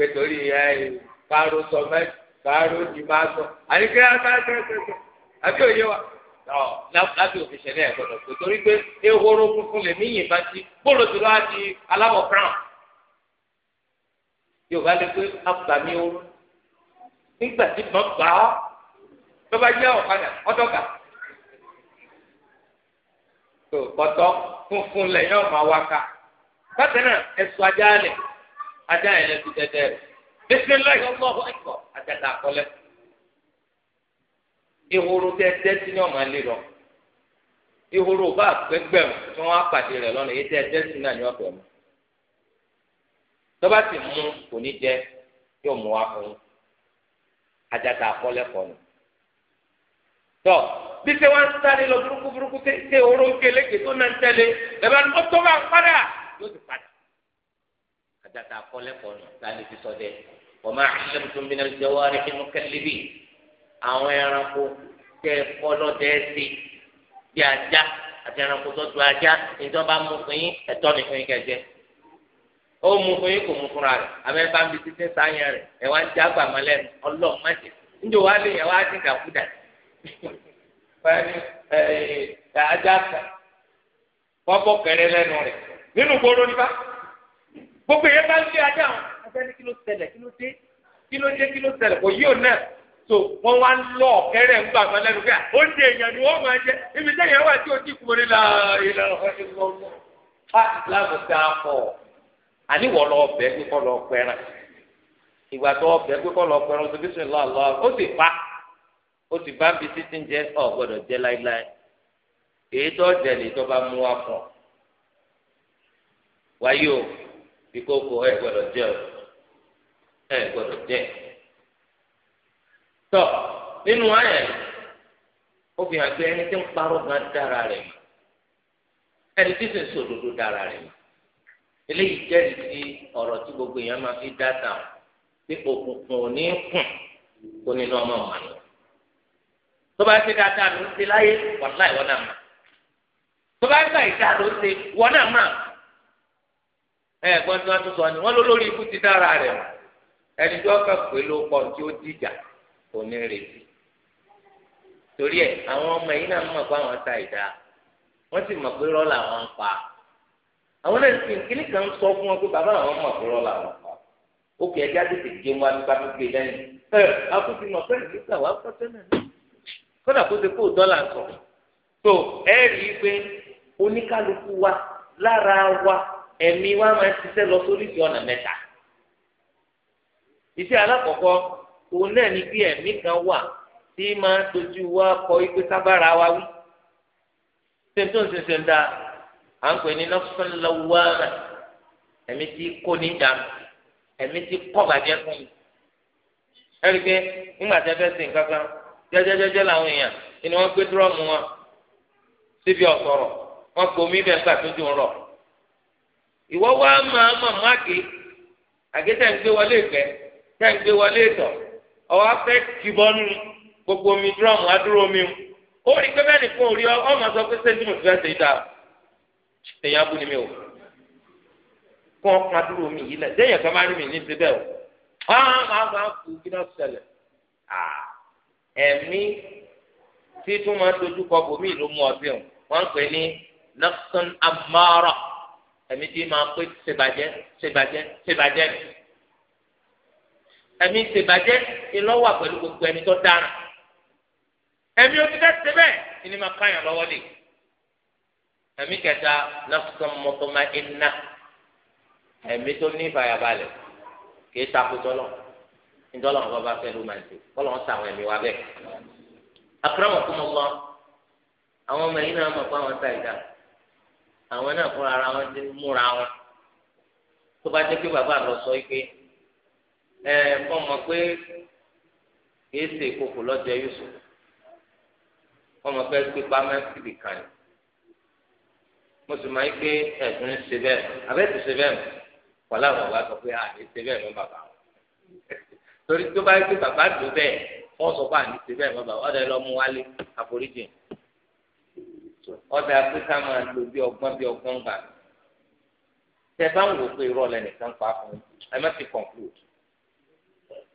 pé torí ẹ káró sọ mẹ́tì káró di máa sọ àyíké àtàkẹ́kẹ́kẹ́ àbí òye wa láti òfin ṣẹlẹ̀ ẹ̀ gbọ́dọ̀ pé torí pé ehoro funfun lèmi yìnbọn ti bóòlù tó lọ́wọ́ di aláwọ̀ brown yóò bá lè pé abàmì ooru nígbà tí mọ̀ bá ọ́ tó bá jẹ́ ọ̀kadà ọ̀dọ́gà tó kọ́tọ́ funfun lẹ́yìn ọ̀ma wákà bákan náà ẹ̀sùn ajá lẹ̀ ajá yẹn lẹ́sí tẹ́tẹ́ rẹ̀ bisimilayi ọlọ́hu ẹ̀kọ́ àtẹ̀tẹ̀ àkọlẹ́ ìhoro tẹ́tẹ́ sí ni ọmọ alẹ́ lọ ìhoro bá gbẹgbẹ̀rún tí wọ́n á pàdé rẹ̀ lọ́nà yìí tẹ́tẹ́ sí náà ní ọ̀fẹ́ mu tọ́ba sì mú kò ní jẹ yóò mú wa fún àtẹ̀tẹ̀ àkọlẹ́ ni tọ́ bí ṣe wá ń sáré lọ burúkú burúkú tẹ́ ìhoro kélékè tó náà ń tẹ́lẹ̀ lẹ́bàá ni ó bá ń padà yóò ti padà àtàtà akọ́lẹ́kọ̀ọ́ nù láti fi sọ dẹ ọmọ àṣìṣe tó ń bí náà jẹ́wọ́ àríkí mú kẹ́lẹ́bì àwọn ẹranko tẹ kọ́lọ́dẹ sí bí ajá àti ẹranko tó du ajá nítorí bá mú fún yín ẹ̀tọ́ ní fún yín kẹjẹ ó mú fún yín kò mú fúnra rẹ̀ abẹ́ bá ń bi títí sáyẹn rẹ̀ ẹ̀ wá ń já gbà mọ́lẹ́ ọlọ́ọ̀mọ́jẹ níjọ lè yẹ wá dìgbàkúdà pẹ̀lú ẹ̀ ajá kan kọ́bọ̀ kẹrẹ lẹ́nu rẹ̀ nínú gbòòrò nípa gbogbo èyẹ bá ń lé adé àwọn ẹgbẹ́ ní kí ló ṣẹlẹ̀ kí ló dé kí ló dé kí ló ṣẹlẹ̀ kò yí ò náà tó wọ́n wá ń lọ ọ̀kẹ́rẹ́ ń gbà wọn lẹ́nu pé ó di èèyàn ni wọ́n máa jẹ ibi tẹ́yìn wà tí o ti kúrò nílà ìlànà ìlọ́wọ́. a ìsìlámù ta pọ̀ àní wọ́n lọ ọbẹ̀ pé kọ́ lọ pẹ́ran ìgbà tó ọbẹ̀ pé kọ́ lọ pẹ́ran oṣù bísí ńlá lọ ó sì pa ó sì bá bí títí ń jẹ ọ̀ gbọ́dọ̀ jẹ láíláí èyí tó jẹ lè tó bá mú wa pọ̀ wáyé o. ikoko ẹ gbọ́dọ̀ jẹ o ẹ jẹ tọ nínú ayẹ ó fi hàn pé ẹni tí ń parọ́ gan dára rẹ̀ mọ̀ ẹni tí sì ń sòdodo dára rẹ̀ mọ̀ eléyìí gbogbo èèyàn fi dá tà pé òkùnkùn ò ní kùn kó nínú ọmọ tó bá dáadáa ló ń ṣe láyé wọn náà tó ẹ gbọ́n tí wọ́n tún sọ ni wọ́n ló lórí ikú ti dára rẹ̀ o ẹni tí wọ́n kà pé ló pọ̀ tí ó dìjà kò ní retí torí ẹ àwọn ọmọ yìí náà mọ̀ pé àwọn ta ìdá wọ́n sì mọ̀ pé rọ́ọ̀lù àwọn ń pa àwọn náà sì kíní kan sọ fún wọn pé bàbá àwọn mọ̀ pé rọ́ọ̀lù àwọn pa ó kì í ẹja tètè gé wọn nípa gbígbé lẹ́yìn ẹ akókò mọ̀ nígbà wà pọ̀ náà kódà kó ẹ̀mí wa máa ń ṣiṣẹ́ lọ sórí ti ọ̀nà mẹ́ta iṣẹ́ alákọ̀ọ́kọ́ òun náà ni bí ẹ̀mí kan wà tí máa ń tojú wa kọ ipe sábàrà wa wí tẹ̀tù ṣẹṣẹ ń da à ń pè ní nafsan lawama ẹ̀mí tí kò ní ìdààmú ẹ̀mí tí kọ́ bàjẹ́ fún mi ẹ̀rí pé nígbà tí a fẹ́ sìn kankan jẹ́jẹ́jẹ́jẹ́ làwọn èèyàn ni wọ́n gbé dúrọ́ọ̀mù wọn síbi ọ̀sọ̀rọ̀ wọ́n gbomi bẹ́ẹ̀ gbà tó dùn rọ̀ ìwọ wá máa mọ̀ mọ́ àgé àgé tẹ̀ ń gbé wọlé ìfẹ́ tẹ̀ ń gbé wọlé ìtọ̀ ọwọ́ afẹ́ tìbọnú gbogbo omi dúrọ̀mù adúrò omi o rí pé bẹ́ẹ̀ nìkan ò rí ọ ọ máa sọ pé sẹ́ńtì mo ti fẹ́ ṣe é dáa èèyàn abúlé mi o kó wọn kún omi yìí lẹ̀ sẹ́yìn kan máa rí mi ní ti bẹ́ẹ̀ o wọ́n máa máa kú kí náà ẹ̀mí tí tún máa dojú kọ bòmí ló mú ọ sí o pè ní nafsan amara ẹ̀mí tí máa pé ṣèbàjẹ́ ṣèbàjẹ́ ṣèbàjẹ́ ẹ̀mí ṣèbàjẹ́ ìlọ́wà pẹ̀lú gbogbo ẹni tó dára ẹ̀mí o ti fẹ́ ṣe bẹ́ẹ̀ ìní máa káyàn lọ́wọ́ lè ẹ̀mí kẹta nafsan mutma'inna ẹ̀mí tó ní ìfàyàbalẹ̀ kì í takùtọ̀ lọ ìjọlọ́ ọ̀gá bá fẹ́ ló máa ń ṣe sàwọn ẹ̀mí wa bẹ́ẹ̀ àkàrà wọn kú àwọn ọmọ yìí náà mọ̀ pé àwọn ta àwọn náà fúnra ara wọn ti múra wọn tó bá jẹ́ pé bàbá lọ sọ pé ẹ fọmọ pé kìí ṣe ìkòkò lọ́jọ́ Yusuf fọmọ pé pípa mẹ́tìrì kan yìí mo sì máa ń gbé ẹ̀sùn ń ṣe bẹ́ẹ̀ abẹ́tù ṣe bẹ́ẹ̀ wà láwọn ọ̀gá sọ pé àní ṣe bẹ́ẹ̀ mọ́ bàbá wọn torí tó bá gbé bàbá dùn bẹ́ẹ̀ wọ́n sọ pé àní ṣe bẹ́ẹ̀ mọ́ bàbá ọ̀dọ̀ ẹ lọ mú wálé àforíjì ọdẹ afrika máa lò bí ọgbọ́n bí ọgbọ́n gbà tẹ bá ń wò pé irọ́ lẹ́nìkan pa fún ẹ má ti conclude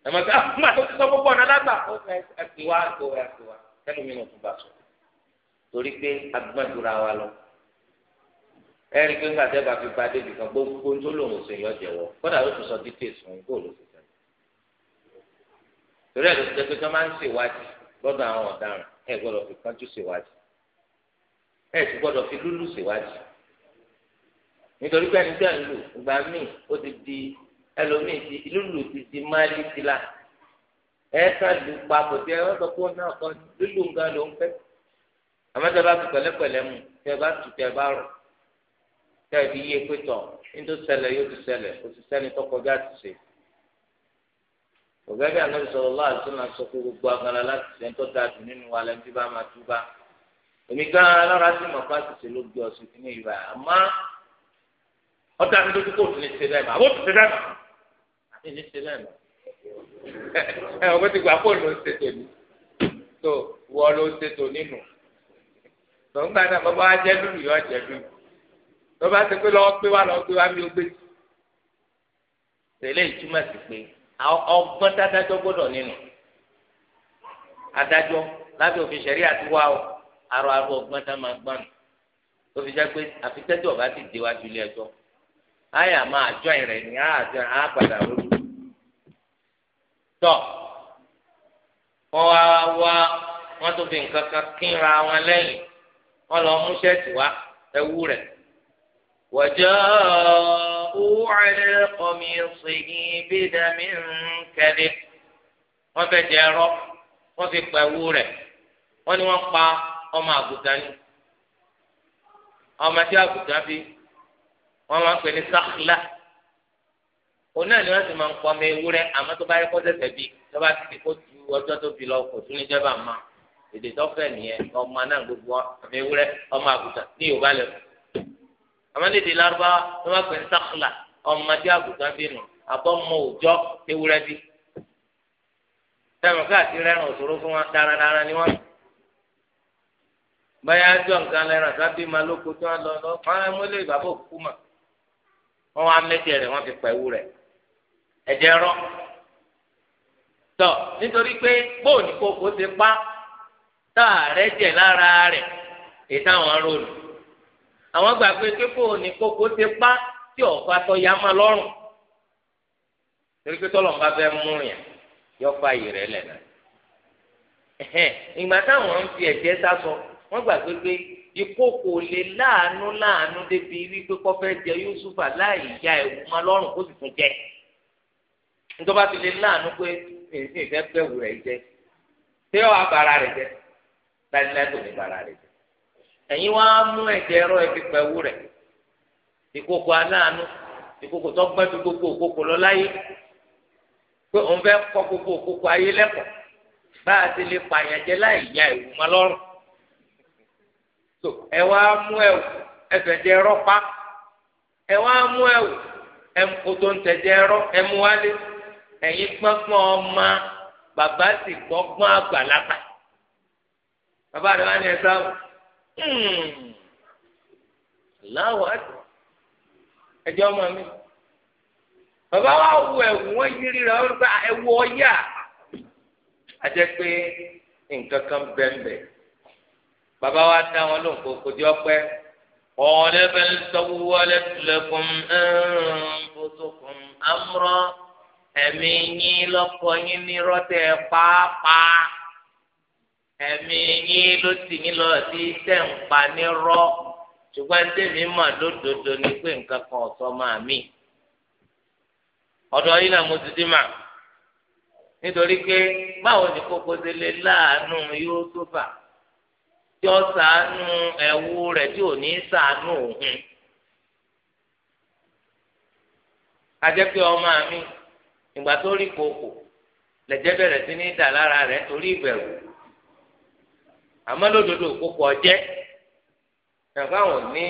ẹ má ti ah má tó ti sọ gbogbo ọ̀nà lágbà ẹ pè wá tó ẹ pè wá kẹ́lu mi náà tún bá sọ torí pé agbọ́njúra wa lọ ẹ rí i pé nígbà tẹ́ bá fi ba débi kan gbogbo tó lòun ò sè yọ jẹ̀wọ́ kódà ló tún sọ details fún góòlù sísè torí ẹ̀ ló ti jẹ́ pé tó máa ń ṣèwádìí lọ́dọ̀ àwọn ọ̀daràn ẹ̀ gbọ́dọ̀ fi kánjú ṣèwádìí ẹ ti gbọ́dọ̀ fi lúlù ṣèwádìí nítorí pé ẹni tí a ń lù ìgbà míì ó ti di ẹlòmíì ti lúlù ti di máàlì ti la ẹ ká lù papọ̀ tí ẹ wọ́n sọ pé ó náà kọ́ lúlù nǹkan ló ń fẹ́ àmọ́ tẹ bá tu pẹ̀lẹ́pẹ̀lẹ́ mu tẹ bá tu tẹ bá rọ̀ tẹ fi yé pé tọ̀ nítorí ṣẹlẹ̀ yóò ti ṣẹlẹ̀ kò ti sẹ́ni tó kọjá ti ṣe ògẹ́gẹ́ ànábì sọ̀rọ̀ lọ́wọ́ àti sọ́nà sọ pé gbogbo agbára láti ṣe ń tọ́ jù nínú wa lẹ́nu èmi gan alára sí mọ̀ fún àṣìṣe ló gbé ọsùn kí ní ìwà àmọ́ ọ̀tá mi lójú kò tún ní ṣe bẹ́ẹ̀ mọ́ àbó tún ṣe bẹ́ẹ̀ mọ́ àti ní ṣe bẹ́ẹ̀ mọ́ ẹ ọ̀gbọ́n ti gbà fóònù ló ń ṣe tèmi tó wọ́ ló ń ṣe tò nínú tó ń gbà náà bàbá wa jẹ́ lùlù yọ jẹ́ lùlù tó bá ti pé lọ́wọ́ pé wá lọ́wọ́ pé wá mi ò gbé tẹ̀lé ìtumọ̀ sí pé ọgbọ́n tádájọ́ adájọ́ lábẹ́ arọ arọ ọgbọ́n tá máa gbọ́n tó fi jẹ́ pé àfitẹ́tọ̀ ọba ti dé wájú ilé ẹjọ́ àyà máa jọ ìrẹ̀ ní àjọ àpàdà lórí tọ́ wọ́n wá wá wọ́n tó fi nǹkan kan kínra wọn lẹ́yìn wọ́n lọ mú ṣẹ́ẹ̀tì wá ẹwú rẹ̀ wọ́jọ́ ọ̀rẹ́ ọmọ ìsìn bídàmí kẹ́lẹ́ wọ́n fẹ́ jẹ́ ẹ̀rọ fi pẹ̀wú rẹ̀ wọ́n ní wọ́n pa ọmọ àgùntàn ni ọmọ tí àgùntàn bí wọn máa ń pè ní sáxlá òun náà ni wọn sì máa ń pọ ọmọ ewúrẹ́ àmọ́ tó bá yẹ kó tẹsẹ bí tó bá ti di kó ju ọjọ́ tó bí lọ kò tún ní jẹba mọ èdè tó fẹ́ nìyẹn ọmọ náà gbogbo ọmọ ewúrẹ́ ọmọ àgùntàn ní Yorùbá lẹkọọ àmọ́ lédè Lárúbáwá wọn máa ń pè ní sáxlá ọmọ tí àgùntàn nù àbọ̀ mọ òòjọ́ ewúrẹ́ bí sẹ́wọ̀n káàkiri rẹ̀ ràn òṣòro fún wọn dáradára ni wọ́n báyà jọ nǹkan lẹ́ràn sábì máa lóko tí wọ́n lọ lọ fáwọn ẹmọ́lẹ́ ìbábọ̀ òkú mà wọ́n wá mẹ́tẹ̀ rẹ̀ wọ́n fi pẹ̀wú rẹ̀ ẹ̀jẹ̀ rọ́ tọ̀ nítorí pé bóòní kòkó ti pa táàrẹ̀ jẹ̀ lára rẹ̀ èyí táwọn ń ròlù àwọn gbà pé pé bóòní kòkó ti pa tí ọ̀fà tọ́ ya má lọ́rùn torí pé tọ́lọ̀ ń bá fẹ́ mú yàn yọ fa ìrẹ́lẹ̀ náà ìgbà táwọn ń fi ẹ̀jẹ̀ sá sọ wọ́n gbàgbé pé ìkókò lè láàánú láàánú débi wípé kọfẹ jẹ Yusufa láì ya ẹ̀wù mọ́ lọ́rùn kó sì tún jẹ nítorí wọ́n ti lè láàánú pé èsì ìfẹ́ bẹ̀wù rẹ̀ jẹ ṣé ọ abara rẹ̀ jẹ láìláì kò ní bara rẹ̀ jẹ ẹ̀yin wá mú ẹ̀jẹ̀ ẹ̀rọ ẹbí pẹ̀wù rẹ̀ ìkókò aláàánú ìkókò tó gbẹ fi gbogbo òkókò lọ láyé pé òun fẹ́ kọ́ gbogbo òkókò ayé lẹ́kọ̀ọ́ bá a ti lè pààyàn jẹ láì ya ẹ̀wù mọ́ lọ́rùn. tó ẹ wá mú ẹ̀wù ẹfẹ̀ jẹ ẹrọ pa ẹ wá mú ẹ̀wù ẹ̀kótó ń ẹrọ ọmọ bàbá sì gbọ́gbọ́n àgbàlagbà bàbá rẹ̀ wá ní ẹ̀ sáwọ́ láwọ̀ ọmọ mi bàbá wa dá wọn lóhùn kó kojú ọpẹ́ ọ̀ọ́dẹ́ bẹ́ẹ̀ sọ́wọ́lẹ́ tilẹ̀kùn ẹ̀ẹ́dẹ́gbọ̀sọ̀kùn amúrọ̀ ẹ̀mí yín lọ́kọ yín ní rọ́tẹ̀ pàápàá ẹ̀mí yín ló sì yín lọ sí tẹ̀ǹpa ní rọ́ ṣùgbọ́n tèmi mà lódodo ni pé nǹkan kan ọ̀sọ́ máa mì ọ̀dọ̀ yín náà mo ti dì mà nítorí pé báwo ni kókó ṣe lè láàánú yóò tó fà. tí nụ ewu ẹ̀wù rẹ tí ò ní sàánú òun. ajẹ́ pé ọmọ mi ìgbà tó rí koko lẹ́jẹ̀ bẹ̀rẹ̀ sí ní dà lára torí lódodo àwọn ní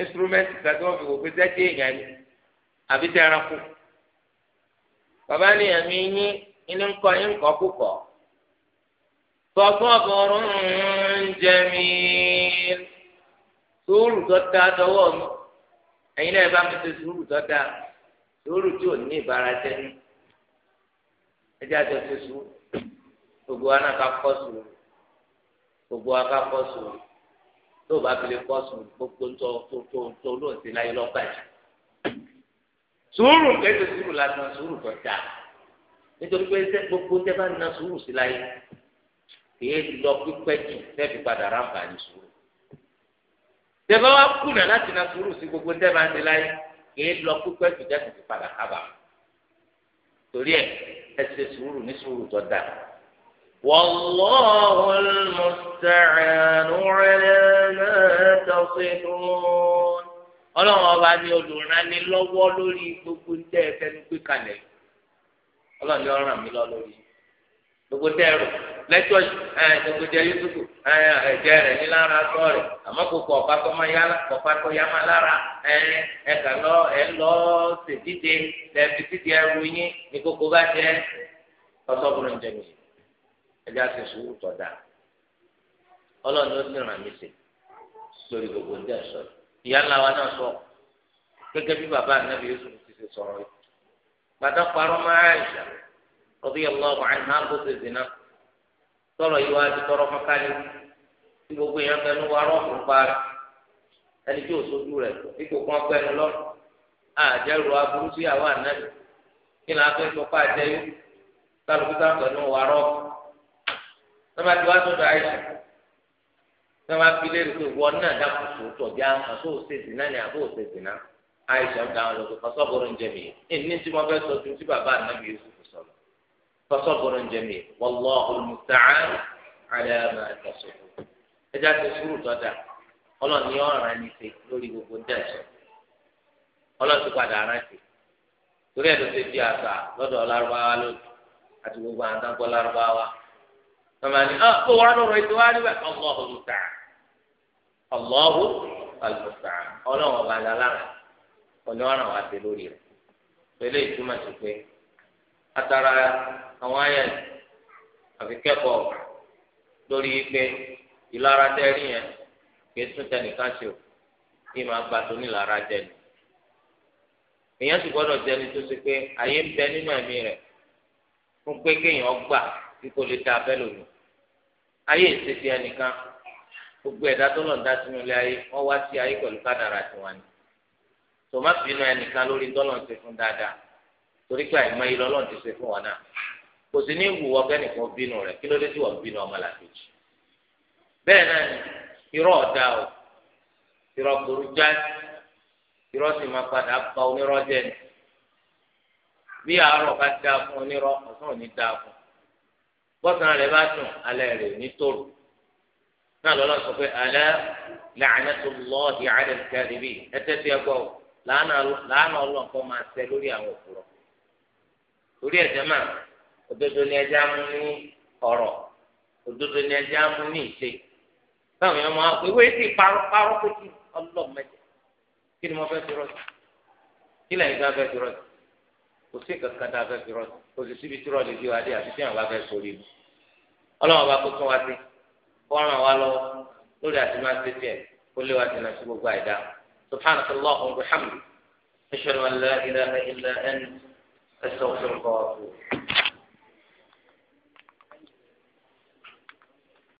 instrumenti kan tí wọ́n fi wòpé sẹ́tì èèyàn ni àbí bàbá ni jẹ́míìl sùúrù tó dáa dọwọ́ mi ẹ̀yin náà bá mi ṣe sùúrù tó dáa sùúrù tí ò ní ìbára jẹ́ ní ẹjẹ́ àjọ ṣe sùúrù gbogbo wa náà ká kọ́ sùúrù gbogbo wa ká kọ́ sùúrù tó o bá fi lè kọ́ sùúrù gbogbo tó tó tó tó lóun ti láyé lọ́gbàjì sùúrù kẹ́sì sùúrù lásán sùúrù tó dáa nítorí pé gbogbo tẹ́ bá na sùúrù sí láyé kìí lọ pípẹ́ jù tẹ́ẹ̀fì padà ráǹfà ní sùúrù. tẹ́ẹ̀fà wá kùnà láti na sùúrù sí gbogbo tẹ́ẹ̀fà ń ti láyé kìí lọ pípẹ́ jù tẹ́ẹ̀fì padà kábà. torí ẹ ẹ ṣe sùúrù ní sùúrù tó dáa. والله المستعان على ما تصفون ọlọ́run ọba ni olùrànlọ́wọ́ lórí gbogbo ń tẹ́ ẹ fẹ́ kalẹ̀ ọlọ́run ni ọ̀ràn mi lọ lórí gbogbo dẹrù lẹtọ ẹ gbogbo jẹ yusufu ẹ ẹjẹ rẹ ní lára tọ rẹ àmọ́ kókó ọba tó máa yá ọba tó yá máa lára ẹ ẹ kà lọ ẹ lọ ṣèdíje lẹbi títí ẹrù yín ní kókó bá jẹ ọsọbìnrin jẹmi ẹjẹ àti sùúrù tọdà Ọlọ́run ló sì ràn mí sí lórí gbogbo ń dẹsọ ìyá ńlá wa náà sọ gẹ́gẹ́ bí bàbá ànábì Yusuf ti ṣe sọ̀rọ̀ yìí gbàdá parọ́ máa ń radiyallahu anha kó ṣe zina tọrọ fọ́nkálí tí gbogbo èèyàn fẹnu wá rọ́ọ̀kù parí ẹni tí ò sojú a fẹ́ sọ fún àjẹyó kálukú tá pẹ̀lú wá rọ́ọ̀kù sọ́mà فصبر جميل والله المستعان على ما تصفون ẹja ti sùúrù tọ́da ọlọ́run ní ọ̀ràn ẹni ṣe lórí gbogbo ń dẹ̀sọ̀ ọlọ́run ti padà ara ṣe torí ẹ̀ ló ṣe di àṣà lọ́dọ̀ lárúbáwá lónìí àti gbogbo àwọn àgbọ̀ lárúbáwá tọ́mọ ni ọ́ kó wàá lọ́rọ̀ ètò wa níbẹ̀ ọlọ́hùn lùtà ọlọ́hùn lùtà ọlọ́run ọba ní alára ọ̀nà ọ̀ràn wa ṣe lórí rẹ̀ pẹ̀lú ìtumọ̀ sí pé atara àwọn àyà àfi lórí ipe ìlara tẹ́rí yẹn kì í tún tẹnìkan ṣe o kí máa gba tó nílara jẹ ni èèyàn sì gbọ́dọ̀ jẹni tó ṣe pé àyè ń bẹ nínú ẹ̀mí fún pé kéèyàn gbà kò lè lòlù ayé ìṣèṣe ẹnìkan gbogbo tó dá sínú ilé ayé wá sí ayé kádàrà tiwọn ni ẹnìkan kò sí ní wù ọgbẹ́ nìkan bínú rẹ̀ kí ló dé tí wọ́n bínú ọmọ làkejì bẹ́ẹ̀ náà ni irọ́ ọ̀dà o irọ́ burú jáde irọ́ sì máa padà pa onírọ́ jẹ ni bí àárọ̀ bá dáa fún onírọ́ ọ̀sán ò ní dáa fún bọ́sàn rẹ̀ bá sùn alẹ́ rẹ̀ ò ní tòrò náà lọ́lọ́ sọ pé alẹ́ la'natullahi 'ala al-kadhibin ẹtẹ́ tí ẹ gbọ́ o làánà ọlọ́ọ̀kọ́ máa tẹ lórí àwọn òkúrọ̀ torí ẹ̀jẹ̀ máa òdodo ni ẹja mú ní ọ̀rọ̀ òdodo ni ẹja mú ní ìṣe báwo ni wọn ìwé sì parọ́ parọ́ pé kí ọlọmọdé kí ni mo fẹ́ fi rọsì kí lẹ́yìn tó fẹ́ fi rọsì kò sí kankan tá a fẹ́ fi rọsì kò sì síbi tí rọsì ti wá dé àti tí àwọn bá fẹ́ sórí mu ọlọmọ bá kó tún wá sí kó ràn wá lórí àti máa ṣe tiẹ̀ kó lé wá sí náà sí gbogbo àìdá subhanahu wa ta'ala wa bihamdi ashhadu an la ilaha illa anta astaghfiruka wa atubu.